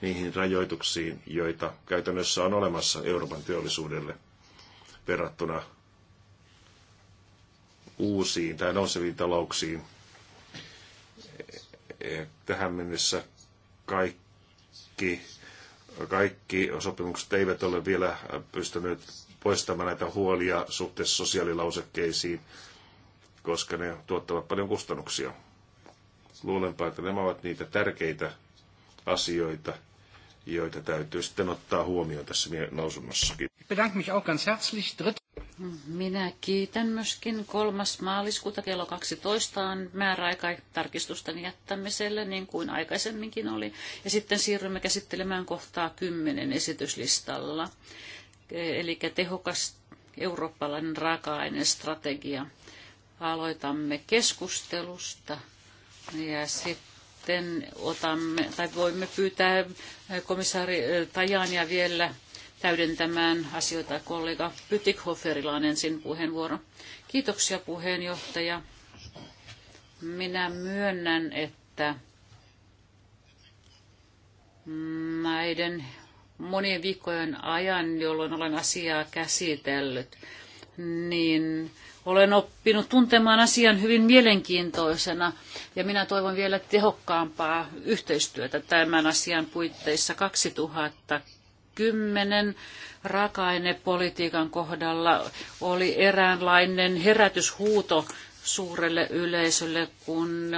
niihin rajoituksiin, joita käytännössä on olemassa Euroopan teollisuudelle verrattuna uusiin tai nouseviin talouksiin. Tähän mennessä kaikki, kaikki sopimukset eivät ole vielä pystyneet poistamaan näitä huolia suhteessa sosiaalilausekkeisiin, koska ne tuottavat paljon kustannuksia. Luulenpa, että nämä ovat niitä tärkeitä asioita, joita täytyy sitten ottaa huomioon tässä lausunnossakin. Minä kiitän myöskin 3. maaliskuuta kello 12 on määräaika tarkistusten jättämiselle, niin kuin aikaisemminkin oli. Ja sitten siirrymme käsittelemään kohtaa 10 esityslistalla, eli tehokas eurooppalainen raaka-ainestrategia. Aloitamme keskustelusta ja sitten sitten otamme, tai voimme pyytää eh, komissaari eh, Tajania vielä täydentämään asioita. Kollega Pytikhoferilla on ensin puheenvuoro. Kiitoksia puheenjohtaja. Minä myönnän, että näiden monien viikkojen ajan, jolloin olen asiaa käsitellyt, niin olen oppinut tuntemaan asian hyvin mielenkiintoisena ja minä toivon vielä tehokkaampaa yhteistyötä tämän asian puitteissa 2010 Rakainepolitiikan kohdalla oli eräänlainen herätyshuuto suurelle yleisölle, kun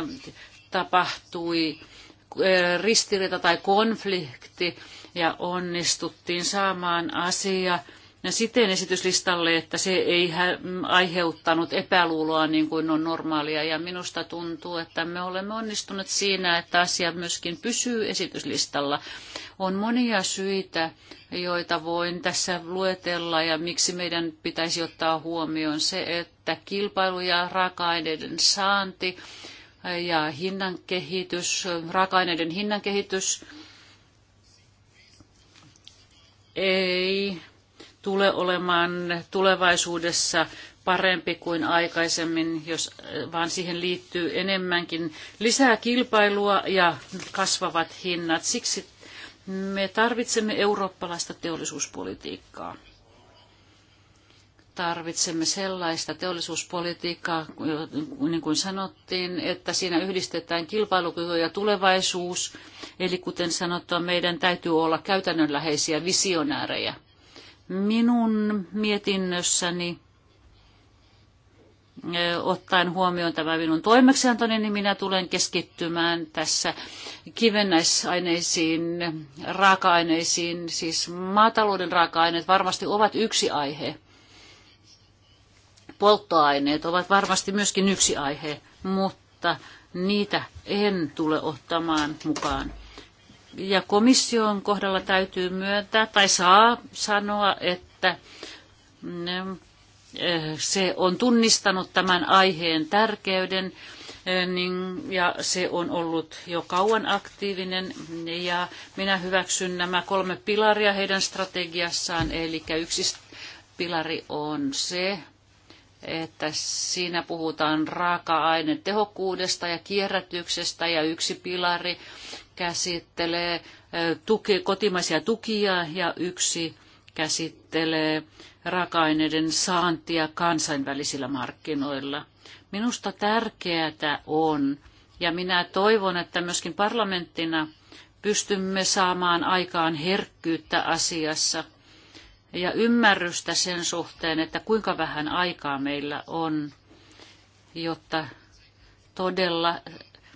tapahtui eh, ristiriita tai konflikti ja onnistuttiin saamaan asia siten esityslistalle, että se ei aiheuttanut epäluuloa niin kuin on normaalia. Ja minusta tuntuu, että me olemme onnistuneet siinä, että asia myöskin pysyy esityslistalla. On monia syitä, joita voin tässä luetella ja miksi meidän pitäisi ottaa huomioon se, että kilpailu ja raaka-aineiden saanti ja hinnan kehitys, raaka-aineiden hinnan kehitys ei tule olemaan tulevaisuudessa parempi kuin aikaisemmin, jos, eh, vaan siihen liittyy enemmänkin lisää kilpailua ja kasvavat hinnat. Siksi me tarvitsemme eurooppalaista teollisuuspolitiikkaa. Tarvitsemme sellaista teollisuuspolitiikkaa, niin kuin sanottiin, että siinä yhdistetään kilpailukyky ja tulevaisuus. Eli kuten sanottua, meidän täytyy olla käytännönläheisiä visionäärejä. Minun mietinnössäni ottaen huomioon tämä minun toimeksiantoni, niin minä tulen keskittymään tässä kivennäisaineisiin, raaka-aineisiin, siis maatalouden raaka-aineet varmasti ovat yksi aihe. Polttoaineet ovat varmasti myöskin yksi aihe, mutta niitä en tule ottamaan mukaan. Ja komission kohdalla täytyy myöntää tai saa sanoa, että mm, eh, se on tunnistanut tämän aiheen tärkeyden eh, niin, ja se on ollut jo kauan aktiivinen ja minä hyväksyn nämä kolme pilaria heidän strategiassaan. Eli yksi pilari on se, että siinä puhutaan raaka-ainetehokkuudesta ja kierrätyksestä ja yksi pilari käsittelee tuki, kotimaisia tukia ja yksi käsittelee raaka-aineiden saantia kansainvälisillä markkinoilla. Minusta tärkeää on, ja minä toivon, että myöskin parlamenttina pystymme saamaan aikaan herkkyyttä asiassa ja ymmärrystä sen suhteen, että kuinka vähän aikaa meillä on, jotta todella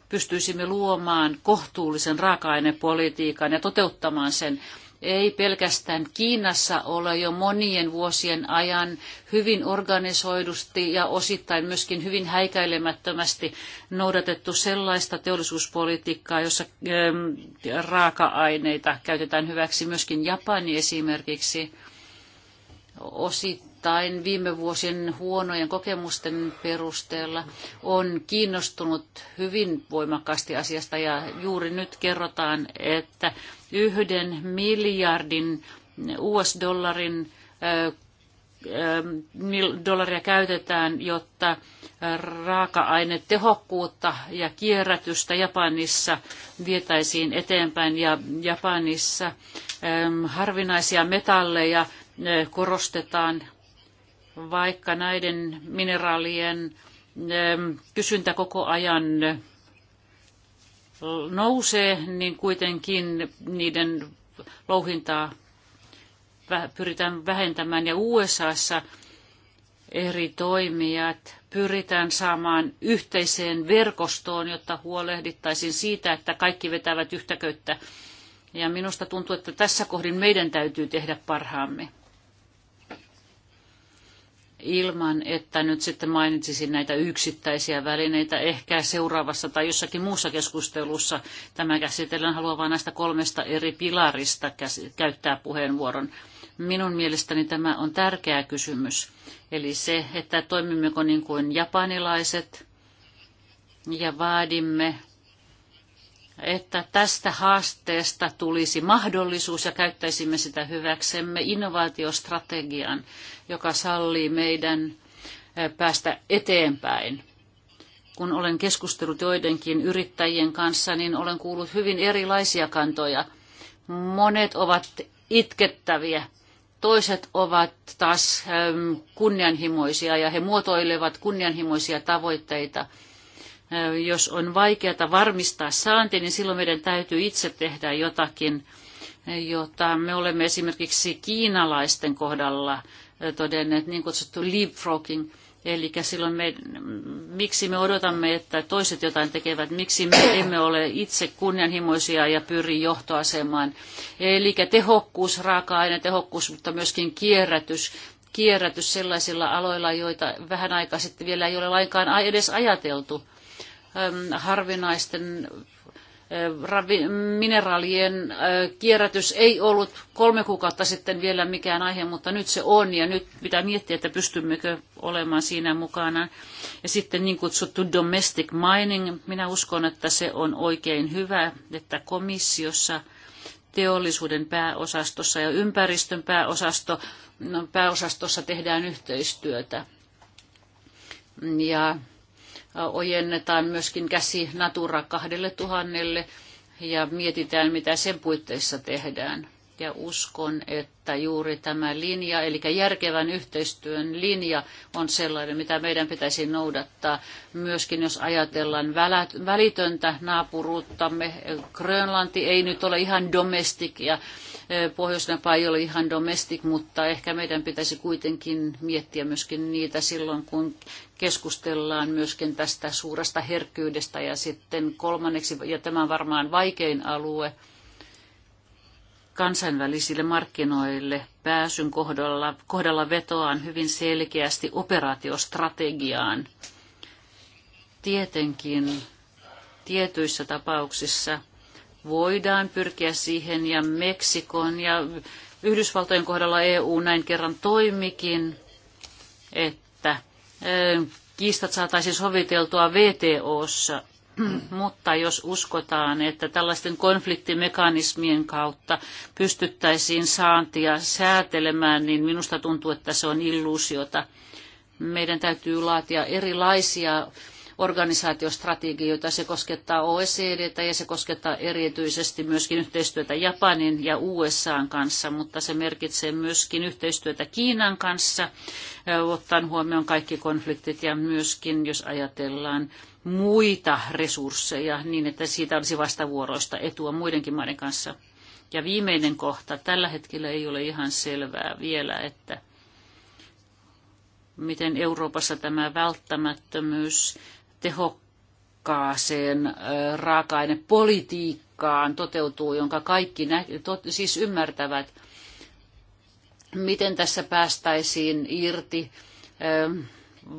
pystyisimme luomaan kohtuullisen raaka-ainepolitiikan ja toteuttamaan sen. Ei pelkästään Kiinassa ole jo monien vuosien ajan hyvin organisoidusti ja osittain myöskin hyvin häikäilemättömästi noudatettu sellaista teollisuuspolitiikkaa, jossa raaka-aineita käytetään hyväksi myöskin Japani esimerkiksi osittain osittain viime vuosien huonojen kokemusten perusteella on kiinnostunut hyvin voimakkaasti asiasta ja juuri nyt kerrotaan, että yhden miljardin US-dollarin dollaria käytetään, jotta raaka-ainetehokkuutta ja kierrätystä Japanissa vietäisiin eteenpäin ja Japanissa harvinaisia metalleja korostetaan vaikka näiden mineraalien ähm, kysyntä koko ajan äh, nousee, niin kuitenkin niiden louhintaa pyritään vähentämään. Ja USAssa eri toimijat pyritään saamaan yhteiseen verkostoon, jotta huolehdittaisiin siitä, että kaikki vetävät yhtäköyttä Ja minusta tuntuu, että tässä kohdin meidän täytyy tehdä parhaamme ilman, että nyt sitten mainitsisin näitä yksittäisiä välineitä. Ehkä seuraavassa tai jossakin muussa keskustelussa tämä käsitellään. Haluan vain näistä kolmesta eri pilarista käyttää puheenvuoron. Minun mielestäni tämä on tärkeä kysymys. Eli se, että toimimmeko niin kuin japanilaiset ja vaadimme että tästä haasteesta tulisi mahdollisuus ja käyttäisimme sitä hyväksemme innovaatiostrategian, joka sallii meidän päästä eteenpäin. Kun olen keskustellut joidenkin yrittäjien kanssa, niin olen kuullut hyvin erilaisia kantoja. Monet ovat itkettäviä, toiset ovat taas kunnianhimoisia ja he muotoilevat kunnianhimoisia tavoitteita – jos on vaikeata varmistaa saanti, niin silloin meidän täytyy itse tehdä jotakin, jota me olemme esimerkiksi kiinalaisten kohdalla todenneet, niin kutsuttu leapfrogging, Eli silloin me, miksi me odotamme, että toiset jotain tekevät, miksi me emme ole itse kunnianhimoisia ja pyri johtoasemaan. Eli tehokkuus, raaka-aine, tehokkuus, mutta myöskin kierrätys, kierrätys sellaisilla aloilla, joita vähän aikaa sitten vielä ei ole lainkaan edes ajateltu harvinaisten mineraalien kierrätys ei ollut kolme kuukautta sitten vielä mikään aihe, mutta nyt se on ja nyt pitää miettiä, että pystymmekö olemaan siinä mukana. Ja sitten niin kutsuttu domestic mining, minä uskon, että se on oikein hyvä, että komissiossa teollisuuden pääosastossa ja ympäristön pääosasto, no, pääosastossa tehdään yhteistyötä. Ja ojennetaan myöskin käsi Natura 2000 ja mietitään, mitä sen puitteissa tehdään ja uskon, että juuri tämä linja, eli järkevän yhteistyön linja on sellainen, mitä meidän pitäisi noudattaa. Myöskin jos ajatellaan välitöntä naapuruuttamme, Grönlanti ei nyt ole ihan domestik ja e, pohjois ei ole ihan domestik, mutta ehkä meidän pitäisi kuitenkin miettiä myöskin niitä silloin, kun keskustellaan myöskin tästä suuresta herkkyydestä ja sitten kolmanneksi, ja tämä on varmaan vaikein alue, kansainvälisille markkinoille pääsyn kohdalla, kohdalla vetoaan hyvin selkeästi operaatiostrategiaan. Tietenkin tietyissä tapauksissa voidaan pyrkiä siihen ja Meksikon ja Yhdysvaltojen kohdalla EU näin kerran toimikin, että kiistat saataisiin soviteltua VTOssa mutta jos uskotaan, että tällaisten konfliktimekanismien kautta pystyttäisiin saantia säätelemään, niin minusta tuntuu, että se on illuusiota. Meidän täytyy laatia erilaisia organisaatiostrategioita. Se koskettaa OECDtä ja se koskettaa erityisesti myöskin yhteistyötä Japanin ja USAn kanssa, mutta se merkitsee myöskin yhteistyötä Kiinan kanssa, ottaen huomioon kaikki konfliktit ja myöskin, jos ajatellaan muita resursseja niin, että siitä olisi vastavuoroista etua muidenkin maiden kanssa. Ja viimeinen kohta. Tällä hetkellä ei ole ihan selvää vielä, että miten Euroopassa tämä välttämättömyys tehokkaaseen raaka-ainepolitiikkaan toteutuu, jonka kaikki nä- tot- siis ymmärtävät, miten tässä päästäisiin irti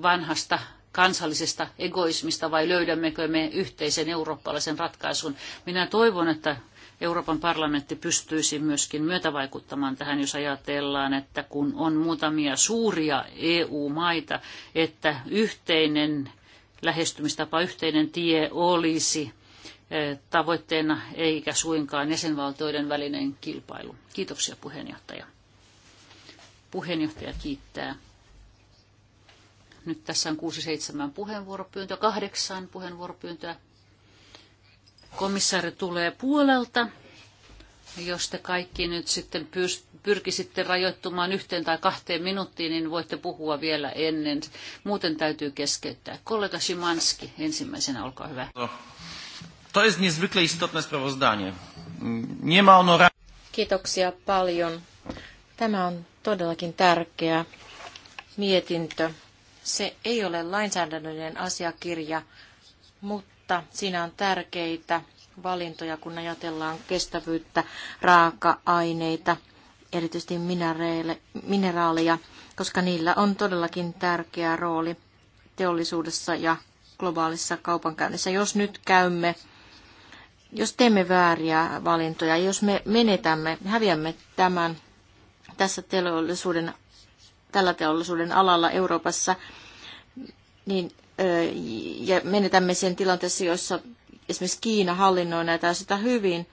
vanhasta kansallisesta egoismista vai löydämmekö me yhteisen eurooppalaisen ratkaisun. Minä toivon, että Euroopan parlamentti pystyisi myöskin myötävaikuttamaan tähän, jos ajatellaan, että kun on muutamia suuria EU-maita, että yhteinen lähestymistapa, yhteinen tie olisi eh, tavoitteena eikä suinkaan jäsenvaltioiden välinen kilpailu. Kiitoksia puheenjohtaja. Puheenjohtaja kiittää. Nyt tässä on 6-7 puheenvuoropyyntöä, kahdeksan puheenvuoropyyntöä. Komissaari tulee puolelta jos te kaikki nyt sitten pyrkisitte rajoittumaan yhteen tai kahteen minuuttiin, niin voitte puhua vielä ennen. Muuten täytyy keskeyttää. Kollega Szymanski ensimmäisenä, olkaa hyvä. No, to jest niezwykle istotne sprawozdanie. Nie ma ono... Kiitoksia paljon. Tämä on todellakin tärkeä mietintö. Se ei ole lainsäädännöllinen asiakirja, mutta siinä on tärkeitä valintoja, kun ajatellaan kestävyyttä, raaka-aineita, erityisesti mineraaleja, koska niillä on todellakin tärkeä rooli teollisuudessa ja globaalissa kaupankäynnissä. Jos nyt käymme, jos teemme vääriä valintoja, jos me menetämme, häviämme tämän tässä teollisuuden, tällä teollisuuden alalla Euroopassa, niin ja menetämme sen tilanteessa, jossa esimerkiksi Kiina hallinnoi näitä sitä hyvin,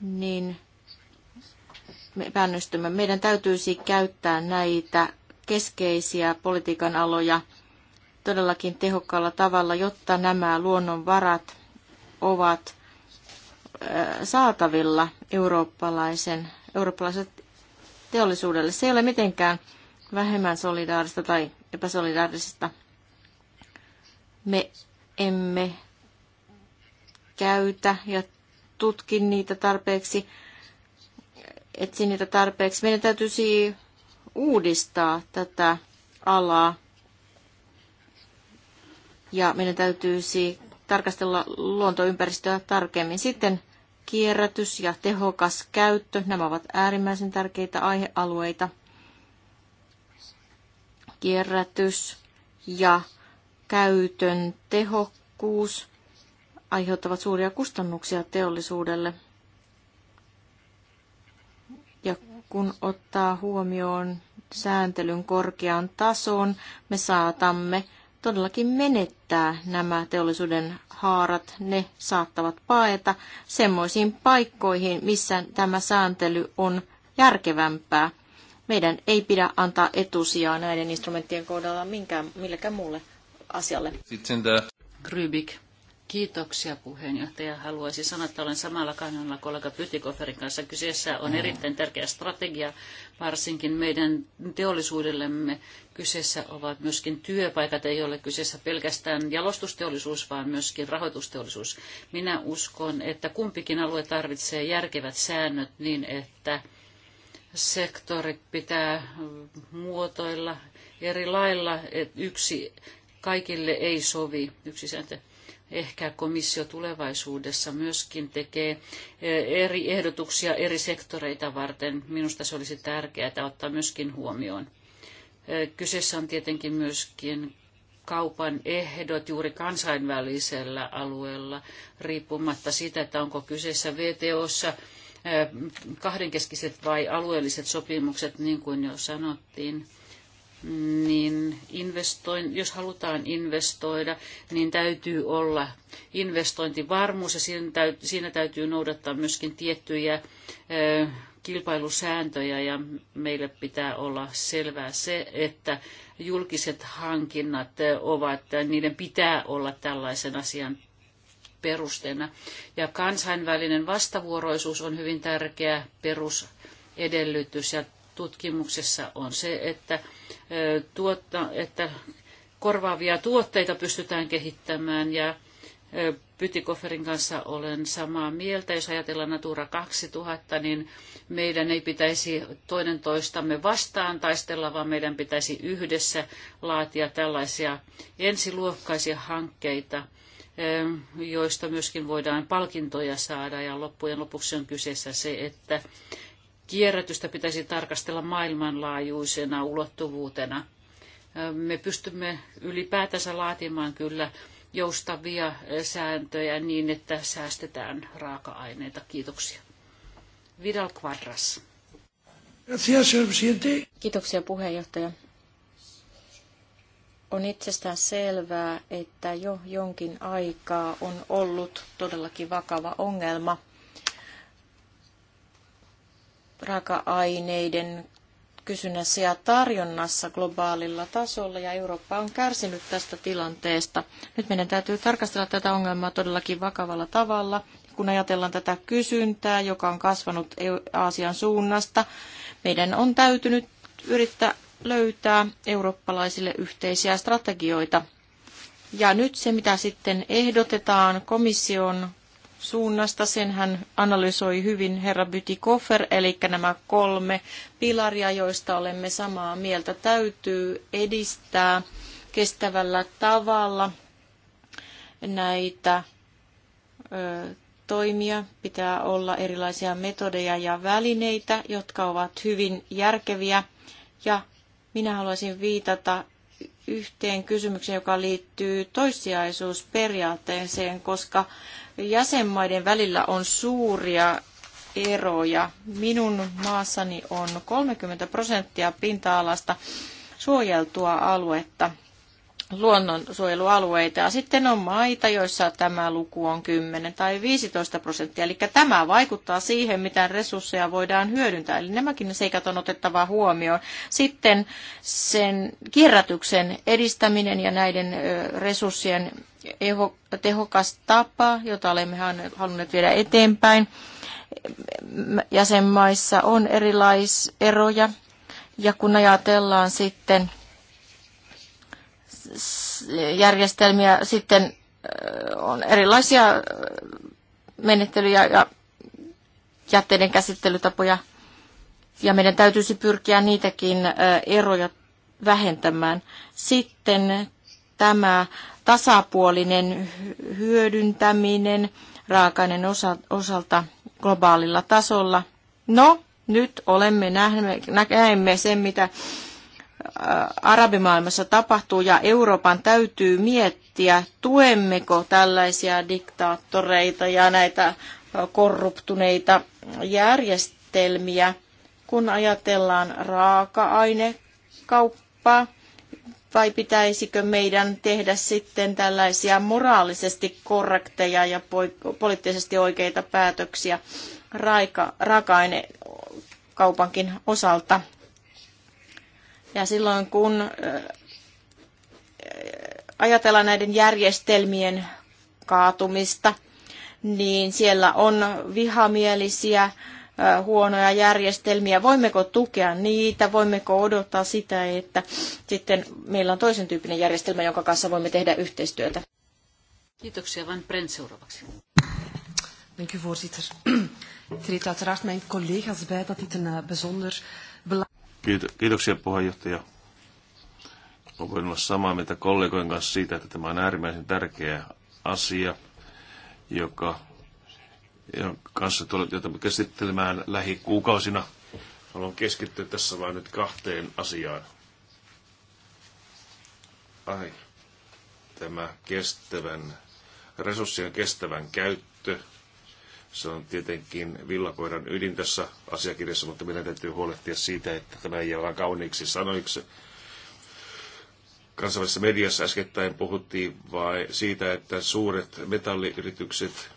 niin me päännystymme. Meidän täytyisi käyttää näitä keskeisiä politiikan aloja todellakin tehokkaalla tavalla, jotta nämä luonnonvarat ovat saatavilla eurooppalaisen, eurooppalaisen teollisuudelle. Se ei ole mitenkään vähemmän solidaarista tai epäsolidaarista. Me emme käytä ja tutkin niitä tarpeeksi, etsin niitä tarpeeksi. Meidän täytyisi uudistaa tätä alaa ja meidän täytyisi tarkastella luontoympäristöä tarkemmin. Sitten kierrätys ja tehokas käyttö, nämä ovat äärimmäisen tärkeitä aihealueita. Kierrätys ja käytön tehokkuus aiheuttavat suuria kustannuksia teollisuudelle. Ja kun ottaa huomioon sääntelyn korkean tason, me saatamme todellakin menettää nämä teollisuuden haarat. Ne saattavat paeta semmoisiin paikkoihin, missä tämä sääntely on järkevämpää. Meidän ei pidä antaa etusijaa näiden instrumenttien kohdalla minkään, millekään muulle asialle. Sitten äh, Kiitoksia puheenjohtaja. Haluaisin sanoa, että olen samalla kannalla kollega Pytikoferin kanssa. Kyseessä on erittäin tärkeä strategia, varsinkin meidän teollisuudellemme. Kyseessä ovat myöskin työpaikat, ei ole kyseessä pelkästään jalostusteollisuus, vaan myöskin rahoitusteollisuus. Minä uskon, että kumpikin alue tarvitsee järkevät säännöt niin, että sektorit pitää muotoilla eri lailla. Että yksi kaikille ei sovi, yksi sääntö Ehkä komissio tulevaisuudessa myöskin tekee eh, eri ehdotuksia eri sektoreita varten. Minusta se olisi tärkeää ottaa myöskin huomioon. Eh, kyseessä on tietenkin myöskin kaupan ehdot juuri kansainvälisellä alueella, riippumatta siitä, että onko kyseessä VTOssa eh, kahdenkeskiset vai alueelliset sopimukset, niin kuin jo sanottiin niin investoin, jos halutaan investoida, niin täytyy olla investointivarmuus ja siinä täytyy, siinä täytyy noudattaa myöskin tiettyjä ö, kilpailusääntöjä ja meille pitää olla selvää se, että julkiset hankinnat ovat, niiden pitää olla tällaisen asian perusteena. Ja kansainvälinen vastavuoroisuus on hyvin tärkeä perusedellytys ja tutkimuksessa on se, että, tuotta, että korvaavia tuotteita pystytään kehittämään ja Pytikoferin kanssa olen samaa mieltä. Jos ajatellaan Natura 2000, niin meidän ei pitäisi toinen toistamme vastaan taistella, vaan meidän pitäisi yhdessä laatia tällaisia ensiluokkaisia hankkeita, joista myöskin voidaan palkintoja saada. Ja loppujen lopuksi on kyseessä se, että kierrätystä pitäisi tarkastella maailmanlaajuisena ulottuvuutena. Me pystymme ylipäätänsä laatimaan kyllä joustavia sääntöjä niin, että säästetään raaka-aineita. Kiitoksia. Vidal Quadras. Kiitoksia puheenjohtaja. On itsestään selvää, että jo jonkin aikaa on ollut todellakin vakava ongelma – raaka-aineiden kysynnässä ja tarjonnassa globaalilla tasolla ja Eurooppa on kärsinyt tästä tilanteesta. Nyt meidän täytyy tarkastella tätä ongelmaa todellakin vakavalla tavalla. Kun ajatellaan tätä kysyntää, joka on kasvanut e Aasian suunnasta, meidän on täytynyt yrittää löytää eurooppalaisille yhteisiä strategioita. Ja nyt se, mitä sitten ehdotetaan komission suunnasta. Sen hän analysoi hyvin herra Bytikofer, eli nämä kolme pilaria, joista olemme samaa mieltä, täytyy edistää kestävällä tavalla näitä ö, toimia. Pitää olla erilaisia metodeja ja välineitä, jotka ovat hyvin järkeviä. Ja minä haluaisin viitata yhteen kysymykseen, joka liittyy toissijaisuusperiaatteeseen, koska jäsenmaiden välillä on suuria eroja. Minun maassani on 30 prosenttia pinta-alasta suojeltua aluetta luonnonsuojelualueita. Ja sitten on maita, joissa tämä luku on 10 tai 15 prosenttia. Eli tämä vaikuttaa siihen, mitä resursseja voidaan hyödyntää. Eli nämäkin seikat on otettava huomioon. Sitten sen kierrätyksen edistäminen ja näiden resurssien tehokas tapa, jota olemme halunneet viedä eteenpäin. Jäsenmaissa on erilaiseroja. Ja kun ajatellaan sitten järjestelmiä. Sitten on erilaisia menettelyjä ja jätteiden käsittelytapoja. Ja meidän täytyisi pyrkiä niitäkin eroja vähentämään. Sitten tämä tasapuolinen hyödyntäminen raakainen osalta globaalilla tasolla. No, nyt olemme näemme, näemme sen, mitä arabimaailmassa tapahtuu ja Euroopan täytyy miettiä, tuemmeko tällaisia diktaattoreita ja näitä korruptuneita järjestelmiä, kun ajatellaan raaka-ainekauppaa, vai pitäisikö meidän tehdä sitten tällaisia moraalisesti korrekteja ja poliittisesti oikeita päätöksiä raaka-ainekaupankin osalta? Ja silloin kun ajatellaan näiden järjestelmien kaatumista, niin siellä on vihamielisiä, huonoja järjestelmiä. Voimmeko tukea niitä? Voimmeko odottaa sitä, että sitten meillä on toisen tyyppinen järjestelmä, jonka kanssa voimme tehdä yhteistyötä? Kiitoksia. Van Brent seuraavaksi. Dank u voorzitter. treedt [clears throat] uiteraard mijn collega's bij dat dit een eh, bijzonder Kiitoksia puheenjohtaja. Voin olla samaa mieltä kollegojen kanssa siitä, että tämä on äärimmäisen tärkeä asia, joka, jonka kanssa tulet, jota käsittelemään lähikuukausina. Haluan keskittyä tässä vain nyt kahteen asiaan. Ai, tämä kestävän, resurssien kestävän käyttö – se on tietenkin villakoiran ydin tässä asiakirjassa, mutta meidän täytyy huolehtia siitä, että tämä ei ole kauniiksi sanoiksi. Kansainvälisessä mediassa äskettäin puhuttiin vai siitä, että suuret metalliyritykset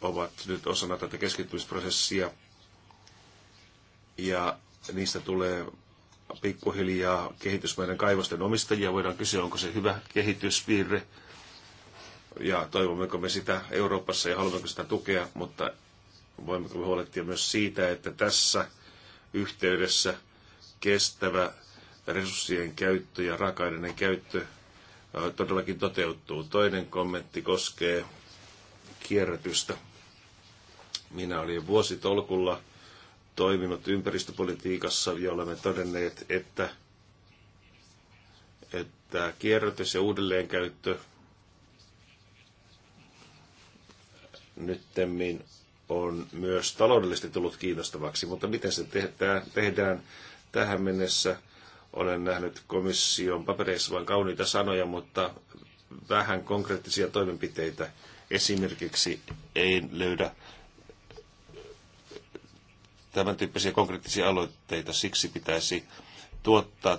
ovat nyt osana tätä keskittymisprosessia ja niistä tulee pikkuhiljaa kehitysmaiden kaivosten omistajia. Voidaan kysyä, onko se hyvä kehityspiirre ja toivommeko me sitä Euroopassa ja haluammeko sitä tukea, mutta voimmeko me huolehtia myös siitä, että tässä yhteydessä kestävä resurssien käyttö ja raaka-aineiden käyttö todellakin toteutuu. Toinen kommentti koskee kierrätystä. Minä olin vuositolkulla toiminut ympäristöpolitiikassa ja olemme todenneet, että, että kierrätys ja uudelleenkäyttö nyttemmin on myös taloudellisesti tullut kiinnostavaksi, mutta miten se tehdään, tehdään tähän mennessä? Olen nähnyt komission papereissa vain kauniita sanoja, mutta vähän konkreettisia toimenpiteitä. Esimerkiksi ei löydä tämän tyyppisiä konkreettisia aloitteita. Siksi pitäisi tuottaa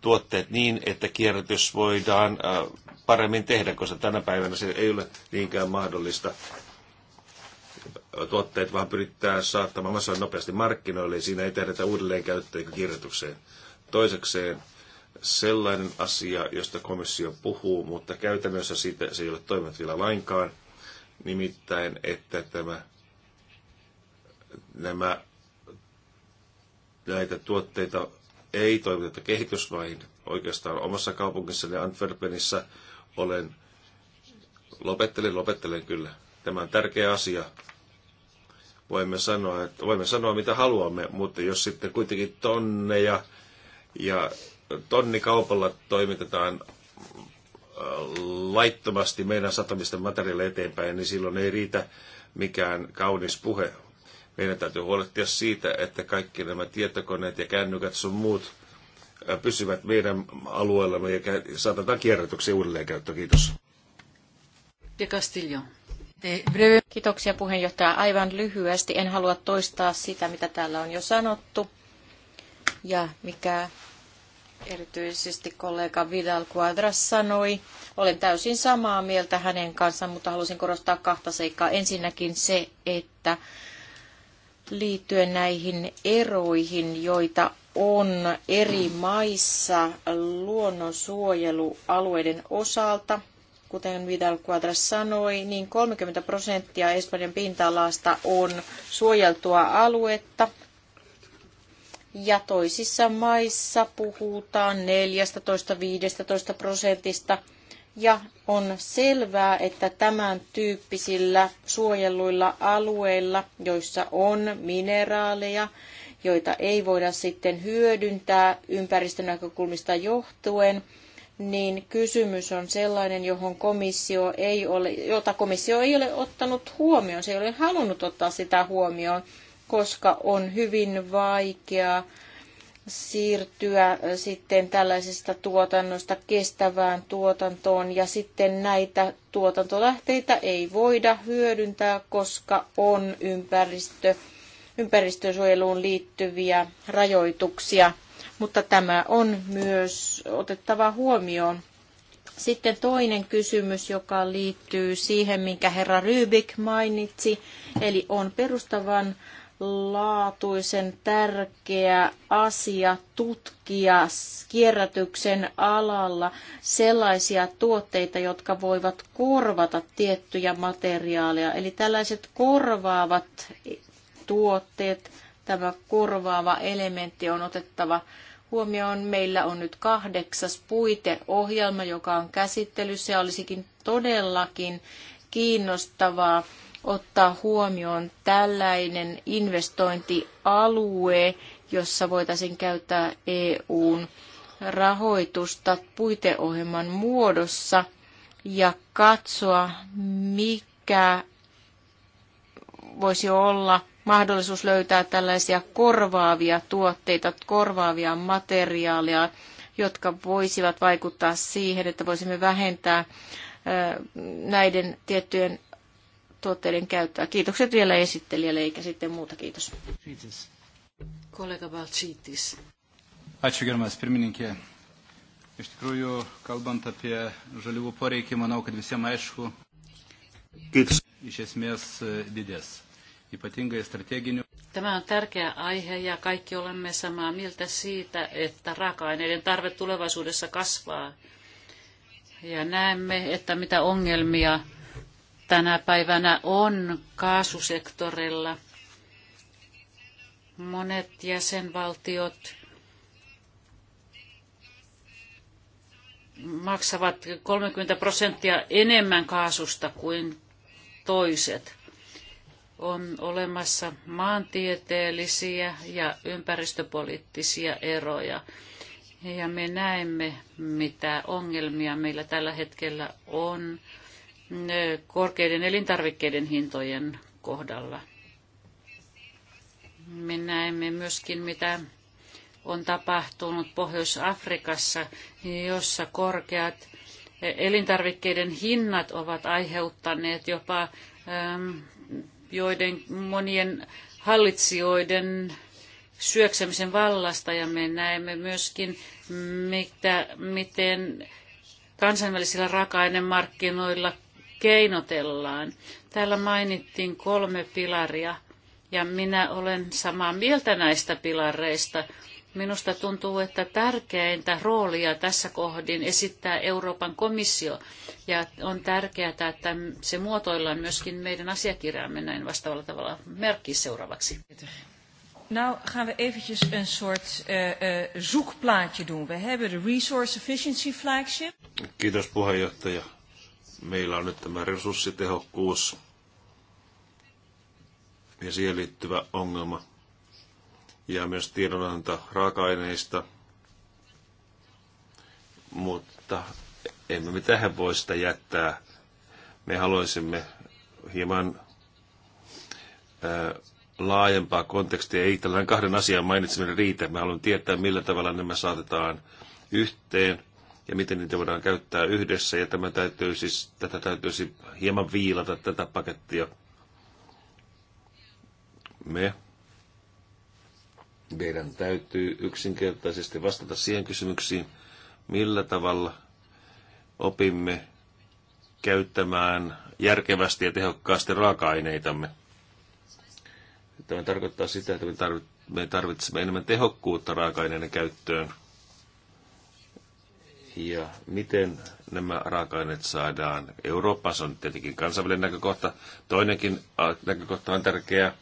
tuotteet niin, että kierrätys voidaan äh, paremmin tehdä, koska tänä päivänä se ei ole niinkään mahdollista. Tuotteet vaan pyritään saattamaan massa nopeasti markkinoille, ja siinä ei tehdä uudelleen käyttöä kierrätykseen. Toisekseen sellainen asia, josta komissio puhuu, mutta käytännössä siitä se ei ole toiminut vielä lainkaan, nimittäin, että tämä, nämä, näitä tuotteita ei toimiteta kehitysmaihin. Oikeastaan omassa kaupungissani Antwerpenissä olen, lopettelen, lopettelen kyllä. Tämä on tärkeä asia. Voimme sanoa, että, voimme sanoa mitä haluamme, mutta jos sitten kuitenkin tonneja ja tonnikaupalla toimitetaan äh, laittomasti meidän satamisten materiaaleja eteenpäin, niin silloin ei riitä mikään kaunis puhe. Meidän täytyy huolehtia siitä, että kaikki nämä tietokoneet ja kännykät sun muut äh, pysyvät meidän alueellamme ja saatetaan kierrätyksiä uudelleenkäyttö. Kiitos. De Castillo. Kiitoksia puheenjohtaja. Aivan lyhyesti. En halua toistaa sitä, mitä täällä on jo sanottu ja mikä erityisesti kollega Vidal Quadras sanoi. Olen täysin samaa mieltä hänen kanssaan, mutta halusin korostaa kahta seikkaa. Ensinnäkin se, että liittyen näihin eroihin, joita on eri maissa luonnonsuojelualueiden osalta. Kuten Vidal Quadras sanoi, niin 30 prosenttia Espanjan pinta-alasta on suojeltua aluetta. Ja toisissa maissa puhutaan 14-15 prosentista – ja on selvää, että tämän tyyppisillä suojelluilla alueilla, joissa on mineraaleja, joita ei voida sitten hyödyntää ympäristön näkökulmista johtuen, niin kysymys on sellainen, johon komissio ei ole, jota komissio ei ole ottanut huomioon, se ei ole halunnut ottaa sitä huomioon, koska on hyvin vaikeaa siirtyä sitten tällaisesta tuotannosta kestävään tuotantoon ja sitten näitä tuotantolähteitä ei voida hyödyntää, koska on ympäristö, ympäristösuojeluun liittyviä rajoituksia, mutta tämä on myös otettava huomioon. Sitten toinen kysymys, joka liittyy siihen, minkä herra Rybik mainitsi, eli on perustavan laatuisen tärkeä asia tutkia kierrätyksen alalla sellaisia tuotteita, jotka voivat korvata tiettyjä materiaaleja. Eli tällaiset korvaavat tuotteet, tämä korvaava elementti on otettava huomioon. Meillä on nyt kahdeksas puiteohjelma, joka on käsittelyssä ja olisikin todellakin kiinnostavaa ottaa huomioon tällainen investointialue, jossa voitaisiin käyttää EUn rahoitusta puiteohjelman muodossa ja katsoa, mikä voisi olla mahdollisuus löytää tällaisia korvaavia tuotteita, korvaavia materiaaleja, jotka voisivat vaikuttaa siihen, että voisimme vähentää näiden tiettyjen tuotteiden käyttöä. Kiitokset vielä esittelijälle eikä sitten muuta. Kiitos. Kiitos. Kollega Balčytis. Ačiū gerbiamas pirmininkė. Iš tikrųjų, kalbant apie žaliavų poreikį, manau, kad visiems aišku, Kiitos. iš esmės e, didės. Ypatingai strateginių. Tämä on tärkeä aihe ja kaikki olemme samaa mieltä siitä, että raaka-aineiden tarve tulevaisuudessa kasvaa. Ja näemme, että mitä ongelmia tänä päivänä on kaasusektorilla. Monet jäsenvaltiot maksavat 30 prosenttia enemmän kaasusta kuin toiset. On olemassa maantieteellisiä ja ympäristöpoliittisia eroja. Ja me näemme, mitä ongelmia meillä tällä hetkellä on korkeiden elintarvikkeiden hintojen kohdalla. Me näemme myöskin, mitä on tapahtunut Pohjois-Afrikassa, jossa korkeat elintarvikkeiden hinnat ovat aiheuttaneet jopa ähm, joiden monien hallitsijoiden syöksemisen vallasta ja me näemme myöskin, mitä, miten kansainvälisillä raaka-ainemarkkinoilla keinotellaan. Täällä mainittiin kolme pilaria ja minä olen samaa mieltä näistä pilareista. Minusta tuntuu, että tärkeintä roolia tässä kohdin esittää Euroopan komissio, ja on tärkeää, että se muotoillaan myöskin meidän asiakirjaamme näin vastaavalla tavalla merkki seuraavaksi. Nou gaan we eventjes een soort uh, uh, zoekplaatje doen. We hebben de Resource Efficiency Flagship. Kiitos puheenjohtaja meillä on nyt tämä resurssitehokkuus ja siihen liittyvä ongelma. Ja myös tiedonanto raaka-aineista. Mutta emme me tähän voi sitä jättää. Me haluaisimme hieman ää, laajempaa kontekstia. Ei tällainen kahden asian mainitseminen riitä. Me haluamme tietää, millä tavalla nämä saatetaan yhteen – ja miten niitä voidaan käyttää yhdessä. Ja tämä täytyy siis, tätä täytyisi hieman viilata tätä pakettia. Me meidän täytyy yksinkertaisesti vastata siihen kysymyksiin, millä tavalla opimme käyttämään järkevästi ja tehokkaasti raaka-aineitamme. Tämä tarkoittaa sitä, että me tarvitsemme enemmän tehokkuutta raaka-aineiden käyttöön – ja miten nämä raaka-aineet saadaan Eurooppaan. Se on tietenkin kansainvälinen näkökohta. Toinenkin näkökohta on tärkeä,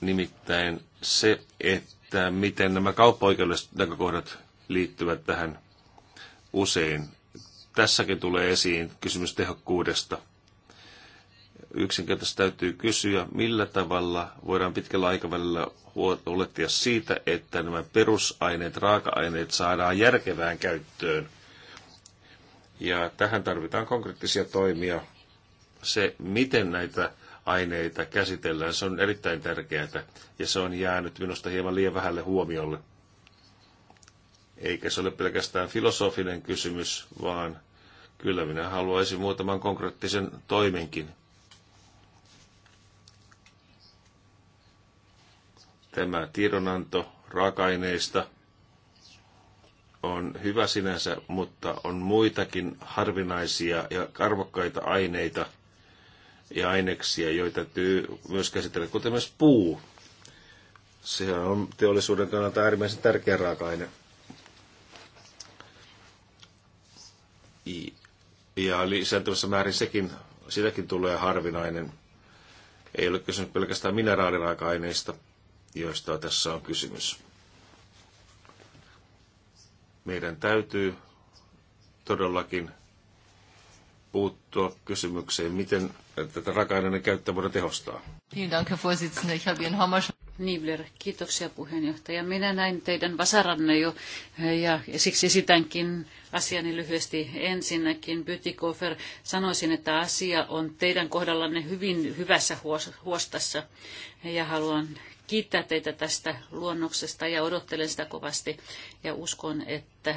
nimittäin se, että miten nämä kauppaoikeudelliset näkökohdat liittyvät tähän usein. Tässäkin tulee esiin kysymys tehokkuudesta – yksinkertaisesti täytyy kysyä, millä tavalla voidaan pitkällä aikavälillä huolehtia siitä, että nämä perusaineet, raaka-aineet saadaan järkevään käyttöön. Ja tähän tarvitaan konkreettisia toimia. Se, miten näitä aineita käsitellään, se on erittäin tärkeää ja se on jäänyt minusta hieman liian vähälle huomiolle. Eikä se ole pelkästään filosofinen kysymys, vaan kyllä minä haluaisin muutaman konkreettisen toimenkin Tämä tiedonanto raaka-aineista on hyvä sinänsä, mutta on muitakin harvinaisia ja arvokkaita aineita ja aineksia, joita täytyy myös käsitellä, kuten myös puu. Sehän on teollisuuden kannalta äärimmäisen tärkeä raaka-aine. Ja lisääntyvässä määrin sekin, sitäkin tulee harvinainen. Ei ole kysymys pelkästään mineraaliraaka-aineista, joista tässä on kysymys. Meidän täytyy todellakin puuttua kysymykseen, miten tätä raaka-aineiden käyttöä voidaan tehostaa. Niibler, kiitoksia puheenjohtaja. Minä näin teidän vasaranne jo ja siksi esitänkin asiani lyhyesti. Ensinnäkin Bytikofer, sanoisin, että asia on teidän kohdallanne hyvin hyvässä huostassa ja haluan kiittää teitä tästä luonnoksesta ja odottelen sitä kovasti ja uskon, että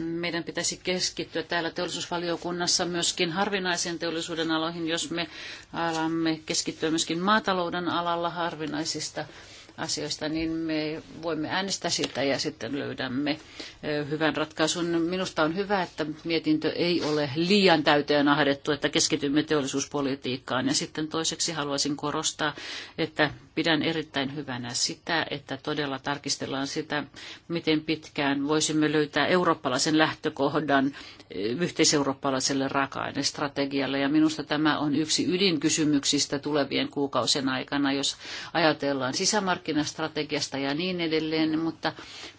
meidän pitäisi keskittyä täällä teollisuusvaliokunnassa myöskin harvinaisen teollisuuden aloihin, jos me alamme keskittyä myöskin maatalouden alalla harvinaisista asioista, niin me voimme äänestää sitä ja sitten löydämme hyvän ratkaisun. Minusta on hyvä, että mietintö ei ole liian täyteen ahdettu, että keskitymme teollisuuspolitiikkaan. Ja sitten toiseksi haluaisin korostaa, että pidän erittäin hyvänä sitä, että todella tarkistellaan sitä, miten pitkään voisimme löytää eurooppalaisen lähtökohdan yhteiseurooppalaiselle raaka-ainestrategialle. Ja minusta tämä on yksi ydinkysymyksistä tulevien kuukausien aikana, jos ajatellaan sisämarkkinoita, markkinastrategiasta ja niin edelleen, mutta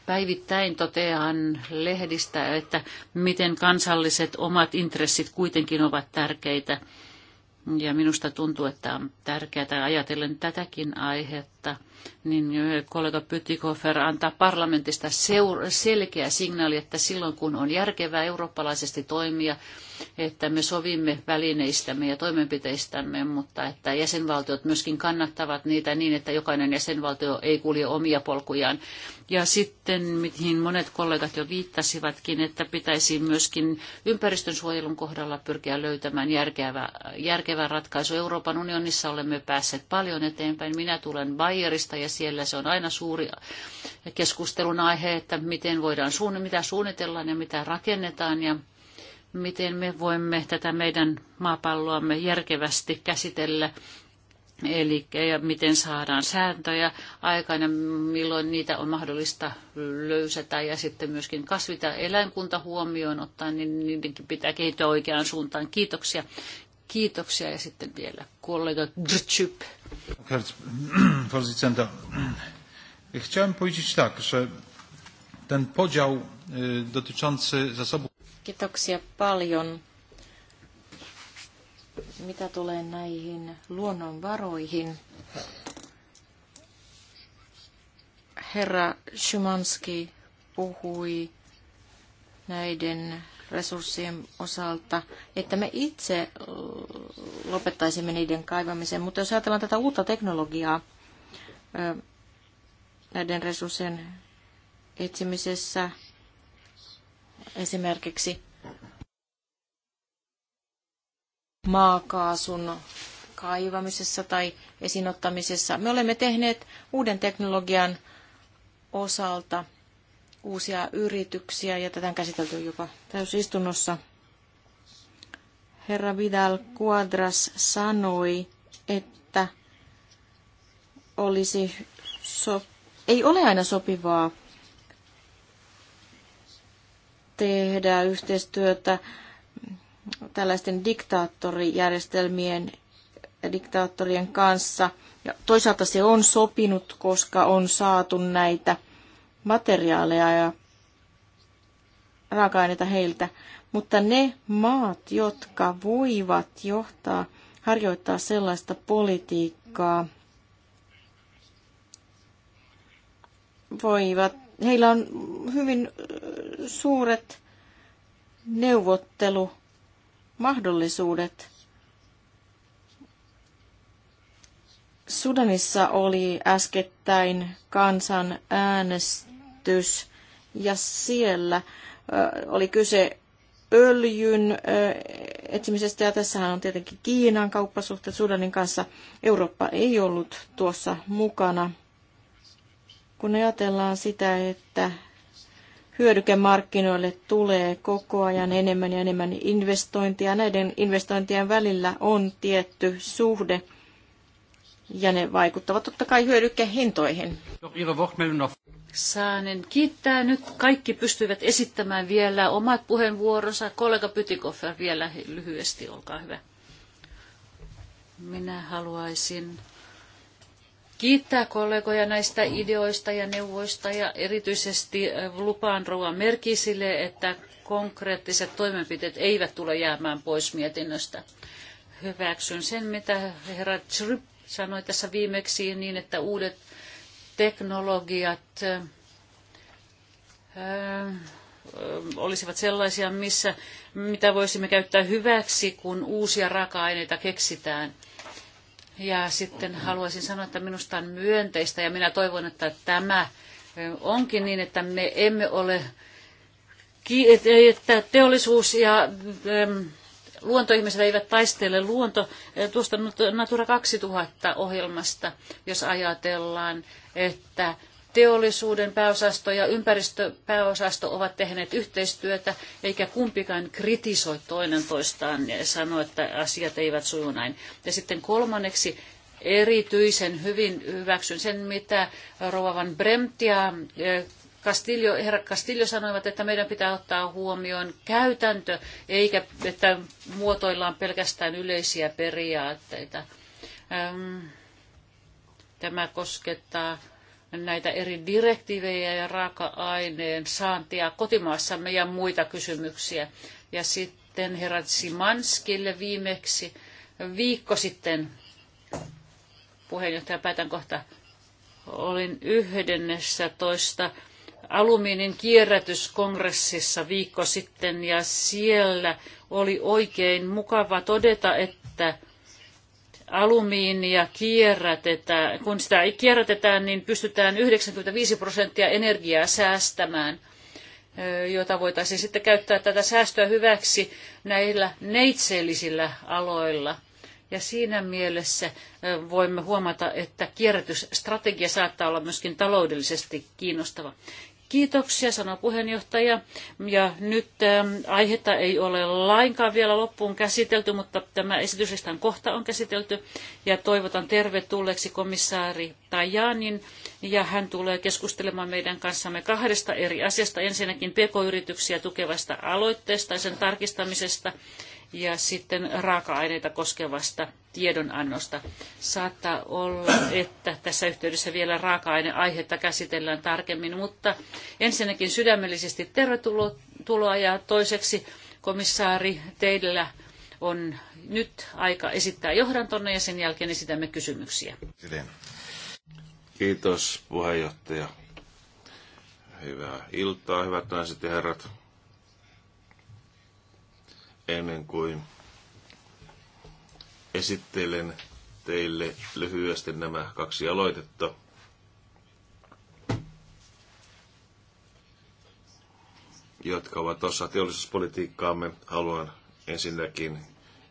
päivittäin totean lehdistä, että miten kansalliset omat intressit kuitenkin ovat tärkeitä. Ja minusta tuntuu, että on tärkeää ajatellen tätäkin aihetta – niin eh, kollega Pytikofer antaa parlamentista selkeä signaali, että silloin kun on järkevää eurooppalaisesti toimia, että me sovimme välineistämme ja toimenpiteistämme, mutta että jäsenvaltiot myöskin kannattavat niitä niin, että jokainen jäsenvaltio ei kulje omia polkujaan. Ja sitten, mihin monet kollegat jo viittasivatkin, että pitäisi myöskin ympäristönsuojelun kohdalla pyrkiä löytämään järkevä, järkevä ratkaisu. Euroopan unionissa olemme päässeet paljon eteenpäin. Minä tulen Bayerista kaikesta ja siellä se on aina suuri keskustelun aihe, että miten voidaan suun, mitä suunnitellaan ja mitä rakennetaan ja miten me voimme tätä meidän maapalloamme järkevästi käsitellä Eli ja miten saadaan sääntöjä aikana, milloin niitä on mahdollista löysätä ja sitten myöskin kasvita eläinkunta huomioon ottaen, niin niidenkin pitää kehittyä oikeaan suuntaan. Kiitoksia Kiitoksia ja sitten vielä kollega Grzyb. [clears throat] Chciałem powiedzieć tak, że ten podział dotyczący zasobów... Kiitoksia paljon. Mitä tulee näihin luonnonvaroihin, herra Szymanski puhui näiden resurssien osalta, että me itse lopettaisimme niiden kaivamisen. Mutta jos ajatellaan tätä uutta teknologiaa näiden resurssien etsimisessä esimerkiksi maakaasun kaivamisessa tai esinottamisessa. Me olemme tehneet uuden teknologian osalta uusia yrityksiä ja tätä on käsitelty jopa täysistunnossa. Herra Vidal Quadras sanoi, että olisi so- ei ole aina sopivaa tehdä yhteistyötä tällaisten diktaattorijärjestelmien diktaattorien kanssa. Ja toisaalta se on sopinut, koska on saatu näitä materiaaleja ja raaka-aineita heiltä, mutta ne maat, jotka voivat johtaa, harjoittaa sellaista politiikkaa, voivat, heillä on hyvin suuret neuvottelumahdollisuudet. Sudanissa oli äskettäin kansan äänestys yritys ja siellä oli kyse öljyn etsimisestä ja tässähän on tietenkin Kiinan kauppasuhteet Sudanin kanssa. Eurooppa ei ollut tuossa mukana. Kun ajatellaan sitä, että hyödykemarkkinoille tulee koko ajan enemmän ja enemmän investointia. Näiden investointien välillä on tietty suhde – ja ne vaikuttavat totta kai hyödykkehintoihin. Saanen kiittää. Nyt kaikki pystyvät esittämään vielä omat puheenvuoronsa. Kollega Pytikoffer vielä lyhyesti, olkaa hyvä. Minä haluaisin kiittää kollegoja näistä ideoista ja neuvoista ja erityisesti äh, lupaan rouva Merkisille, että konkreettiset toimenpiteet eivät tule jäämään pois mietinnöstä. Hyväksyn sen, mitä herra Tripp sanoi tässä viimeksi niin, että uudet teknologiat äh, olisivat sellaisia, missä, mitä voisimme käyttää hyväksi, kun uusia raaka-aineita keksitään. Ja sitten haluaisin sanoa, että minusta on myönteistä ja minä toivon, että tämä äh, onkin niin, että me emme ole, että teollisuus ja ähm, luontoihmiset eivät taistele luonto eh, tuosta Natura 2000-ohjelmasta, jos ajatellaan, että teollisuuden pääosasto ja ympäristöpääosasto ovat tehneet yhteistyötä, eikä kumpikaan kritisoi toinen toistaan ja sano, että asiat eivät suju näin. Ja sitten kolmanneksi erityisen hyvin hyväksyn sen, mitä Rovavan Bremtia eh, Castillo, herra Castillo sanoivat, että meidän pitää ottaa huomioon käytäntö, eikä että muotoillaan pelkästään yleisiä periaatteita. Tämä koskettaa näitä eri direktiivejä ja raaka-aineen saantia kotimaassamme ja muita kysymyksiä. Ja sitten herra Simanskille viimeksi viikko sitten, puheenjohtaja päätän kohta, olin yhdennessä toista alumiinin kierrätyskongressissa viikko sitten ja siellä oli oikein mukava todeta, että alumiinia kierrätetään, kun sitä ei kierrätetään, niin pystytään 95 prosenttia energiaa säästämään, jota voitaisiin sitten käyttää tätä säästöä hyväksi näillä neitseellisillä aloilla. Ja siinä mielessä voimme huomata, että kierrätysstrategia saattaa olla myöskin taloudellisesti kiinnostava. Kiitoksia, sanoi puheenjohtaja. Ja nyt ähm, aihetta ei ole lainkaan vielä loppuun käsitelty, mutta tämä esityslistan kohta on käsitelty. Ja toivotan tervetulleeksi komissaari Tajanin. Ja hän tulee keskustelemaan meidän kanssamme kahdesta eri asiasta. Ensinnäkin pk-yrityksiä tukevasta aloitteesta ja sen tarkistamisesta ja sitten raaka-aineita koskevasta tiedonannosta. Saattaa olla, että tässä yhteydessä vielä raaka-aineaihetta käsitellään tarkemmin, mutta ensinnäkin sydämellisesti tervetuloa ja toiseksi komissaari teillä on nyt aika esittää johdantonne ja sen jälkeen esitämme kysymyksiä. Kiitos puheenjohtaja. Hyvää iltaa, hyvät naiset ja herrat ennen kuin esittelen teille lyhyesti nämä kaksi aloitetta. jotka ovat osa teollisuuspolitiikkaamme. Haluan ensinnäkin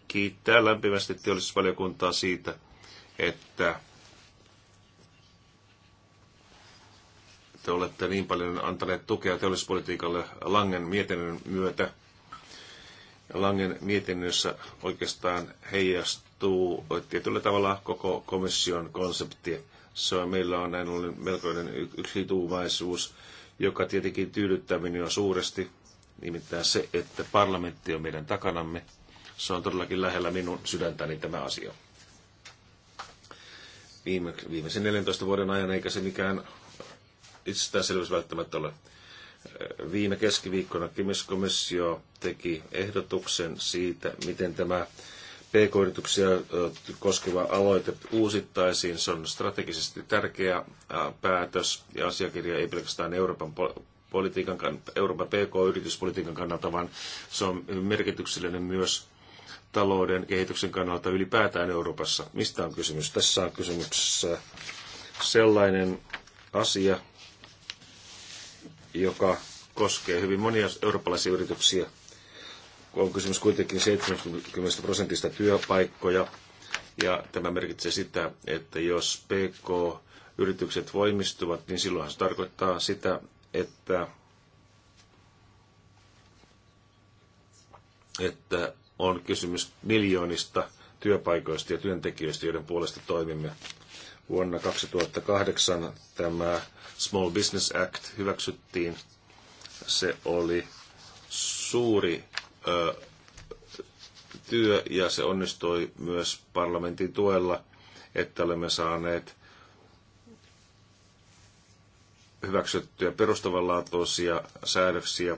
kiittää lämpimästi teollisuusvaliokuntaa siitä, että te olette niin paljon antaneet tukea teollisuuspolitiikalle Langen mietinnön myötä – Langen mietinnössä oikeastaan heijastuu tietyllä tavalla koko komission konsepti. Se on, meillä on näin ollen melkoinen yksituumaisuus, joka tietenkin tyydyttää minua suuresti, nimittäin se, että parlamentti on meidän takanamme. Se on todellakin lähellä minun sydäntäni tämä asia. Viime, viimeisen 14 vuoden ajan eikä se mikään itsestäänselvyys välttämättä ole. Viime keskiviikkona komissio teki ehdotuksen siitä, miten tämä PK-yrityksiä koskeva aloite uusittaisiin. Se on strategisesti tärkeä päätös ja asiakirja ei pelkästään Euroopan politiikan, Euroopan PK-yrityspolitiikan kannalta, vaan se on merkityksellinen myös talouden kehityksen kannalta ylipäätään Euroopassa. Mistä on kysymys? Tässä on kysymyksessä sellainen asia, joka koskee hyvin monia eurooppalaisia yrityksiä. On kysymys kuitenkin 70 prosentista työpaikkoja, ja tämä merkitsee sitä, että jos PK-yritykset voimistuvat, niin silloinhan se tarkoittaa sitä, että, että on kysymys miljoonista työpaikoista ja työntekijöistä, joiden puolesta toimimme. Vuonna 2008 tämä Small Business Act hyväksyttiin. Se oli suuri ö, työ ja se onnistui myös parlamentin tuella, että olemme saaneet hyväksyttyä perustavanlaatuisia säädöksiä.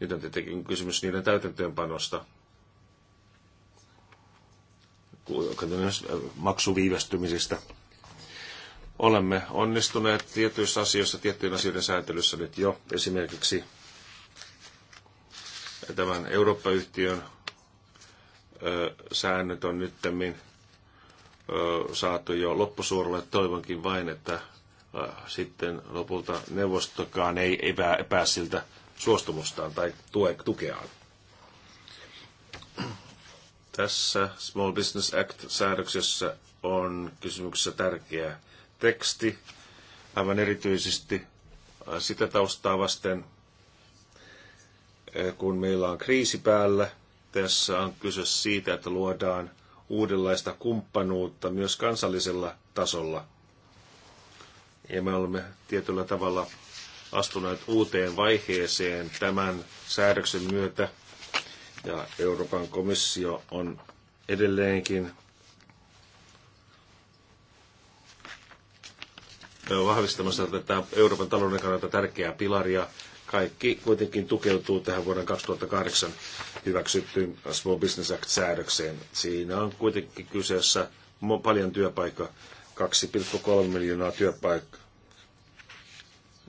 Nyt on tietenkin kysymys niiden täytäntöönpanosta. Myös maksuviivästymisistä Olemme onnistuneet tietyissä asioissa, tiettyjen asioiden sääntelyssä nyt jo. Esimerkiksi tämän Eurooppa-yhtiön säännöt on nyt saatu jo loppusuoralle. Toivonkin vain, että sitten lopulta neuvostokaan ei epää, epää siltä suostumustaan tai tue, tukeaan. Tässä Small Business Act-säädöksessä on kysymyksessä tärkeä teksti, aivan erityisesti sitä taustaa vasten, eh, kun meillä on kriisi päällä. Tässä on kyse siitä, että luodaan uudenlaista kumppanuutta myös kansallisella tasolla. Ja me olemme tietyllä tavalla astuneet uuteen vaiheeseen tämän säädöksen myötä. Ja Euroopan komissio on edelleenkin vahvistamassa tätä Euroopan talouden kannalta tärkeää pilaria. Kaikki kuitenkin tukeutuu tähän vuoden 2008 hyväksyttyyn Small Business Act-säädökseen. Siinä on kuitenkin kyseessä paljon työpaikka, 2,3 miljoonaa työpaikkaa.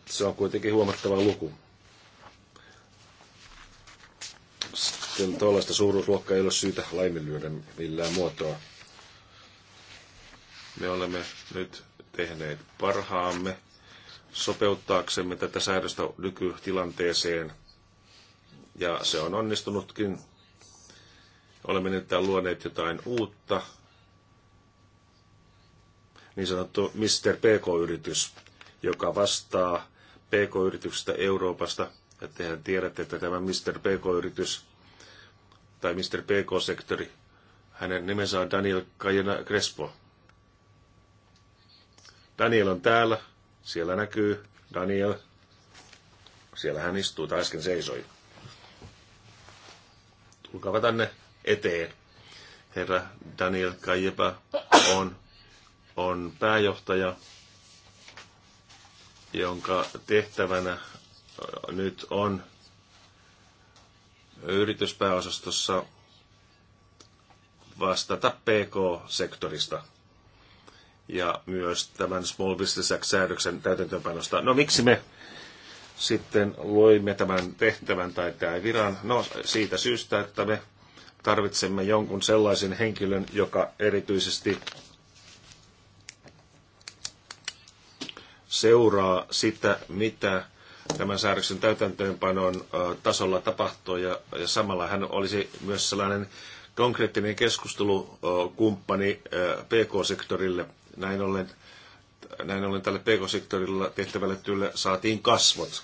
Se on kuitenkin huomattava luku. Sitten tuollaista suuruusluokkaa ei ole syytä laiminlyödä millään muotoa. Me olemme nyt tehneet parhaamme sopeuttaaksemme tätä säädöstä nykytilanteeseen. Ja se on onnistunutkin. Olemme nyt luoneet jotain uutta, niin sanottu Mr. PK-yritys, joka vastaa pk yrityksestä Euroopasta. Ja tehän tiedätte, että tämä Mr. PK-yritys tai Mr. PK-sektori, hänen nimensä on Daniel Crespo. Daniel on täällä. Siellä näkyy Daniel. Siellä hän istuu tai äsken seisoi. Tulkaa tänne eteen. Herra Daniel Kajepa on, on pääjohtaja, jonka tehtävänä nyt on yrityspääosastossa vastata PK-sektorista ja myös tämän Small Business Act-säädöksen täytäntöönpanosta. No miksi me sitten loimme tämän tehtävän tai tämän viran? No siitä syystä, että me tarvitsemme jonkun sellaisen henkilön, joka erityisesti seuraa sitä, mitä tämän säädöksen täytäntöönpanon tasolla tapahtuu ja, ja samalla hän olisi myös sellainen konkreettinen keskustelukumppani PK-sektorille – näin ollen, näin ollen tälle pk-sektorilla tehtävälle työlle saatiin kasvot.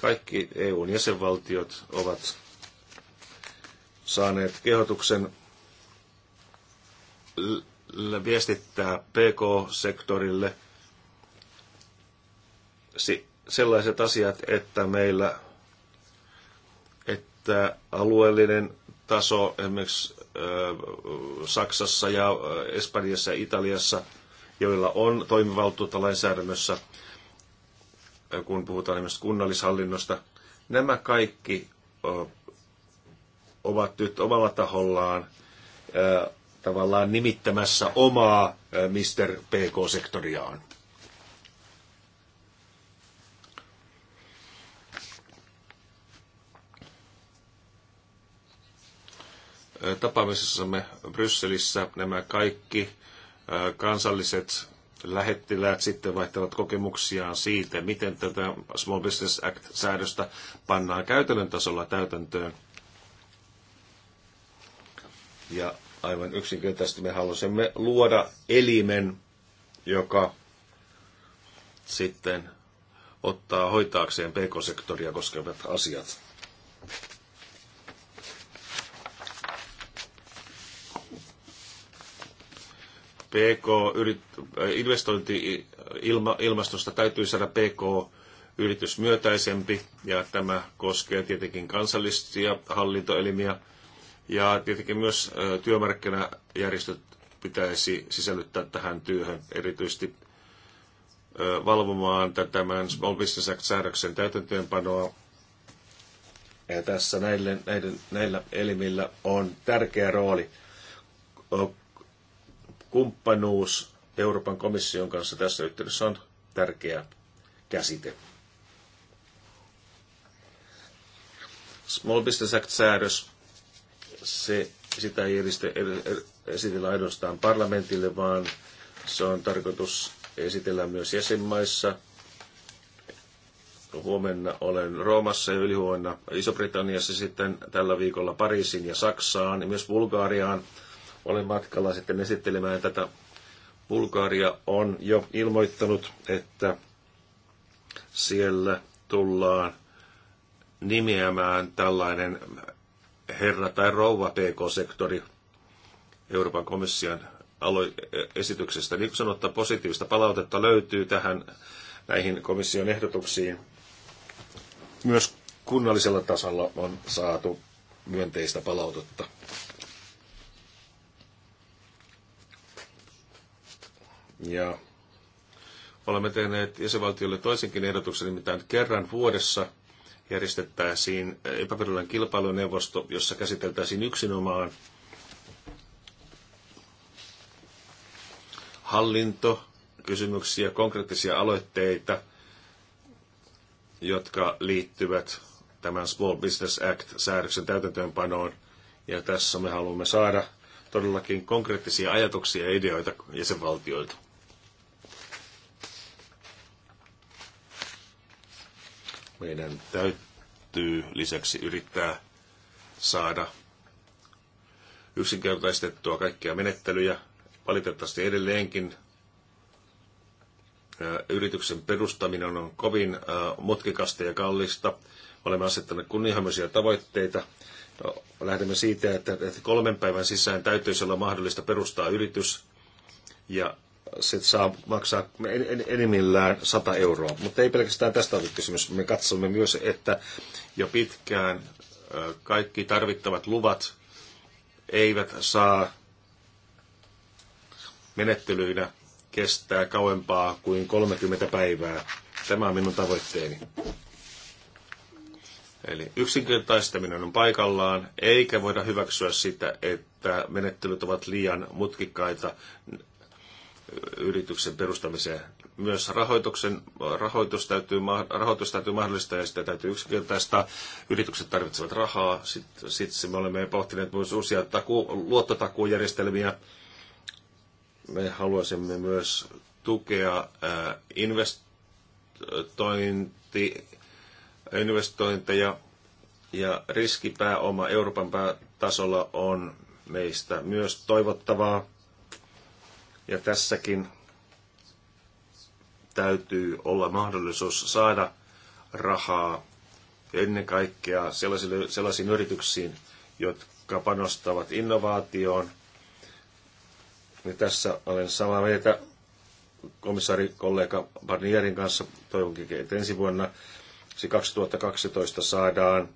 Kaikki EUn jäsenvaltiot ovat saaneet kehotuksen viestittää PK-sektorille sellaiset asiat, että meillä että alueellinen taso, esimerkiksi Saksassa ja Espanjassa ja Italiassa, joilla on toimivaltuutta lainsäädännössä, kun puhutaan esimerkiksi kunnallishallinnosta. Nämä kaikki ovat nyt omalla tahollaan tavallaan nimittämässä omaa Mr. PK-sektoriaan. tapaamisessamme Brysselissä nämä kaikki kansalliset lähettiläät sitten vaihtavat kokemuksiaan siitä, miten tätä Small Business Act-säädöstä pannaan käytännön tasolla täytäntöön. Ja aivan yksinkertaisesti me halusimme luoda elimen, joka sitten ottaa hoitaakseen pk-sektoria koskevat asiat. PK-investointi-ilmastosta äh, äh, täytyy saada PK-yritys myötäisempi, ja tämä koskee tietenkin kansallisia hallintoelimiä, ja tietenkin myös äh, työmarkkinajärjestöt pitäisi sisällyttää tähän työhön, erityisesti valvomaan tämän Small Business Act-säädöksen täytäntöönpanoa. Ja tässä näille, näiden, näillä elimillä on tärkeä rooli Kumppanuus Euroopan komission kanssa tässä yhteydessä on tärkeä käsite. Small Business Act-säädös, se, sitä ei edistä, esitellä ainoastaan parlamentille, vaan se on tarkoitus esitellä myös jäsenmaissa. Huomenna olen Roomassa ja ylihuomenna Iso-Britanniassa sitten tällä viikolla Pariisin ja Saksaan ja myös Bulgaariaan olen matkalla sitten esittelemään tätä. Bulgaria on jo ilmoittanut, että siellä tullaan nimeämään tällainen herra tai rouva PK-sektori Euroopan komission esityksestä. Niin kuin sanottu, positiivista palautetta löytyy tähän näihin komission ehdotuksiin. Myös kunnallisella tasolla on saatu myönteistä palautetta. Ja olemme tehneet jäsenvaltiolle toisenkin ehdotuksen, nimittäin kerran vuodessa järjestettäisiin epävirallinen kilpailuneuvosto, jossa käsiteltäisiin yksinomaan hallinto, kysymyksiä, konkreettisia aloitteita, jotka liittyvät tämän Small Business Act-säädöksen täytäntöönpanoon. Ja tässä me haluamme saada todellakin konkreettisia ajatuksia ja ideoita jäsenvaltioilta. Meidän täytyy lisäksi yrittää saada yksinkertaistettua kaikkia menettelyjä. Valitettavasti edelleenkin yrityksen perustaminen on kovin mutkikasta ja kallista. Olemme asettaneet kunnianhimoisia tavoitteita. No, lähdemme siitä, että kolmen päivän sisään täytyisi olla mahdollista perustaa yritys ja sit saa maksaa enimmillään 100 euroa. Mutta ei pelkästään tästä ole kysymys. Me katsomme myös, että jo pitkään kaikki tarvittavat luvat eivät saa menettelyinä kestää kauempaa kuin 30 päivää. Tämä on minun tavoitteeni. Eli yksinkertaistaminen on paikallaan, eikä voida hyväksyä sitä, että menettelyt ovat liian mutkikkaita yrityksen perustamiseen. Myös rahoituksen, rahoitus, täytyy, rahoitus täytyy mahdollistaa ja sitä täytyy yksinkertaistaa. Yritykset tarvitsevat rahaa. Sitten, sitten me olemme pohtineet myös uusia taku, luottotakuujärjestelmiä. Me haluaisimme myös tukea investointi, investointeja ja riskipääoma Euroopan tasolla on meistä myös toivottavaa ja tässäkin täytyy olla mahdollisuus saada rahaa ennen kaikkea sellaisiin, sellaisiin yrityksiin, jotka panostavat innovaatioon. Ja tässä olen samaa mieltä kollega Barnierin kanssa. Toivonkin, että ensi vuonna 2012 saadaan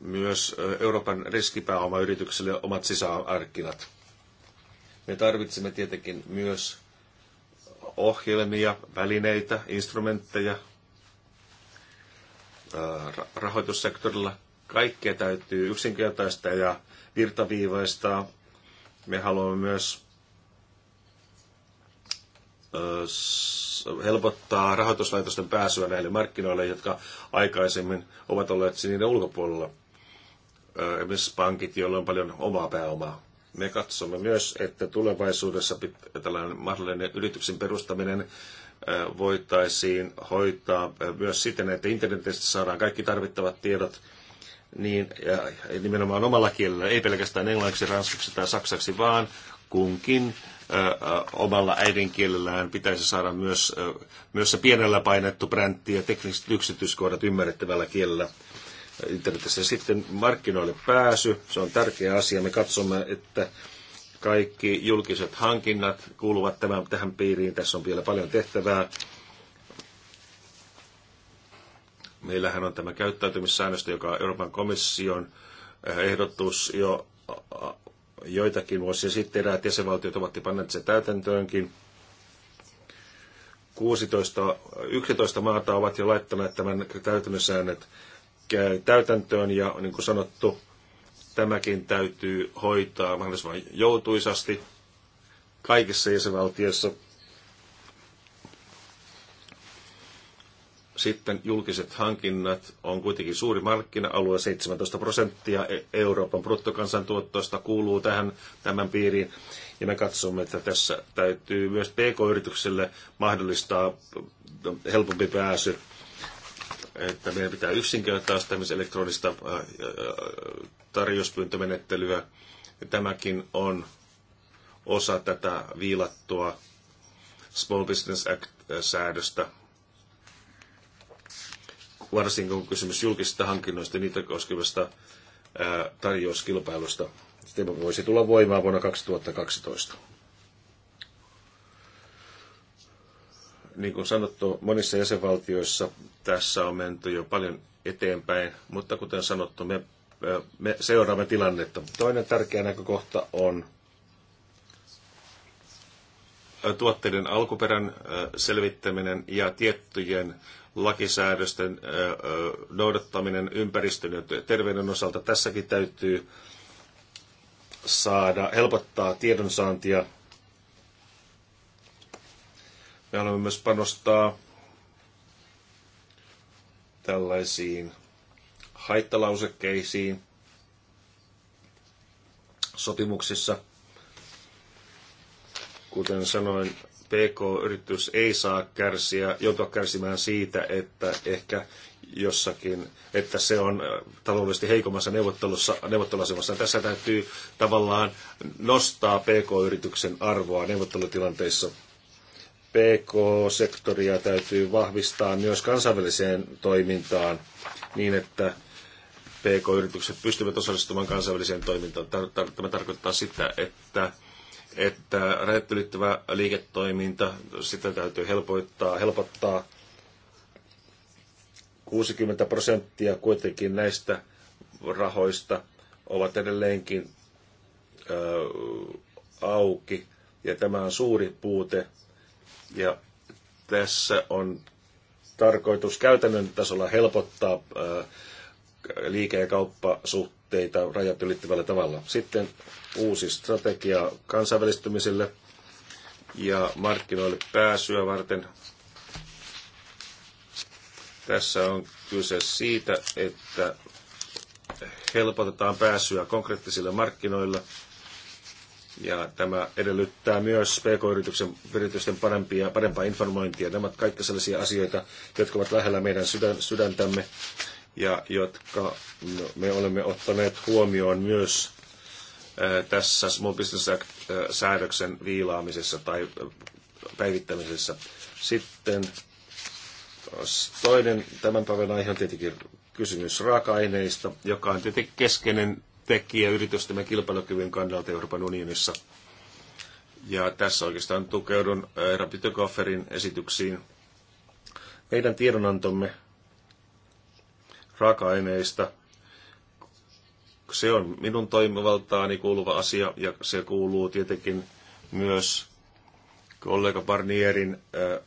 myös Euroopan riskipääomayrityksille omat sisäarkkinat. Me tarvitsemme tietenkin myös ohjelmia, välineitä, instrumentteja rahoitussektorilla. Kaikkea täytyy yksinkertaista ja virtaviivaistaa. Me haluamme myös helpottaa rahoituslaitosten pääsyä näille markkinoille, jotka aikaisemmin ovat olleet sinne ulkopuolella. Esimerkiksi pankit, joilla on paljon omaa pääomaa. Me katsomme myös, että tulevaisuudessa tällainen mahdollinen yrityksen perustaminen äh, voitaisiin hoitaa äh, myös siten, että internetistä saadaan kaikki tarvittavat tiedot niin, ja nimenomaan omalla kielellä, ei pelkästään englanniksi, ranskaksi tai saksaksi, vaan kunkin äh, omalla äidinkielellään pitäisi saada myös, myös se pienellä painettu bräntti ja tekniset yksityiskohdat ymmärrettävällä kielellä internetissä. Sitten markkinoille pääsy, se on tärkeä asia. Me katsomme, että kaikki julkiset hankinnat kuuluvat tämän, tähän piiriin. Tässä on vielä paljon tehtävää. Meillähän on tämä käyttäytymissäännöstö, joka on Euroopan komission äh, ehdotus jo äh, joitakin vuosia sitten. Eräät jäsenvaltiot ovat panneet sen täytäntöönkin. 16, 11 maata ovat jo laittaneet tämän täytännössäännöt täytäntöön ja niin kuin sanottu, tämäkin täytyy hoitaa mahdollisimman joutuisasti kaikissa jäsenvaltioissa. Sitten julkiset hankinnat on kuitenkin suuri markkina-alue, 17 prosenttia e- Euroopan bruttokansantuottoista kuuluu tähän tämän piiriin. Ja me katsomme, että tässä täytyy myös PK-yritykselle mahdollistaa helpompi pääsy että meidän pitää yksinkertaistaa myös elektronista äh, äh, tarjouspyyntömenettelyä. Tämäkin on osa tätä viilattua Small Business Act-säädöstä, varsinkin kun kysymys julkisista hankinnoista ja niitä koskevasta äh, tarjouskilpailusta. Sitten voisi tulla voimaan vuonna 2012. niin kuin sanottu, monissa jäsenvaltioissa tässä on menty jo paljon eteenpäin, mutta kuten sanottu, me, me seuraamme tilannetta. Toinen tärkeä näkökohta on tuotteiden alkuperän selvittäminen ja tiettyjen lakisäädösten noudattaminen ympäristön ja terveyden osalta. Tässäkin täytyy saada helpottaa tiedonsaantia me haluamme myös panostaa tällaisiin haittalausekkeisiin sopimuksissa. Kuten sanoin, PK-yritys ei saa kärsiä, joutua kärsimään siitä, että ehkä jossakin, että se on äh, taloudellisesti heikommassa neuvottelussa, neuvotteluasemassa. Tässä täytyy tavallaan nostaa PK-yrityksen arvoa neuvottelutilanteissa PK-sektoria täytyy vahvistaa myös kansainväliseen toimintaan niin, että PK-yritykset pystyvät osallistumaan kansainväliseen toimintaan. Tämä tarkoittaa sitä, että että rajat ylittävä liiketoiminta, sitä täytyy helpottaa, helpottaa. 60 prosenttia kuitenkin näistä rahoista ovat edelleenkin ö, auki, ja tämä on suuri puute ja tässä on tarkoitus käytännön tasolla helpottaa äh, liike- ja kauppasuhteita rajat ylittävällä tavalla. Sitten uusi strategia kansainvälistymiselle ja markkinoille pääsyä varten. Tässä on kyse siitä, että helpotetaan pääsyä konkreettisilla markkinoilla – ja tämä edellyttää myös PK-yritysten yritysten parempia, parempaa informointia. Nämä ovat kaikki sellaisia asioita, jotka ovat lähellä meidän sydän, sydäntämme ja jotka no, me olemme ottaneet huomioon myös tässä Small Business Act-säädöksen viilaamisessa tai päivittämisessä. Sitten toinen tämän päivän aihe on tietenkin kysymys raaka-aineista, joka on tietenkin keskeinen tekijä yritystemme kilpailukyvyn kannalta Euroopan unionissa. Ja tässä oikeastaan tukeudun eh, Rapitokofferin esityksiin. Meidän tiedonantomme raaka-aineista, se on minun toimivaltaani kuuluva asia ja se kuuluu tietenkin myös kollega Barnierin eh,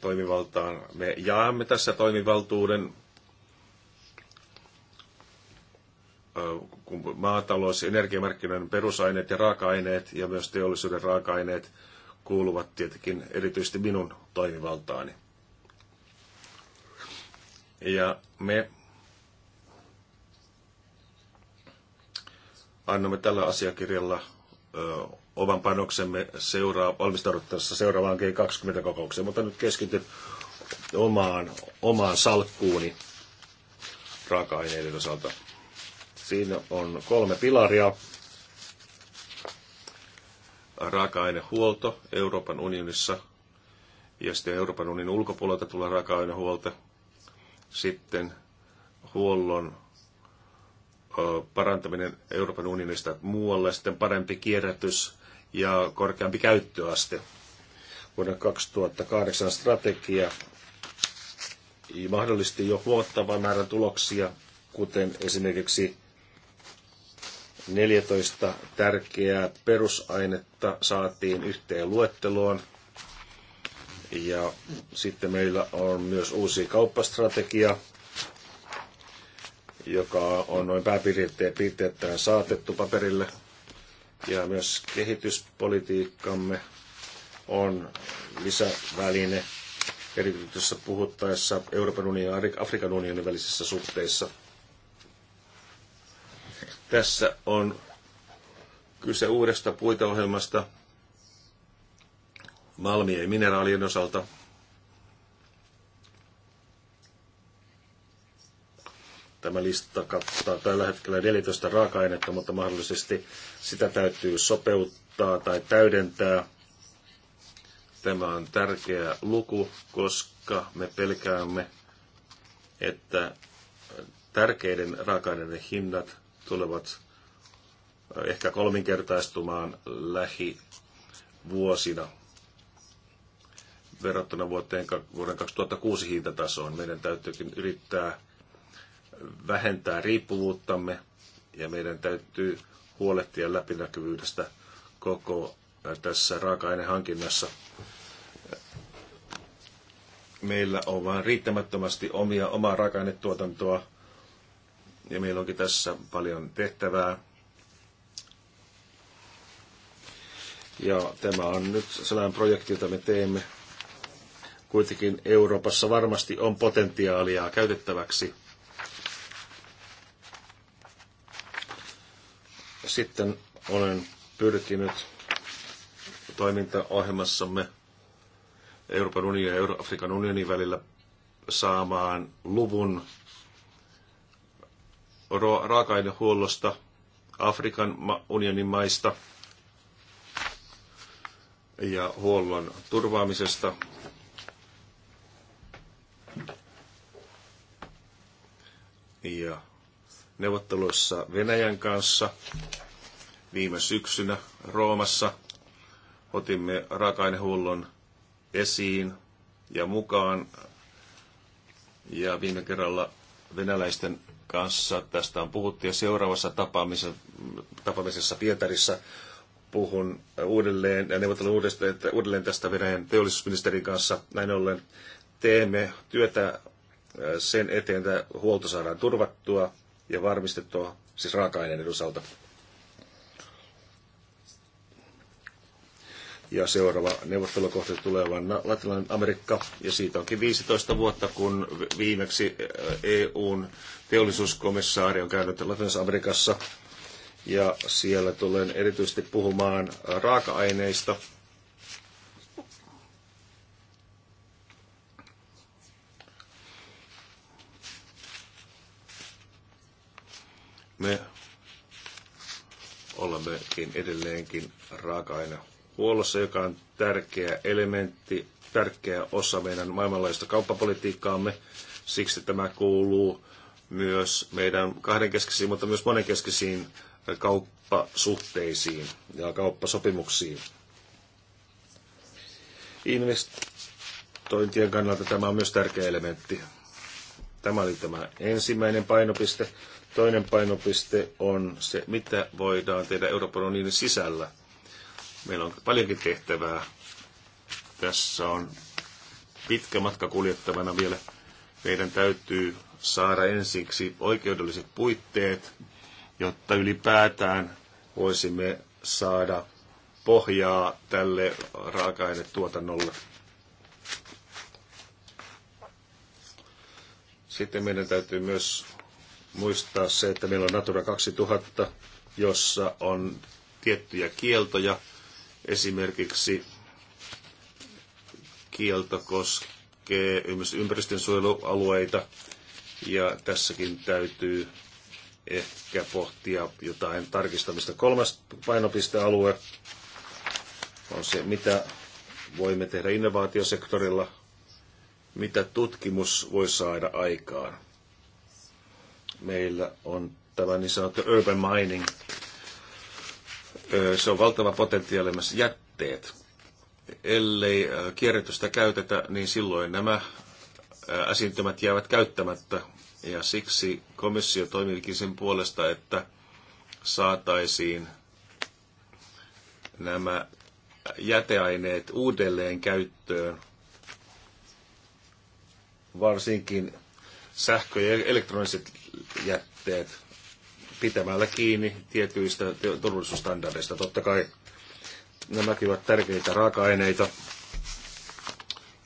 toimivaltaan. Me jaamme tässä toimivaltuuden maatalous, energiamarkkinoiden perusaineet ja raaka-aineet ja myös teollisuuden raaka-aineet kuuluvat tietenkin erityisesti minun toimivaltaani. Ja me annamme tällä asiakirjalla ö, oman panoksemme seuraa, valmistauduttaessa seuraavaan G20-kokoukseen, mutta nyt keskityn omaan, omaan salkkuuni raaka-aineiden osalta. Siinä on kolme pilaria. Raaka-ainehuolto Euroopan unionissa ja sitten Euroopan unionin ulkopuolelta tulee raaka-ainehuolto. Sitten huollon parantaminen Euroopan unionista muualle, sitten parempi kierrätys ja korkeampi käyttöaste. Vuonna 2008 strategia mahdollisti jo huomattavan määrän tuloksia, kuten esimerkiksi 14 tärkeää perusainetta saatiin yhteen luetteloon. Ja sitten meillä on myös uusi kauppastrategia, joka on noin pääpiirteet piirteettään saatettu paperille. Ja myös kehityspolitiikkamme on lisäväline erityisesti puhuttaessa Euroopan unionin ja Afrikan unionin välisissä suhteissa – tässä on kyse uudesta puiteohjelmasta malmien ja mineraalien osalta. Tämä lista kattaa tällä hetkellä 14 raaka-ainetta, mutta mahdollisesti sitä täytyy sopeuttaa tai täydentää. Tämä on tärkeä luku, koska me pelkäämme, että tärkeiden raaka-aineiden hinnat tulevat äh, ehkä kolminkertaistumaan lähivuosina verrattuna vuoteen, vuoden 2006 hintatasoon. Meidän täytyykin yrittää vähentää riippuvuuttamme ja meidän täytyy huolehtia läpinäkyvyydestä koko äh, tässä raaka-ainehankinnassa. Meillä on vain riittämättömästi omia, omaa raaka-ainetuotantoa ja meillä onkin tässä paljon tehtävää. Ja tämä on nyt sellainen projekti, jota me teemme. Kuitenkin Euroopassa varmasti on potentiaalia käytettäväksi. Sitten olen pyrkinyt toimintaohjelmassamme Euroopan unionin ja Euro-Afrikan unionin välillä saamaan luvun raaka-ainehuollosta Afrikan unionin maista ja huollon turvaamisesta. Ja neuvotteluissa Venäjän kanssa viime syksynä Roomassa otimme raaka-ainehuollon esiin ja mukaan. Ja viime kerralla venäläisten kanssa tästä on puhuttu ja seuraavassa tapaamisessa, tapaamisessa Pietarissa puhun uudelleen ja neuvottelen uudelleen, uudelleen tästä Venäjän teollisuusministerin kanssa. Näin ollen teemme työtä äh, sen eteen, että huolto saadaan turvattua ja varmistettua, siis raaka-aineen osalta. ja seuraava neuvottelukohta tulee vain Latinalainen Amerikka, ja siitä onkin 15 vuotta, kun viimeksi EUn teollisuuskomissaari on käynyt Latinalaisessa Amerikassa, ja siellä tulen erityisesti puhumaan raaka-aineista. Me olemmekin edelleenkin raaka-aine huollossa, joka on tärkeä elementti, tärkeä osa meidän maailmanlaajuista kauppapolitiikkaamme. Siksi tämä kuuluu myös meidän kahdenkeskisiin, mutta myös monenkeskisiin kauppasuhteisiin ja kauppasopimuksiin. Investointien kannalta tämä on myös tärkeä elementti. Tämä oli tämä ensimmäinen painopiste. Toinen painopiste on se, mitä voidaan tehdä Euroopan unionin sisällä – Meillä on paljonkin tehtävää. Tässä on pitkä matka kuljettavana vielä. Meidän täytyy saada ensiksi oikeudelliset puitteet, jotta ylipäätään voisimme saada pohjaa tälle raaka-ainetuotannolle. Sitten meidän täytyy myös muistaa se, että meillä on Natura 2000, jossa on tiettyjä kieltoja, Esimerkiksi kielto koskee ympäristönsuojelualueita ja tässäkin täytyy ehkä pohtia jotain tarkistamista. Kolmas painopistealue on se, mitä voimme tehdä innovaatiosektorilla, mitä tutkimus voi saada aikaan. Meillä on tämä niin sanottu urban mining, se on valtava potentiaali myös jätteet. Ellei kierrätystä käytetä, niin silloin nämä esiintymät jäävät käyttämättä. Ja siksi komissio toimikin sen puolesta, että saataisiin nämä jäteaineet uudelleen käyttöön, varsinkin sähkö- ja elektroniset jätteet – pitämällä kiinni tietyistä turvallisuusstandardeista. Totta kai nämäkin ovat tärkeitä raaka-aineita.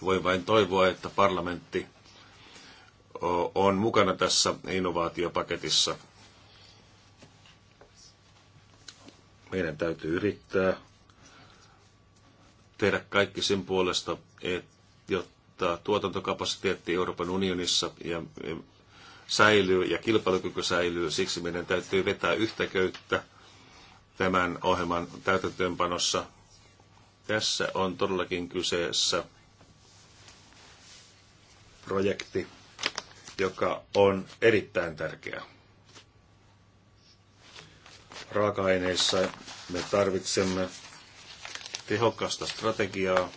Voin vain toivoa, että parlamentti on mukana tässä innovaatiopaketissa. Meidän täytyy yrittää tehdä kaikki sen puolesta, että, jotta tuotantokapasiteetti Euroopan unionissa ja säilyy ja kilpailukyky säilyy. Siksi meidän täytyy vetää yhtä köyttä tämän ohjelman täytäntöönpanossa. Tässä on todellakin kyseessä projekti, joka on erittäin tärkeä. Raaka-aineissa me tarvitsemme tehokasta strategiaa,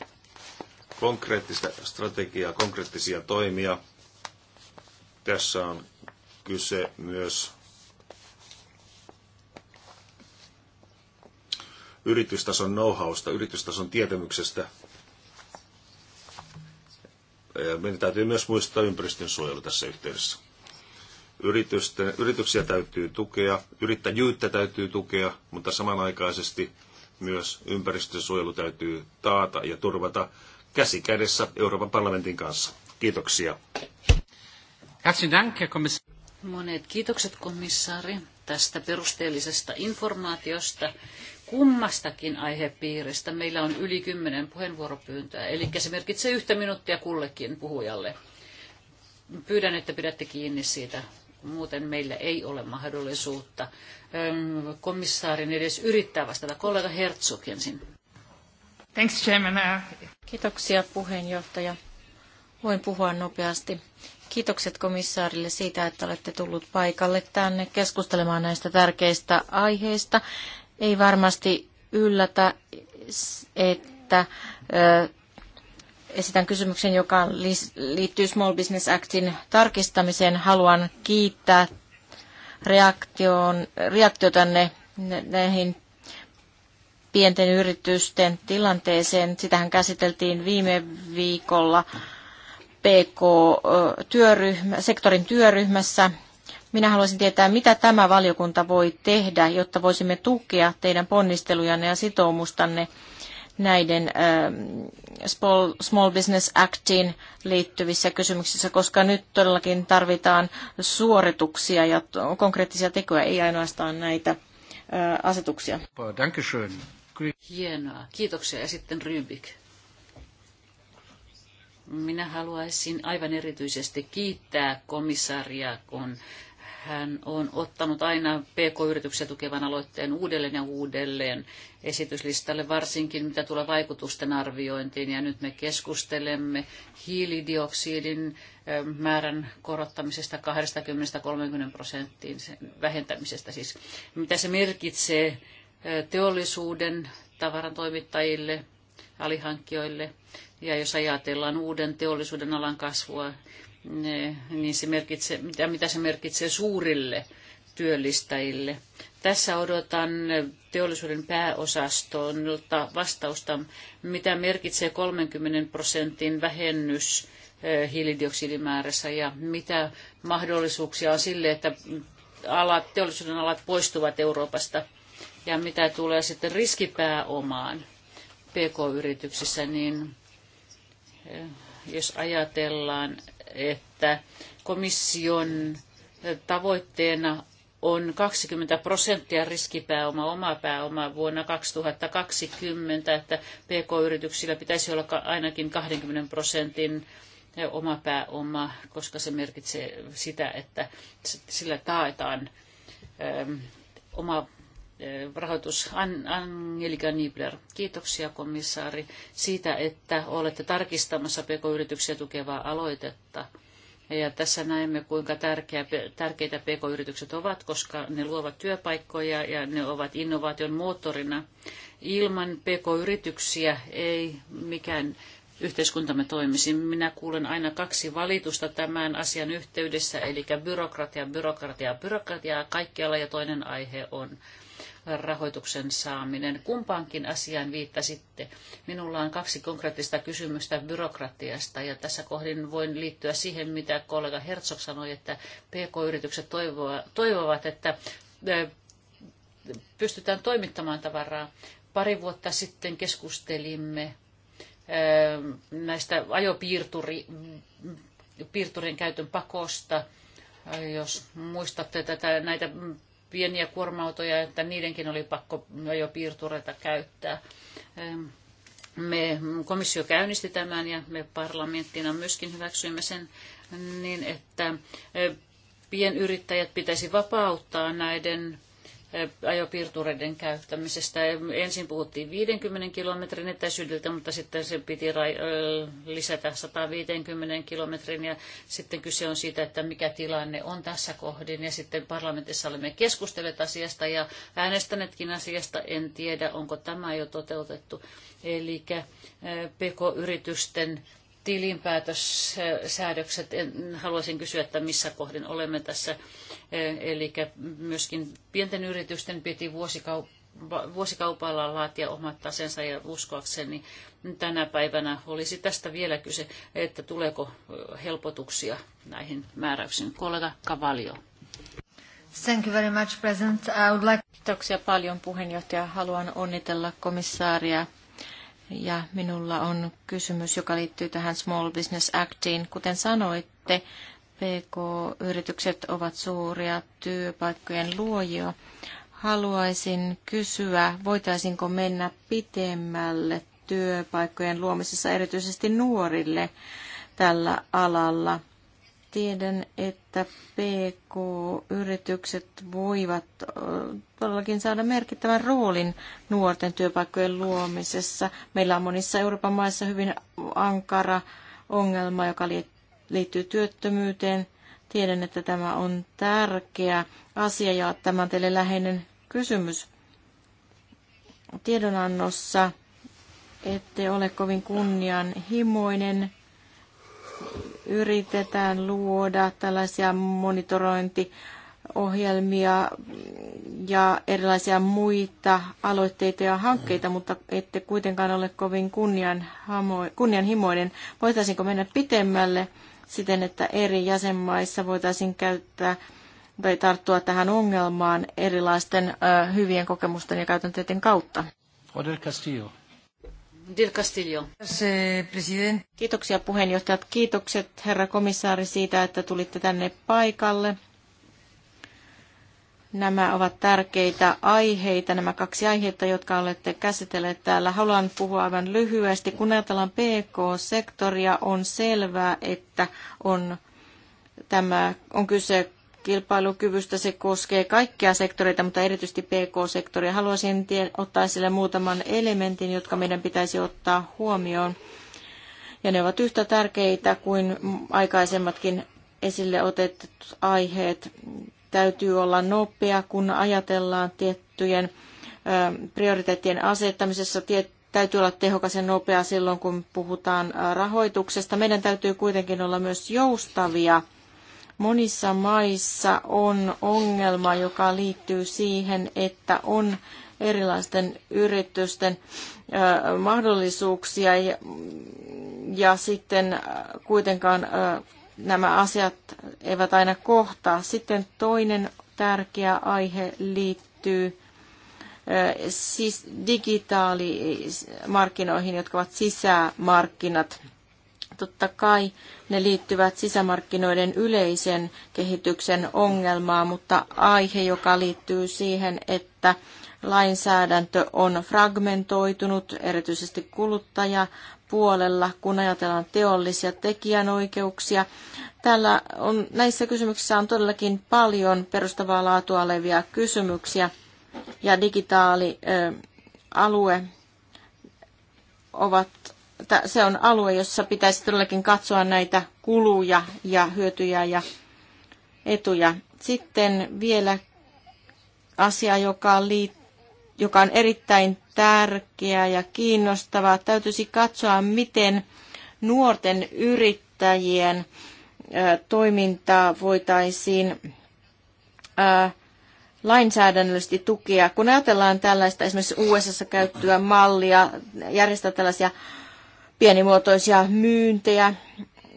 konkreettista strategiaa, konkreettisia toimia – tässä on kyse myös yritystason know-howsta, yritystason tietämyksestä. Meidän täytyy myös muistaa ympäristön suojelu tässä yhteydessä. Yritysten, yrityksiä täytyy tukea, yrittäjyyttä täytyy tukea, mutta samanaikaisesti myös ympäristön suojelu täytyy taata ja turvata käsi kädessä Euroopan parlamentin kanssa. Kiitoksia. Monet kiitokset komissaari tästä perusteellisesta informaatiosta kummastakin aihepiiristä. Meillä on yli kymmenen puheenvuoropyyntöä, eli se merkitsee yhtä minuuttia kullekin puhujalle. Pyydän, että pidätte kiinni siitä. Muuten meillä ei ole mahdollisuutta komissaarin edes yrittää vastata. Kollega Herzog ensin. Thanks, Chairman. Kiitoksia puheenjohtaja. Voin puhua nopeasti. Kiitokset komissaarille siitä, että olette tullut paikalle tänne keskustelemaan näistä tärkeistä aiheista. Ei varmasti yllätä, että esitän kysymyksen, joka liittyy Small Business Actin tarkistamiseen. Haluan kiittää reaktioon, tänne näihin pienten yritysten tilanteeseen. Sitähän käsiteltiin viime viikolla PK-työryhmä, sektorin työryhmässä. Minä haluaisin tietää, mitä tämä valiokunta voi tehdä, jotta voisimme tukea teidän ponnistelujanne ja sitoumustanne näiden Small Business Actiin liittyvissä kysymyksissä, koska nyt todellakin tarvitaan suorituksia ja konkreettisia tekoja, ei ainoastaan näitä asetuksia. Hienoa. Kiitoksia. Ja sitten Rybik. Minä haluaisin aivan erityisesti kiittää komissaria, kun hän on ottanut aina PK-yrityksiä tukevan aloitteen uudelleen ja uudelleen esityslistalle, varsinkin mitä tulee vaikutusten arviointiin. Ja nyt me keskustelemme hiilidioksidin määrän korottamisesta 20-30 prosenttiin, sen vähentämisestä siis. Mitä se merkitsee teollisuuden tavaran toimittajille, alihankkijoille. Ja jos ajatellaan uuden teollisuuden alan kasvua, niin se merkitsee, mitä, mitä se merkitsee suurille työllistäjille. Tässä odotan teollisuuden pääosastolta vastausta, mitä merkitsee 30 prosentin vähennys eh, hiilidioksidimäärässä ja mitä mahdollisuuksia on sille, että alat, teollisuuden alat poistuvat Euroopasta ja mitä tulee sitten riskipääomaan. PK-yrityksissä, niin eh, jos ajatellaan, että komission tavoitteena on 20 prosenttia riskipääoma, oma pääoma vuonna 2020, että PK-yrityksillä pitäisi olla ainakin 20 prosentin oma pääoma, koska se merkitsee sitä, että sillä taetaan eh, oma rahoitus. Angelika Niebler, kiitoksia komissaari siitä, että olette tarkistamassa pk-yrityksiä tukevaa aloitetta. Ja tässä näemme, kuinka tärkeä, tärkeitä pk-yritykset ovat, koska ne luovat työpaikkoja ja ne ovat innovaation moottorina. Ilman pk-yrityksiä ei mikään yhteiskuntamme toimisi. Minä kuulen aina kaksi valitusta tämän asian yhteydessä, eli byrokratia, byrokratia, byrokratia kaikkialla ja toinen aihe on rahoituksen saaminen. Kumpaankin asiaan viittasitte. Minulla on kaksi konkreettista kysymystä byrokratiasta ja tässä kohdin voin liittyä siihen, mitä kollega Herzog sanoi, että PK-yritykset toivovat, että pystytään toimittamaan tavaraa. Pari vuotta sitten keskustelimme näistä ajopiirturi piirturien käytön pakosta. Jos muistatte tätä, näitä pieniä kuorma-autoja, että niidenkin oli pakko jo piirtureita käyttää. Ähm, me, komissio käynnisti tämän ja me parlamenttina myöskin hyväksyimme sen niin, että äh, pienyrittäjät pitäisi vapauttaa näiden ajopiirtureiden käyttämisestä. Ensin puhuttiin 50 kilometrin etäisyydeltä, mutta sitten se piti lisätä 150 kilometrin ja sitten kyse on siitä, että mikä tilanne on tässä kohdin ja sitten parlamentissa olemme keskustelleet asiasta ja äänestäneetkin asiasta. En tiedä, onko tämä jo toteutettu. Eli pk-yritysten tilinpäätössäädökset, haluaisin kysyä, että missä kohdin olemme tässä. E, Eli myöskin pienten yritysten piti vuosikaupalla laatia omat tasensa ja uskoakseni tänä päivänä olisi tästä vielä kyse, että tuleeko helpotuksia näihin määräyksiin. Kollega Kavalio. Thank you very much, President. I would like... Kiitoksia paljon puheenjohtaja. Haluan onnitella komissaaria ja minulla on kysymys, joka liittyy tähän Small Business Actiin. Kuten sanoitte, PK-yritykset ovat suuria työpaikkojen luojia. Haluaisin kysyä, voitaisinko mennä pitemmälle työpaikkojen luomisessa erityisesti nuorille tällä alalla Tiedän, että PK-yritykset voivat todellakin saada merkittävän roolin nuorten työpaikkojen luomisessa. Meillä on monissa Euroopan maissa hyvin ankara ongelma, joka liittyy työttömyyteen. Tiedän, että tämä on tärkeä asia ja tämä on teille läheinen kysymys. Tiedonannossa ette ole kovin kunnianhimoinen yritetään luoda tällaisia monitorointiohjelmia ja erilaisia muita aloitteita ja hankkeita, mutta ette kuitenkaan ole kovin kunnianhimoinen. Voitaisinko mennä pitemmälle siten, että eri jäsenmaissa voitaisiin käyttää tai tarttua tähän ongelmaan erilaisten hyvien kokemusten ja käytänteiden kautta? Oder Castillo. Del Castillo. Eh, Kiitoksia puheenjohtajat. Kiitokset herra komissaari siitä, että tulitte tänne paikalle. Nämä ovat tärkeitä aiheita, nämä kaksi aihetta, jotka olette käsitelleet täällä. Haluan puhua aivan lyhyesti. Kun ajatellaan PK-sektoria, on selvää, että on, tämä, on kyse kilpailukyvystä. Se koskee kaikkia sektoreita, mutta erityisesti PK-sektoria. Haluaisin ottaa esille muutaman elementin, jotka meidän pitäisi ottaa huomioon. Ja ne ovat yhtä tärkeitä kuin aikaisemmatkin esille otetut aiheet. Täytyy olla nopea, kun ajatellaan tiettyjen prioriteettien asettamisessa. Täytyy olla tehokas ja nopea silloin, kun puhutaan rahoituksesta. Meidän täytyy kuitenkin olla myös joustavia – Monissa maissa on ongelma, joka liittyy siihen, että on erilaisten yritysten mahdollisuuksia ja, ja sitten kuitenkaan nämä asiat eivät aina kohtaa. Sitten toinen tärkeä aihe liittyy siis digitaalimarkkinoihin, jotka ovat sisämarkkinat. Totta kai ne liittyvät sisämarkkinoiden yleisen kehityksen ongelmaan, mutta aihe, joka liittyy siihen, että lainsäädäntö on fragmentoitunut, erityisesti kuluttajapuolella, kun ajatellaan teollisia tekijänoikeuksia. Täällä on, näissä kysymyksissä on todellakin paljon perustavaa laatua olevia kysymyksiä ja digitaali ö, alue ovat se on alue, jossa pitäisi todellakin katsoa näitä kuluja ja hyötyjä ja etuja. Sitten vielä asia, joka, liit, joka on erittäin tärkeä ja kiinnostava. Täytyisi katsoa, miten nuorten yrittäjien toimintaa voitaisiin lainsäädännöllisesti tukea. Kun ajatellaan tällaista esimerkiksi USA käyttyä mallia, järjestää tällaisia pienimuotoisia myyntejä,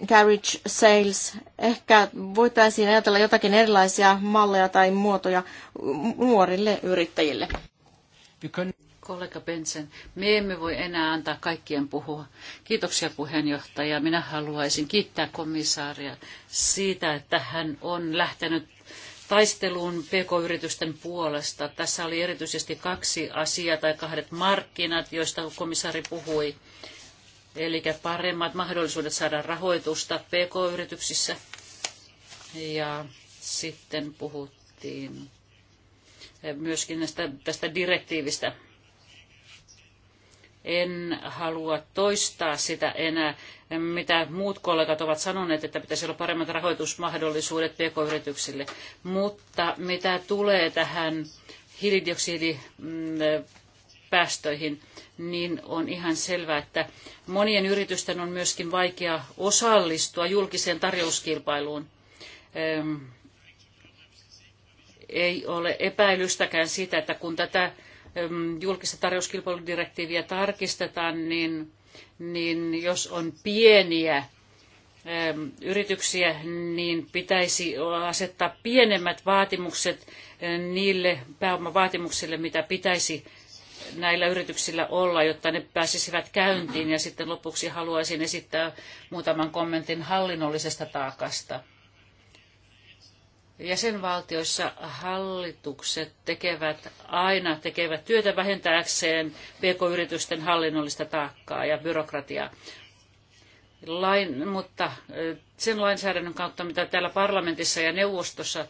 carriage sales. Ehkä voitaisiin ajatella jotakin erilaisia malleja tai muotoja nuorille yrittäjille. Kollega Benson, me emme voi enää antaa kaikkien puhua. Kiitoksia puheenjohtaja. Minä haluaisin kiittää komissaaria siitä, että hän on lähtenyt taisteluun pk-yritysten puolesta. Tässä oli erityisesti kaksi asiaa tai kahdet markkinat, joista komissaari puhui eli paremmat mahdollisuudet saada rahoitusta PK-yrityksissä. Ja sitten puhuttiin myöskin näistä, tästä direktiivistä. En halua toistaa sitä enää, mitä muut kollegat ovat sanoneet, että pitäisi olla paremmat rahoitusmahdollisuudet pk-yrityksille. Mutta mitä tulee tähän hiilidioksidi mm, päästöihin, niin on ihan selvää, että monien yritysten on myöskin vaikea osallistua julkiseen tarjouskilpailuun. Ehm, ei ole epäilystäkään siitä, että kun tätä ehm, julkista tarjouskilpailudirektiiviä tarkistetaan, niin, niin jos on pieniä ehm, yrityksiä, niin pitäisi asettaa pienemmät vaatimukset niille pääomavaatimuksille, mitä pitäisi näillä yrityksillä olla, jotta ne pääsisivät käyntiin. Ja sitten lopuksi haluaisin esittää muutaman kommentin hallinnollisesta taakasta. Jäsenvaltioissa hallitukset tekevät aina tekevät työtä vähentääkseen pk-yritysten hallinnollista taakkaa ja byrokratiaa. Lain, mutta sen lainsäädännön kautta, mitä täällä parlamentissa ja neuvostossa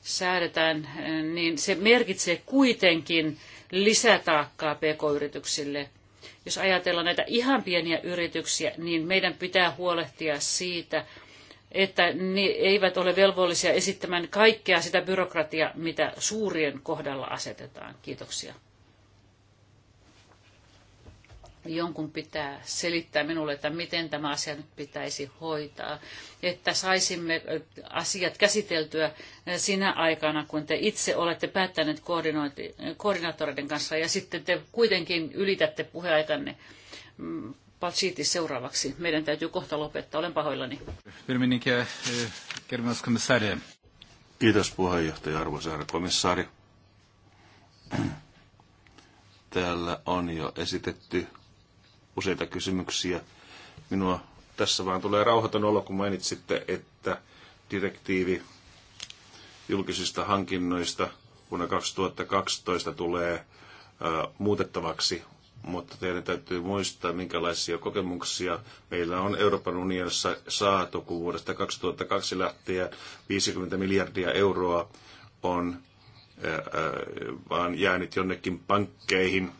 säädetään, niin se merkitsee kuitenkin lisätaakkaa pk-yrityksille. Jos ajatellaan näitä ihan pieniä yrityksiä, niin meidän pitää huolehtia siitä, että ne eivät ole velvollisia esittämään kaikkea sitä byrokratiaa, mitä suurien kohdalla asetetaan. Kiitoksia jonkun pitää selittää minulle, että miten tämä asia nyt pitäisi hoitaa, että saisimme asiat käsiteltyä sinä aikana, kun te itse olette päättäneet koordinaattoreiden kanssa ja sitten te kuitenkin ylitätte puheaikanne. Mm, Palsiiti seuraavaksi. Meidän täytyy kohta lopettaa. Olen pahoillani. Kiitos puheenjohtaja, arvoisa herra komissaari. Täällä on jo esitetty useita kysymyksiä. Minua tässä vaan tulee rauhaton olo, kun mainitsitte, että direktiivi julkisista hankinnoista vuonna 2012 tulee muutettavaksi, mutta teidän täytyy muistaa, minkälaisia kokemuksia meillä on Euroopan unionissa saatu, kun vuodesta 2002 lähtien 50 miljardia euroa on vaan jäänyt jonnekin pankkeihin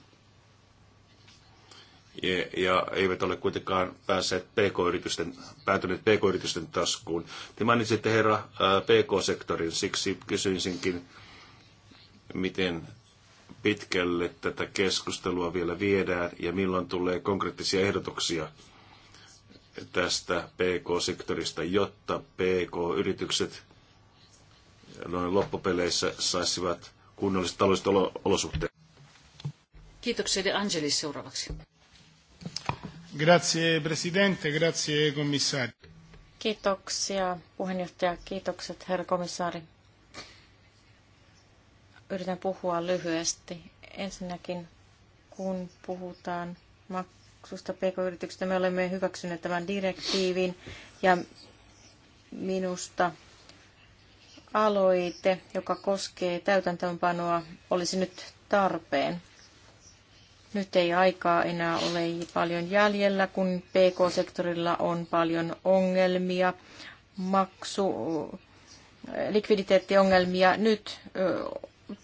ja, ja eivät ole kuitenkaan päässeet PK-yritysten, päätyneet PK-yritysten taskuun. Te mainitsitte herra PK-sektorin, siksi kysyisinkin, miten pitkälle tätä keskustelua vielä viedään ja milloin tulee konkreettisia ehdotuksia tästä PK-sektorista, jotta PK-yritykset noin loppupeleissä saisivat kunnolliset taloudelliset olosuhteet. Kiitoksia De Angelis seuraavaksi. Grazie presidente, grazie Kiitoksia puheenjohtaja, kiitokset herra komissaari. Yritän puhua lyhyesti. Ensinnäkin kun puhutaan maksusta pk-yrityksistä, me olemme hyväksyneet tämän direktiivin ja minusta aloite, joka koskee täytäntöönpanoa, olisi nyt tarpeen. Nyt ei aikaa enää ole paljon jäljellä, kun PK-sektorilla on paljon ongelmia, maksu, likviditeettiongelmia. Nyt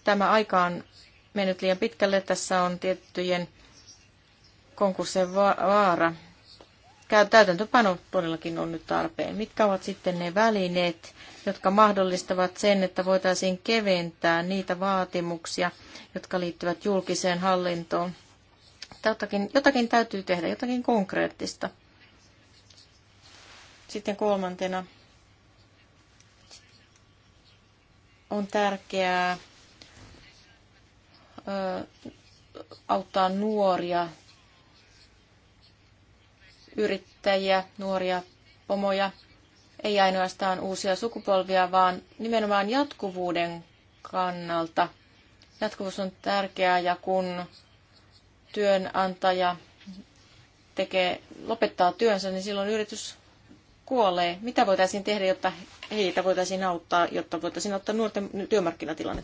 tämä aika on mennyt liian pitkälle. Tässä on tiettyjen konkurssien vaara. Täytäntöpano todellakin on nyt tarpeen. Mitkä ovat sitten ne välineet, jotka mahdollistavat sen, että voitaisiin keventää niitä vaatimuksia, jotka liittyvät julkiseen hallintoon? Jotakin, jotakin täytyy tehdä, jotakin konkreettista. Sitten kolmantena on tärkeää auttaa nuoria yrittäjiä, nuoria pomoja, ei ainoastaan uusia sukupolvia, vaan nimenomaan jatkuvuuden kannalta. Jatkuvuus on tärkeää ja kun työnantaja tekee, lopettaa työnsä, niin silloin yritys kuolee. Mitä voitaisiin tehdä, jotta heitä voitaisiin auttaa, jotta voitaisiin auttaa nuorten työmarkkinatilanne?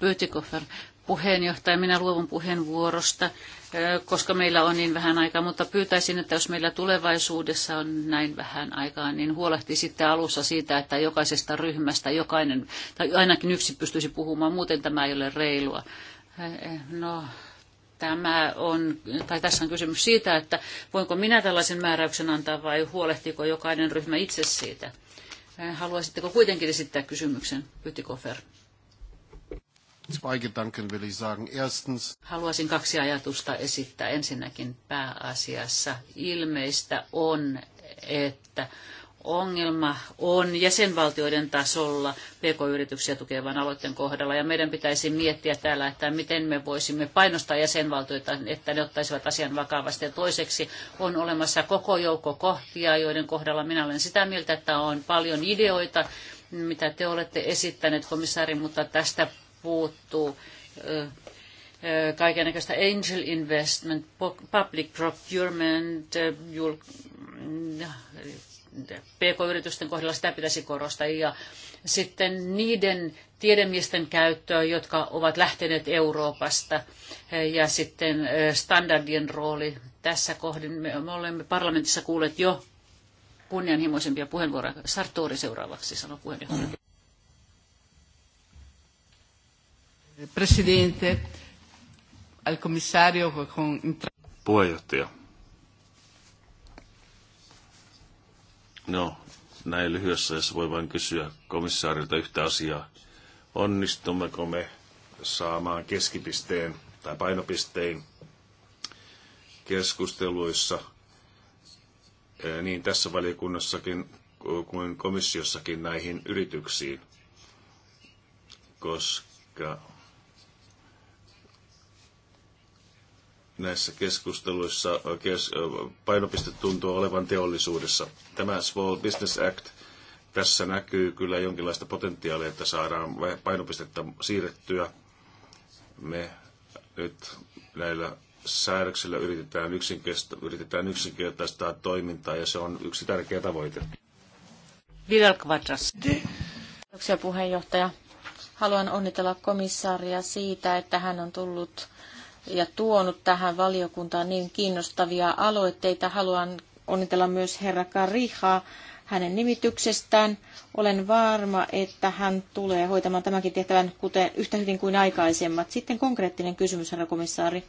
Pyytikoffer, puheenjohtaja, minä luovun puheenvuorosta, koska meillä on niin vähän aikaa, mutta pyytäisin, että jos meillä tulevaisuudessa on näin vähän aikaa, niin huolehti sitten alussa siitä, että jokaisesta ryhmästä jokainen, tai ainakin yksi pystyisi puhumaan, muuten tämä ei ole reilua. No, Tämä on, tai tässä on kysymys siitä, että voinko minä tällaisen määräyksen antaa vai huolehtiiko jokainen ryhmä itse siitä. Äh, haluaisitteko kuitenkin esittää kysymyksen, Pytikofer? Zwei Gedanken will ich sagen. Erstens. Haluaisin kaksi ajatusta esittää. Ensinnäkin pääasiassa ilmeistä on, että ongelma on jäsenvaltioiden tasolla pk-yrityksiä tukevan aloitteen kohdalla. Ja meidän pitäisi miettiä täällä, että miten me voisimme painostaa jäsenvaltioita, että ne ottaisivat asian vakavasti. Ja toiseksi on olemassa koko joukko kohtia, joiden kohdalla minä olen sitä mieltä, että on paljon ideoita, mitä te olette esittäneet, komissaari, mutta tästä puuttuu kaikenlaista angel investment, public procurement, PK-yritysten kohdalla sitä pitäisi korostaa. Ja sitten niiden tiedemiesten käyttöä, jotka ovat lähteneet Euroopasta, eh, ja sitten eh, standardien rooli tässä kohdin. Me olemme parlamentissa kuulleet jo kunnianhimoisempia puheenvuoroja. Sartori seuraavaksi sanoo puheenjohtaja. Presidente, al commissario con... Puheenjohtaja, No, näin lyhyessä, ajassa voi vain kysyä komissaarilta yhtä asiaa. Onnistummeko me saamaan keskipisteen tai painopisteen keskusteluissa eh, niin tässä valiokunnassakin kuin komissiossakin näihin yrityksiin, koska näissä keskusteluissa painopiste tuntuu olevan teollisuudessa. Tämä Small Business Act, tässä näkyy kyllä jonkinlaista potentiaalia, että saadaan painopistettä siirrettyä. Me nyt näillä säädöksillä yritetään, yritetään yksinkertaistaa toimintaa ja se on yksi tärkeä tavoite. Vidal Kvadras. Kiitoksia puheenjohtaja. Haluan onnitella komissaaria siitä, että hän on tullut ja tuonut tähän valiokuntaan niin kiinnostavia aloitteita. Haluan onnitella myös herra Karihaa hänen nimityksestään. Olen varma, että hän tulee hoitamaan tämänkin tehtävän kuten, yhtä hyvin kuin aikaisemmat. Sitten konkreettinen kysymys, herra komissaari.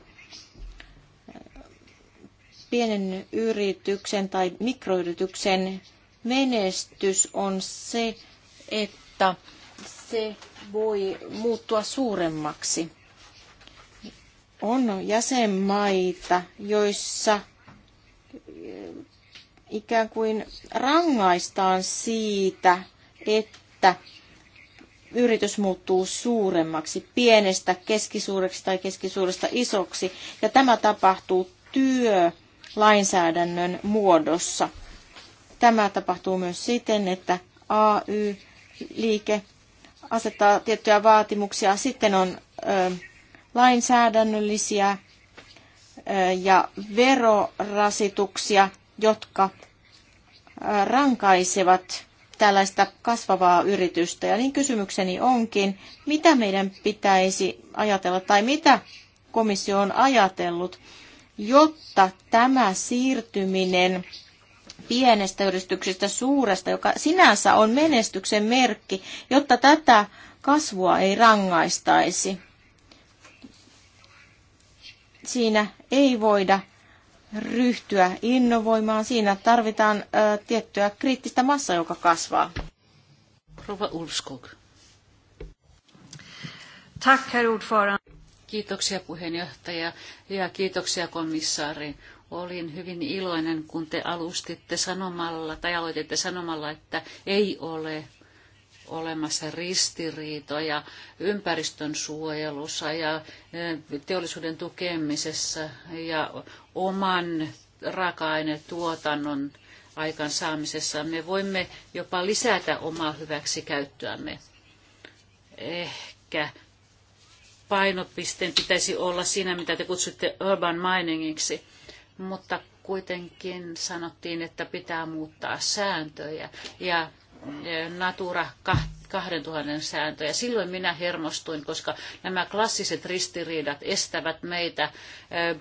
Pienen yrityksen tai mikroyrityksen menestys on se, että se voi muuttua suuremmaksi on jäsenmaita, joissa eh, ikään kuin rangaistaan siitä, että yritys muuttuu suuremmaksi, pienestä keskisuureksi tai keskisuuresta isoksi, ja tämä tapahtuu työlainsäädännön muodossa. Tämä tapahtuu myös siten, että AY-liike asettaa tiettyjä vaatimuksia, sitten on ö, lainsäädännöllisiä ja verorasituksia, jotka rankaisevat tällaista kasvavaa yritystä. Ja niin kysymykseni onkin, mitä meidän pitäisi ajatella tai mitä komissio on ajatellut, jotta tämä siirtyminen pienestä yrityksestä suuresta, joka sinänsä on menestyksen merkki, jotta tätä kasvua ei rangaistaisi. Siinä ei voida ryhtyä innovoimaan. Siinä tarvitaan ä, tiettyä kriittistä massaa, joka kasvaa. Rova Ulskog. Tack, herr Kiitoksia puheenjohtaja ja kiitoksia komissaari. Olin hyvin iloinen, kun te alustitte sanomalla tai aloititte sanomalla, että ei ole olemassa ristiriitoja ympäristön suojelussa ja e, teollisuuden tukemisessa ja oman raaka-ainetuotannon aikansaamisessa Me voimme jopa lisätä omaa hyväksikäyttöämme. Ehkä painopisteen pitäisi olla siinä, mitä te kutsutte urban miningiksi, mutta kuitenkin sanottiin, että pitää muuttaa sääntöjä ja Natura 2000 sääntöjä. Silloin minä hermostuin, koska nämä klassiset ristiriidat estävät meitä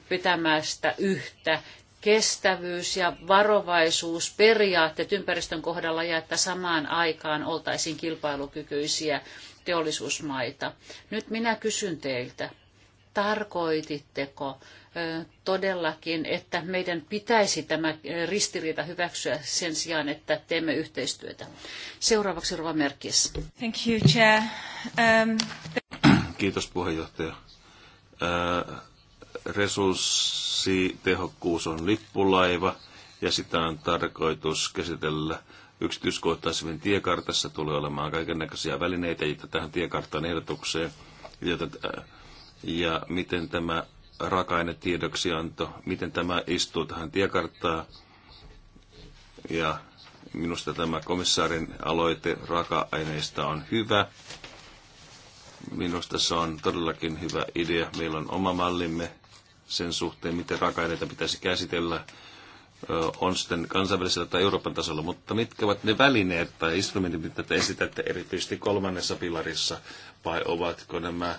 pitämästä yhtä kestävyys ja varovaisuus periaatteet ympäristön kohdalla ja että samaan aikaan oltaisiin kilpailukykyisiä teollisuusmaita. Nyt minä kysyn teiltä, tarkoititteko todellakin, että meidän pitäisi tämä ristiriita hyväksyä sen sijaan, että teemme yhteistyötä. Seuraavaksi Rova Merkis. Thank you, Chair. Um... Kiitos puheenjohtaja. Resurssitehokkuus on lippulaiva ja sitä on tarkoitus käsitellä yksityiskohtaisemmin tiekartassa tulee olemaan kaiken näköisiä välineitä joita tähän tiekartan ehdotukseen. ja miten tämä raaka-ainetiedoksianto, miten tämä istuu tähän tiekarttaan. Ja minusta tämä komissaarin aloite raaka-aineista on hyvä. Minusta se on todellakin hyvä idea. Meillä on oma mallimme sen suhteen, miten raaka-aineita pitäisi käsitellä, on sitten kansainvälisellä tai Euroopan tasolla, mutta mitkä ovat ne välineet tai instrumentit, mitä te esitätte erityisesti kolmannessa pilarissa, vai ovatko nämä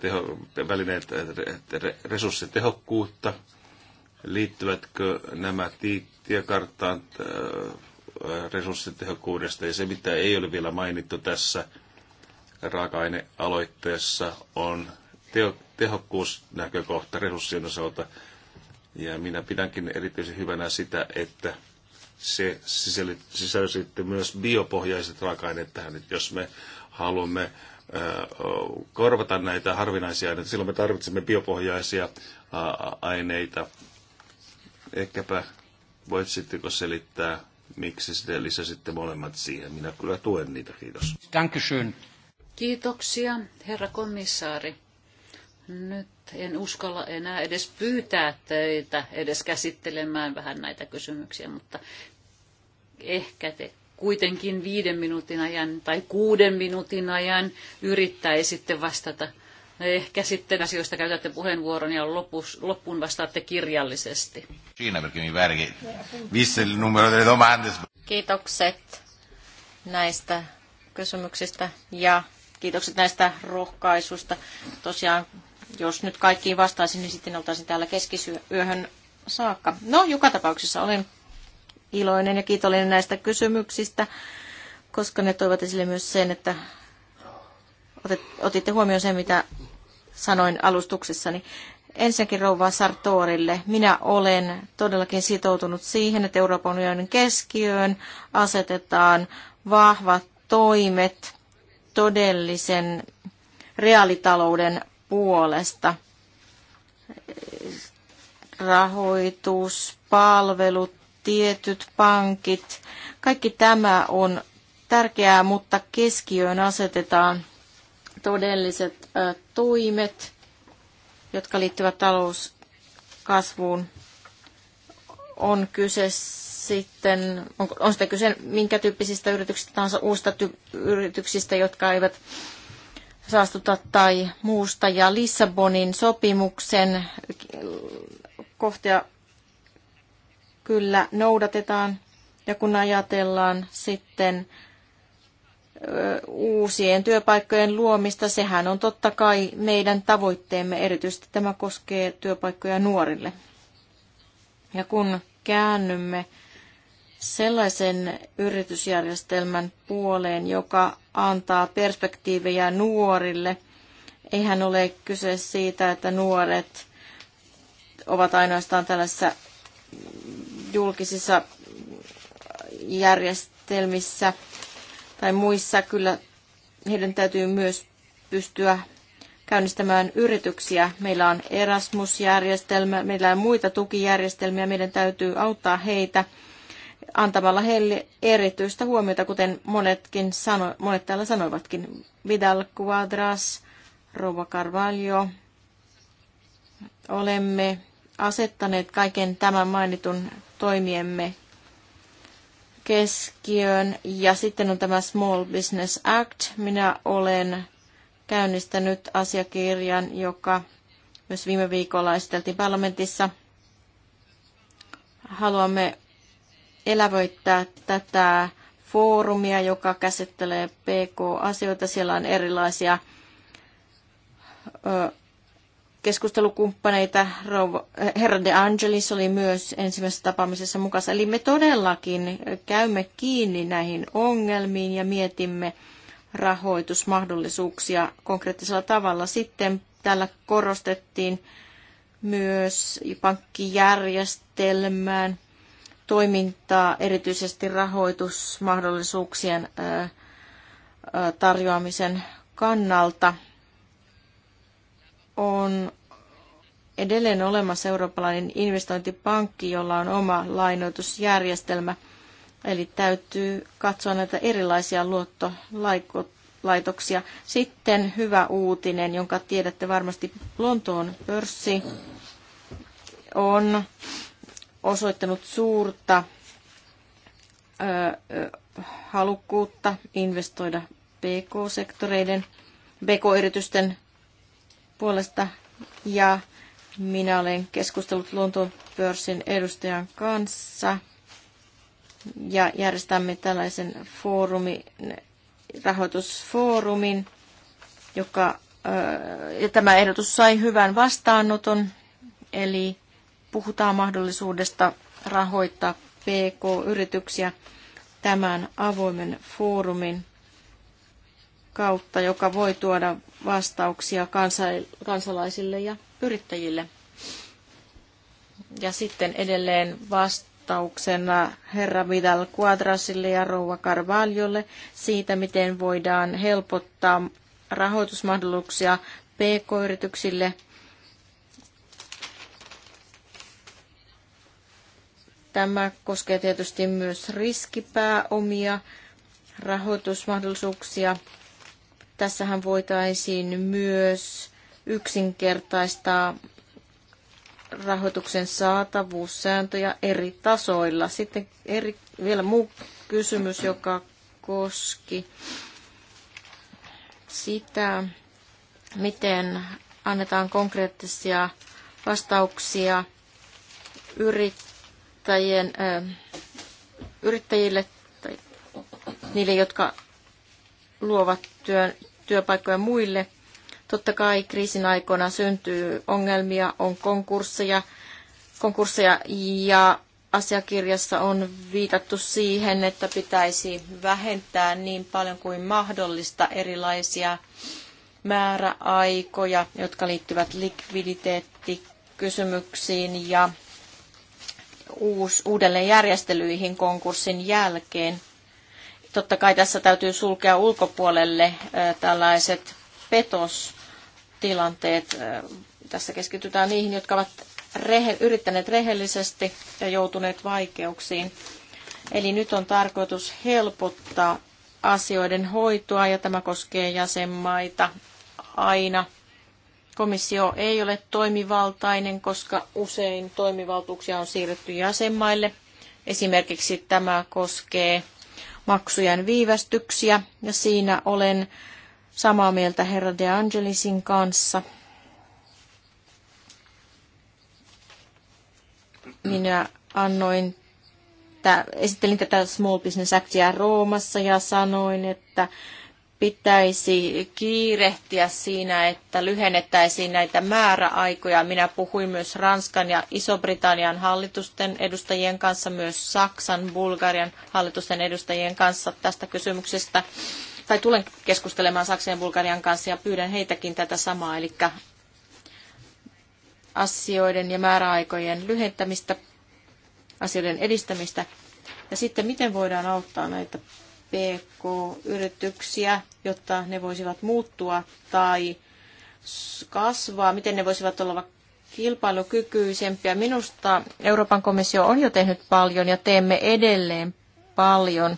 teho, välineet, resurssitehokkuutta, liittyvätkö nämä tiekarttaan resurssitehokkuudesta ja se, mitä ei ole vielä mainittu tässä raaka-ainealoitteessa, on teo, tehokkuusnäkökohta resurssien osalta. Ja minä pidänkin erityisen hyvänä sitä, että se sisällytti myös biopohjaiset raaka-aineet tähän, että jos me haluamme korvata näitä harvinaisia aineita. Silloin me tarvitsemme biopohjaisia aineita. Ehkäpä sittenko selittää, miksi sitten lisäsitte molemmat siihen. Minä kyllä tuen niitä. Kiitos. Dankeschön. Kiitoksia, herra komissaari. Nyt en uskalla enää edes pyytää teitä edes käsittelemään vähän näitä kysymyksiä, mutta ehkä te kuitenkin viiden minuutin ajan tai kuuden minuutin ajan yrittäisitte vastata. Ehkä sitten asioista käytätte puheenvuoron ja lopus, loppuun vastaatte kirjallisesti. Niin kiitokset näistä kysymyksistä ja kiitokset näistä rohkaisuista. Tosiaan, jos nyt kaikkiin vastaisin, niin sitten oltaisiin täällä keskisyöhön saakka. No, joka tapauksessa olen iloinen ja kiitollinen näistä kysymyksistä, koska ne toivat esille myös sen, että otitte huomioon sen, mitä sanoin alustuksessani. Ensinnäkin rouva Sartorille. Minä olen todellakin sitoutunut siihen, että Euroopan unionin keskiöön asetetaan vahvat toimet todellisen reaalitalouden puolesta. Rahoitus, palvelut, tietyt pankit. Kaikki tämä on tärkeää, mutta keskiöön asetetaan todelliset toimet, jotka liittyvät talouskasvuun. On kyse sitten, on, on sitten kyse minkä tyyppisistä yrityksistä tahansa, uusista yrityksistä, jotka eivät saastuta tai muusta. Ja Lissabonin sopimuksen kohtia kyllä noudatetaan. Ja kun ajatellaan sitten uusien työpaikkojen luomista, sehän on totta kai meidän tavoitteemme, erityisesti tämä koskee työpaikkoja nuorille. Ja kun käännymme sellaisen yritysjärjestelmän puoleen, joka antaa perspektiivejä nuorille, eihän ole kyse siitä, että nuoret ovat ainoastaan tällaisessa julkisissa järjestelmissä tai muissa kyllä heidän täytyy myös pystyä käynnistämään yrityksiä. Meillä on Erasmus-järjestelmä, meillä on muita tukijärjestelmiä, meidän täytyy auttaa heitä antamalla heille erityistä huomiota, kuten monetkin sano, monet täällä sanoivatkin. Vidal Quadras, Rova Carvalho, olemme asettaneet kaiken tämän mainitun toimiemme keskiöön. Ja sitten on tämä Small Business Act. Minä olen käynnistänyt asiakirjan, joka myös viime viikolla esiteltiin parlamentissa. Haluamme elävöittää tätä foorumia, joka käsittelee PK-asioita. Siellä on erilaisia keskustelukumppaneita. Eh, herra de Angelis oli myös ensimmäisessä tapaamisessa mukana. Eli me todellakin käymme kiinni näihin ongelmiin ja mietimme rahoitusmahdollisuuksia konkreettisella tavalla. Sitten täällä korostettiin myös pankkijärjestelmään toimintaa, erityisesti rahoitusmahdollisuuksien eh, eh, tarjoamisen kannalta – on edelleen olemassa eurooppalainen investointipankki, jolla on oma lainoitusjärjestelmä. Eli täytyy katsoa näitä erilaisia luottolaitoksia. Sitten hyvä uutinen, jonka tiedätte varmasti Lontoon pörssi on osoittanut suurta ö, halukkuutta investoida PK-sektoreiden, PK-yritysten puolesta ja minä olen keskustellut Lontoon pörssin edustajan kanssa ja järjestämme tällaisen foorumi, rahoitusfoorumin, joka ja tämä ehdotus sai hyvän vastaanoton, eli puhutaan mahdollisuudesta rahoittaa PK-yrityksiä tämän avoimen foorumin kautta, joka voi tuoda vastauksia kansalaisille ja yrittäjille. Ja sitten edelleen vastauksena herra Vidal Quadrasille ja rouva Carvaljolle siitä, miten voidaan helpottaa rahoitusmahdollisuuksia pk-yrityksille. Tämä koskee tietysti myös riskipääomia, rahoitusmahdollisuuksia – Tässähän voitaisiin myös yksinkertaistaa rahoituksen saatavuussääntöjä eri tasoilla. Sitten eri, vielä muu kysymys, joka koski sitä, miten annetaan konkreettisia vastauksia yrittäjien, äh, yrittäjille tai niille, jotka luovat työn, työpaikkoja muille. Totta kai kriisin aikoina syntyy ongelmia, on konkursseja, konkursseja ja asiakirjassa on viitattu siihen, että pitäisi vähentää niin paljon kuin mahdollista erilaisia määräaikoja, jotka liittyvät likviditeettikysymyksiin ja uudelleenjärjestelyihin konkurssin jälkeen. Totta kai tässä täytyy sulkea ulkopuolelle tällaiset petostilanteet. Tässä keskitytään niihin, jotka ovat rehe- yrittäneet rehellisesti ja joutuneet vaikeuksiin. Eli nyt on tarkoitus helpottaa asioiden hoitoa ja tämä koskee jäsenmaita aina. Komissio ei ole toimivaltainen, koska usein toimivaltuuksia on siirretty jäsenmaille. Esimerkiksi tämä koskee maksujen viivästyksiä ja siinä olen samaa mieltä herra De Angelisin kanssa. Minä annoin, esittelin tätä Small Business Actia Roomassa ja sanoin, että pitäisi kiirehtiä siinä, että lyhennettäisiin näitä määräaikoja. Minä puhuin myös Ranskan ja Iso-Britannian hallitusten edustajien kanssa, myös Saksan, Bulgarian hallitusten edustajien kanssa tästä kysymyksestä. Tai tulen keskustelemaan Saksan ja Bulgarian kanssa ja pyydän heitäkin tätä samaa, eli asioiden ja määräaikojen lyhentämistä, asioiden edistämistä. Ja sitten miten voidaan auttaa näitä PK-yrityksiä, jotta ne voisivat muuttua tai kasvaa, miten ne voisivat olla kilpailukykyisempiä. Minusta Euroopan komissio on jo tehnyt paljon ja teemme edelleen paljon.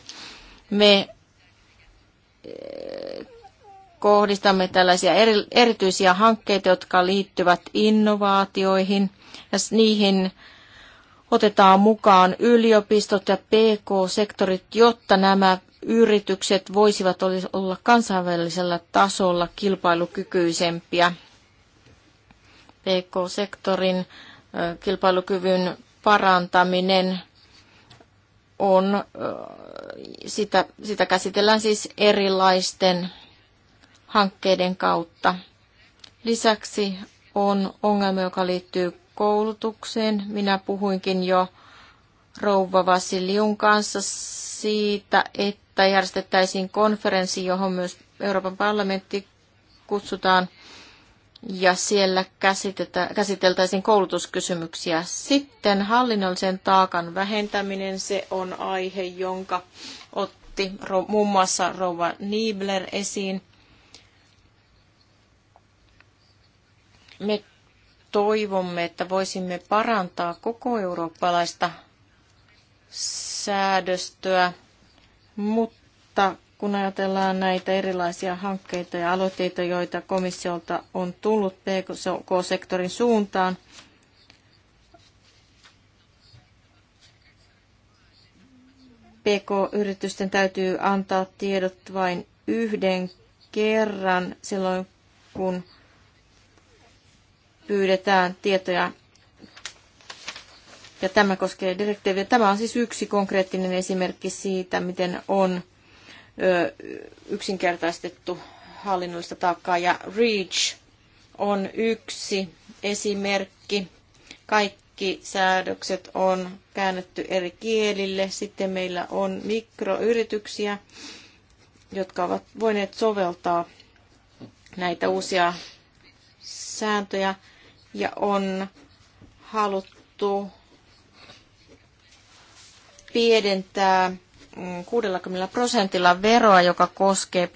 Me eh, kohdistamme tällaisia eri, erityisiä hankkeita, jotka liittyvät innovaatioihin ja niihin otetaan mukaan yliopistot ja PK-sektorit, jotta nämä yritykset voisivat olla kansainvälisellä tasolla kilpailukykyisempiä. PK-sektorin kilpailukyvyn parantaminen on, sitä, sitä käsitellään siis erilaisten hankkeiden kautta. Lisäksi on ongelma, joka liittyy koulutukseen. Minä puhuinkin jo rouva Vasiliun kanssa siitä, että tai järjestettäisiin konferenssi, johon myös Euroopan parlamentti kutsutaan, ja siellä käsiteltäisiin koulutuskysymyksiä. Sitten hallinnollisen taakan vähentäminen, se on aihe, jonka otti muun muassa Rova Niebler esiin. Me toivomme, että voisimme parantaa koko eurooppalaista säädöstöä mutta kun ajatellaan näitä erilaisia hankkeita ja aloitteita, joita komissiolta on tullut PK-sektorin suuntaan, PK-yritysten täytyy antaa tiedot vain yhden kerran silloin, kun pyydetään tietoja ja tämä koskee direktiiviä. Tämä on siis yksi konkreettinen esimerkki siitä, miten on yksinkertaistettu hallinnollista taakkaa. Ja REACH on yksi esimerkki. Kaikki säädökset on käännetty eri kielille. Sitten meillä on mikroyrityksiä, jotka ovat voineet soveltaa näitä uusia sääntöjä ja on haluttu pienentää 60 mm, prosentilla veroa, joka koskee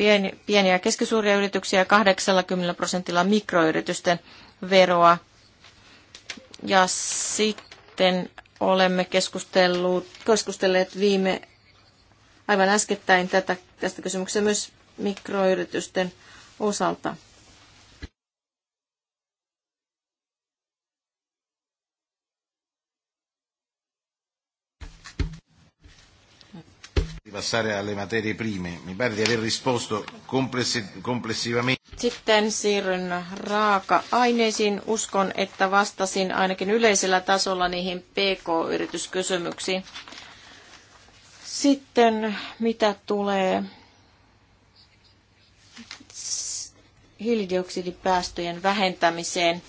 pieniä ja keskisuuria yrityksiä ja 80 prosentilla mikroyritysten veroa. Ja sitten olemme keskustelleet viime aivan äskettäin tätä, tästä kysymyksestä myös mikroyritysten osalta. passare alle materie prime. Mi pare di aver risposto complessivamente. Sitten siirryn raaka-aineisiin. Uskon, että vastasin ainakin yleisellä tasolla niihin PK-yrityskysymyksiin. Sitten mitä tulee hiilidioksidipäästöjen vähentämiseen.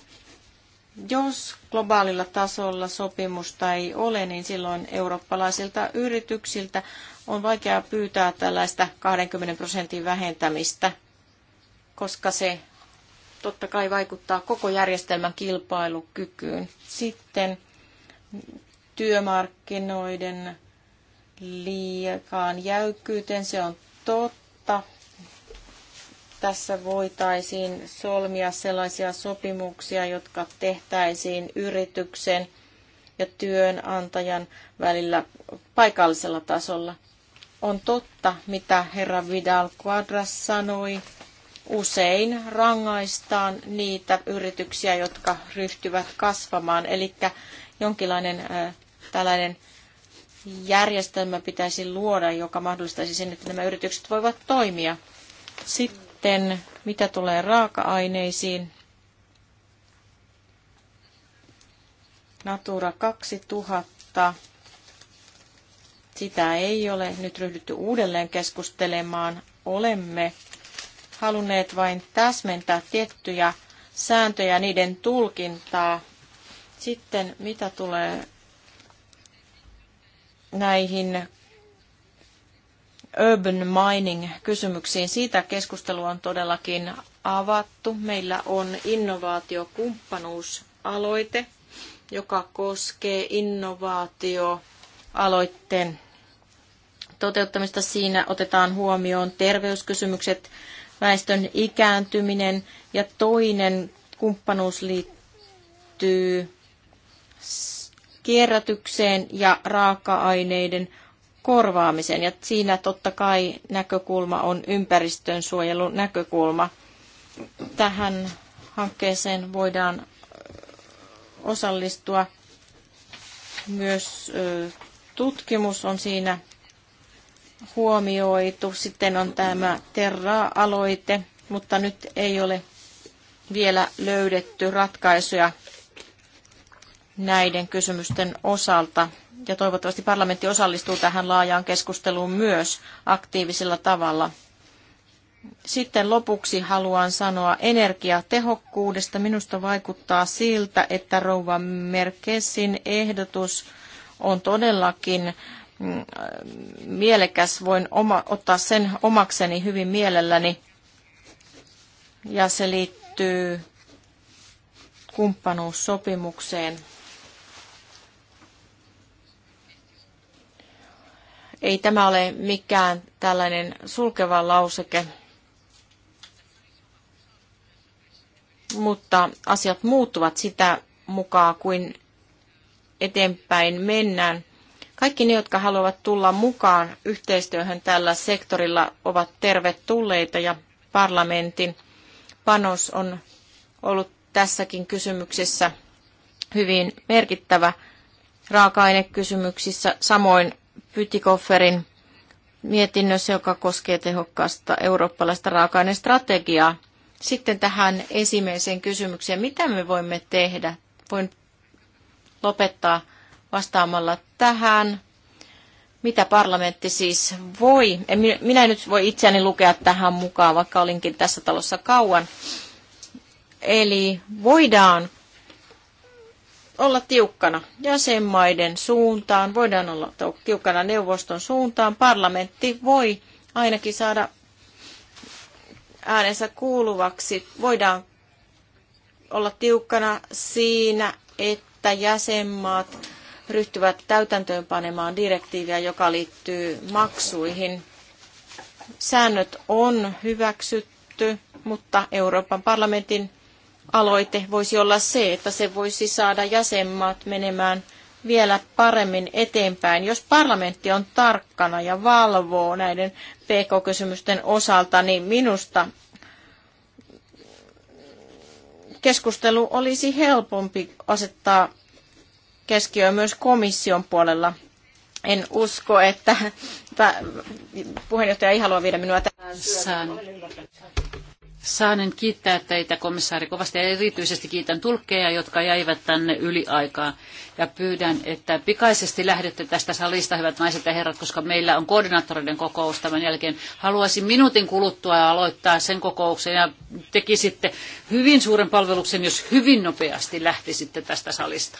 Jos globaalilla tasolla sopimusta ei ole, niin silloin eurooppalaisilta yrityksiltä on vaikea pyytää tällaista 20 prosentin vähentämistä, koska se totta kai vaikuttaa koko järjestelmän kilpailukykyyn. Sitten työmarkkinoiden liikaan jäykkyyteen, se on totta. Tässä voitaisiin solmia sellaisia sopimuksia, jotka tehtäisiin yrityksen ja työnantajan välillä paikallisella tasolla – on totta, mitä herra Vidal Quadras sanoi. Usein rangaistaan niitä yrityksiä, jotka ryhtyvät kasvamaan. Eli jonkinlainen äh, tällainen järjestelmä pitäisi luoda, joka mahdollistaisi sen, että nämä yritykset voivat toimia. Sitten mitä tulee raaka-aineisiin, Natura 2000 sitä ei ole nyt ryhdytty uudelleen keskustelemaan. Olemme halunneet vain täsmentää tiettyjä sääntöjä, niiden tulkintaa. Sitten mitä tulee näihin urban mining-kysymyksiin. Siitä keskustelu on todellakin avattu. Meillä on innovaatiokumppanuusaloite, joka koskee innovaatioaloitteen toteuttamista. Siinä otetaan huomioon terveyskysymykset, väestön ikääntyminen ja toinen kumppanuus liittyy kierrätykseen ja raaka-aineiden korvaamiseen. Ja siinä totta kai näkökulma on ympäristön suojelun näkökulma. Tähän hankkeeseen voidaan osallistua. Myös tutkimus on siinä huomioitu. Sitten on tämä Terra-aloite, mutta nyt ei ole vielä löydetty ratkaisuja näiden kysymysten osalta. Ja toivottavasti parlamentti osallistuu tähän laajaan keskusteluun myös aktiivisella tavalla. Sitten lopuksi haluan sanoa energiatehokkuudesta. Minusta vaikuttaa siltä, että rouva Merkesin ehdotus on todellakin Mm, äh, mielekäs. Voin oma, ottaa sen omakseni hyvin mielelläni. Ja se liittyy kumppanuussopimukseen. Ei tämä ole mikään tällainen sulkeva lauseke, mutta asiat muuttuvat sitä mukaan, kuin eteenpäin mennään. Kaikki ne, jotka haluavat tulla mukaan yhteistyöhön tällä sektorilla, ovat tervetulleita ja parlamentin panos on ollut tässäkin kysymyksessä hyvin merkittävä raaka-ainekysymyksissä, samoin Pytikofferin mietinnössä, joka koskee tehokkaasta eurooppalaista raaka-ainestrategiaa. Sitten tähän ensimmäiseen kysymykseen, mitä me voimme tehdä? Voin lopettaa vastaamalla tähän. Mitä parlamentti siis voi? En, minä en nyt voi itseäni lukea tähän mukaan, vaikka olinkin tässä talossa kauan. Eli voidaan olla tiukkana jäsenmaiden suuntaan, voidaan olla tiukkana neuvoston suuntaan. Parlamentti voi ainakin saada äänensä kuuluvaksi. Voidaan olla tiukkana siinä, että jäsenmaat ryhtyvät täytäntöönpanemaan direktiiviä, joka liittyy maksuihin. Säännöt on hyväksytty, mutta Euroopan parlamentin aloite voisi olla se, että se voisi saada jäsenmaat menemään vielä paremmin eteenpäin, jos parlamentti on tarkkana ja valvoo näiden PK-kysymysten osalta, niin minusta keskustelu olisi helpompi asettaa keskiöön myös komission puolella. En usko, että puheenjohtaja ei halua viedä minua tähän saan. Saanen kiittää teitä, komissaari, kovasti ja erityisesti kiitän tulkkeja, jotka jäivät tänne yli aikaa. Ja pyydän, että pikaisesti lähdette tästä salista, hyvät naiset ja herrat, koska meillä on koordinaattoreiden kokous tämän jälkeen. Haluaisin minuutin kuluttua aloittaa sen kokouksen ja tekisitte hyvin suuren palveluksen, jos hyvin nopeasti lähtisitte tästä salista.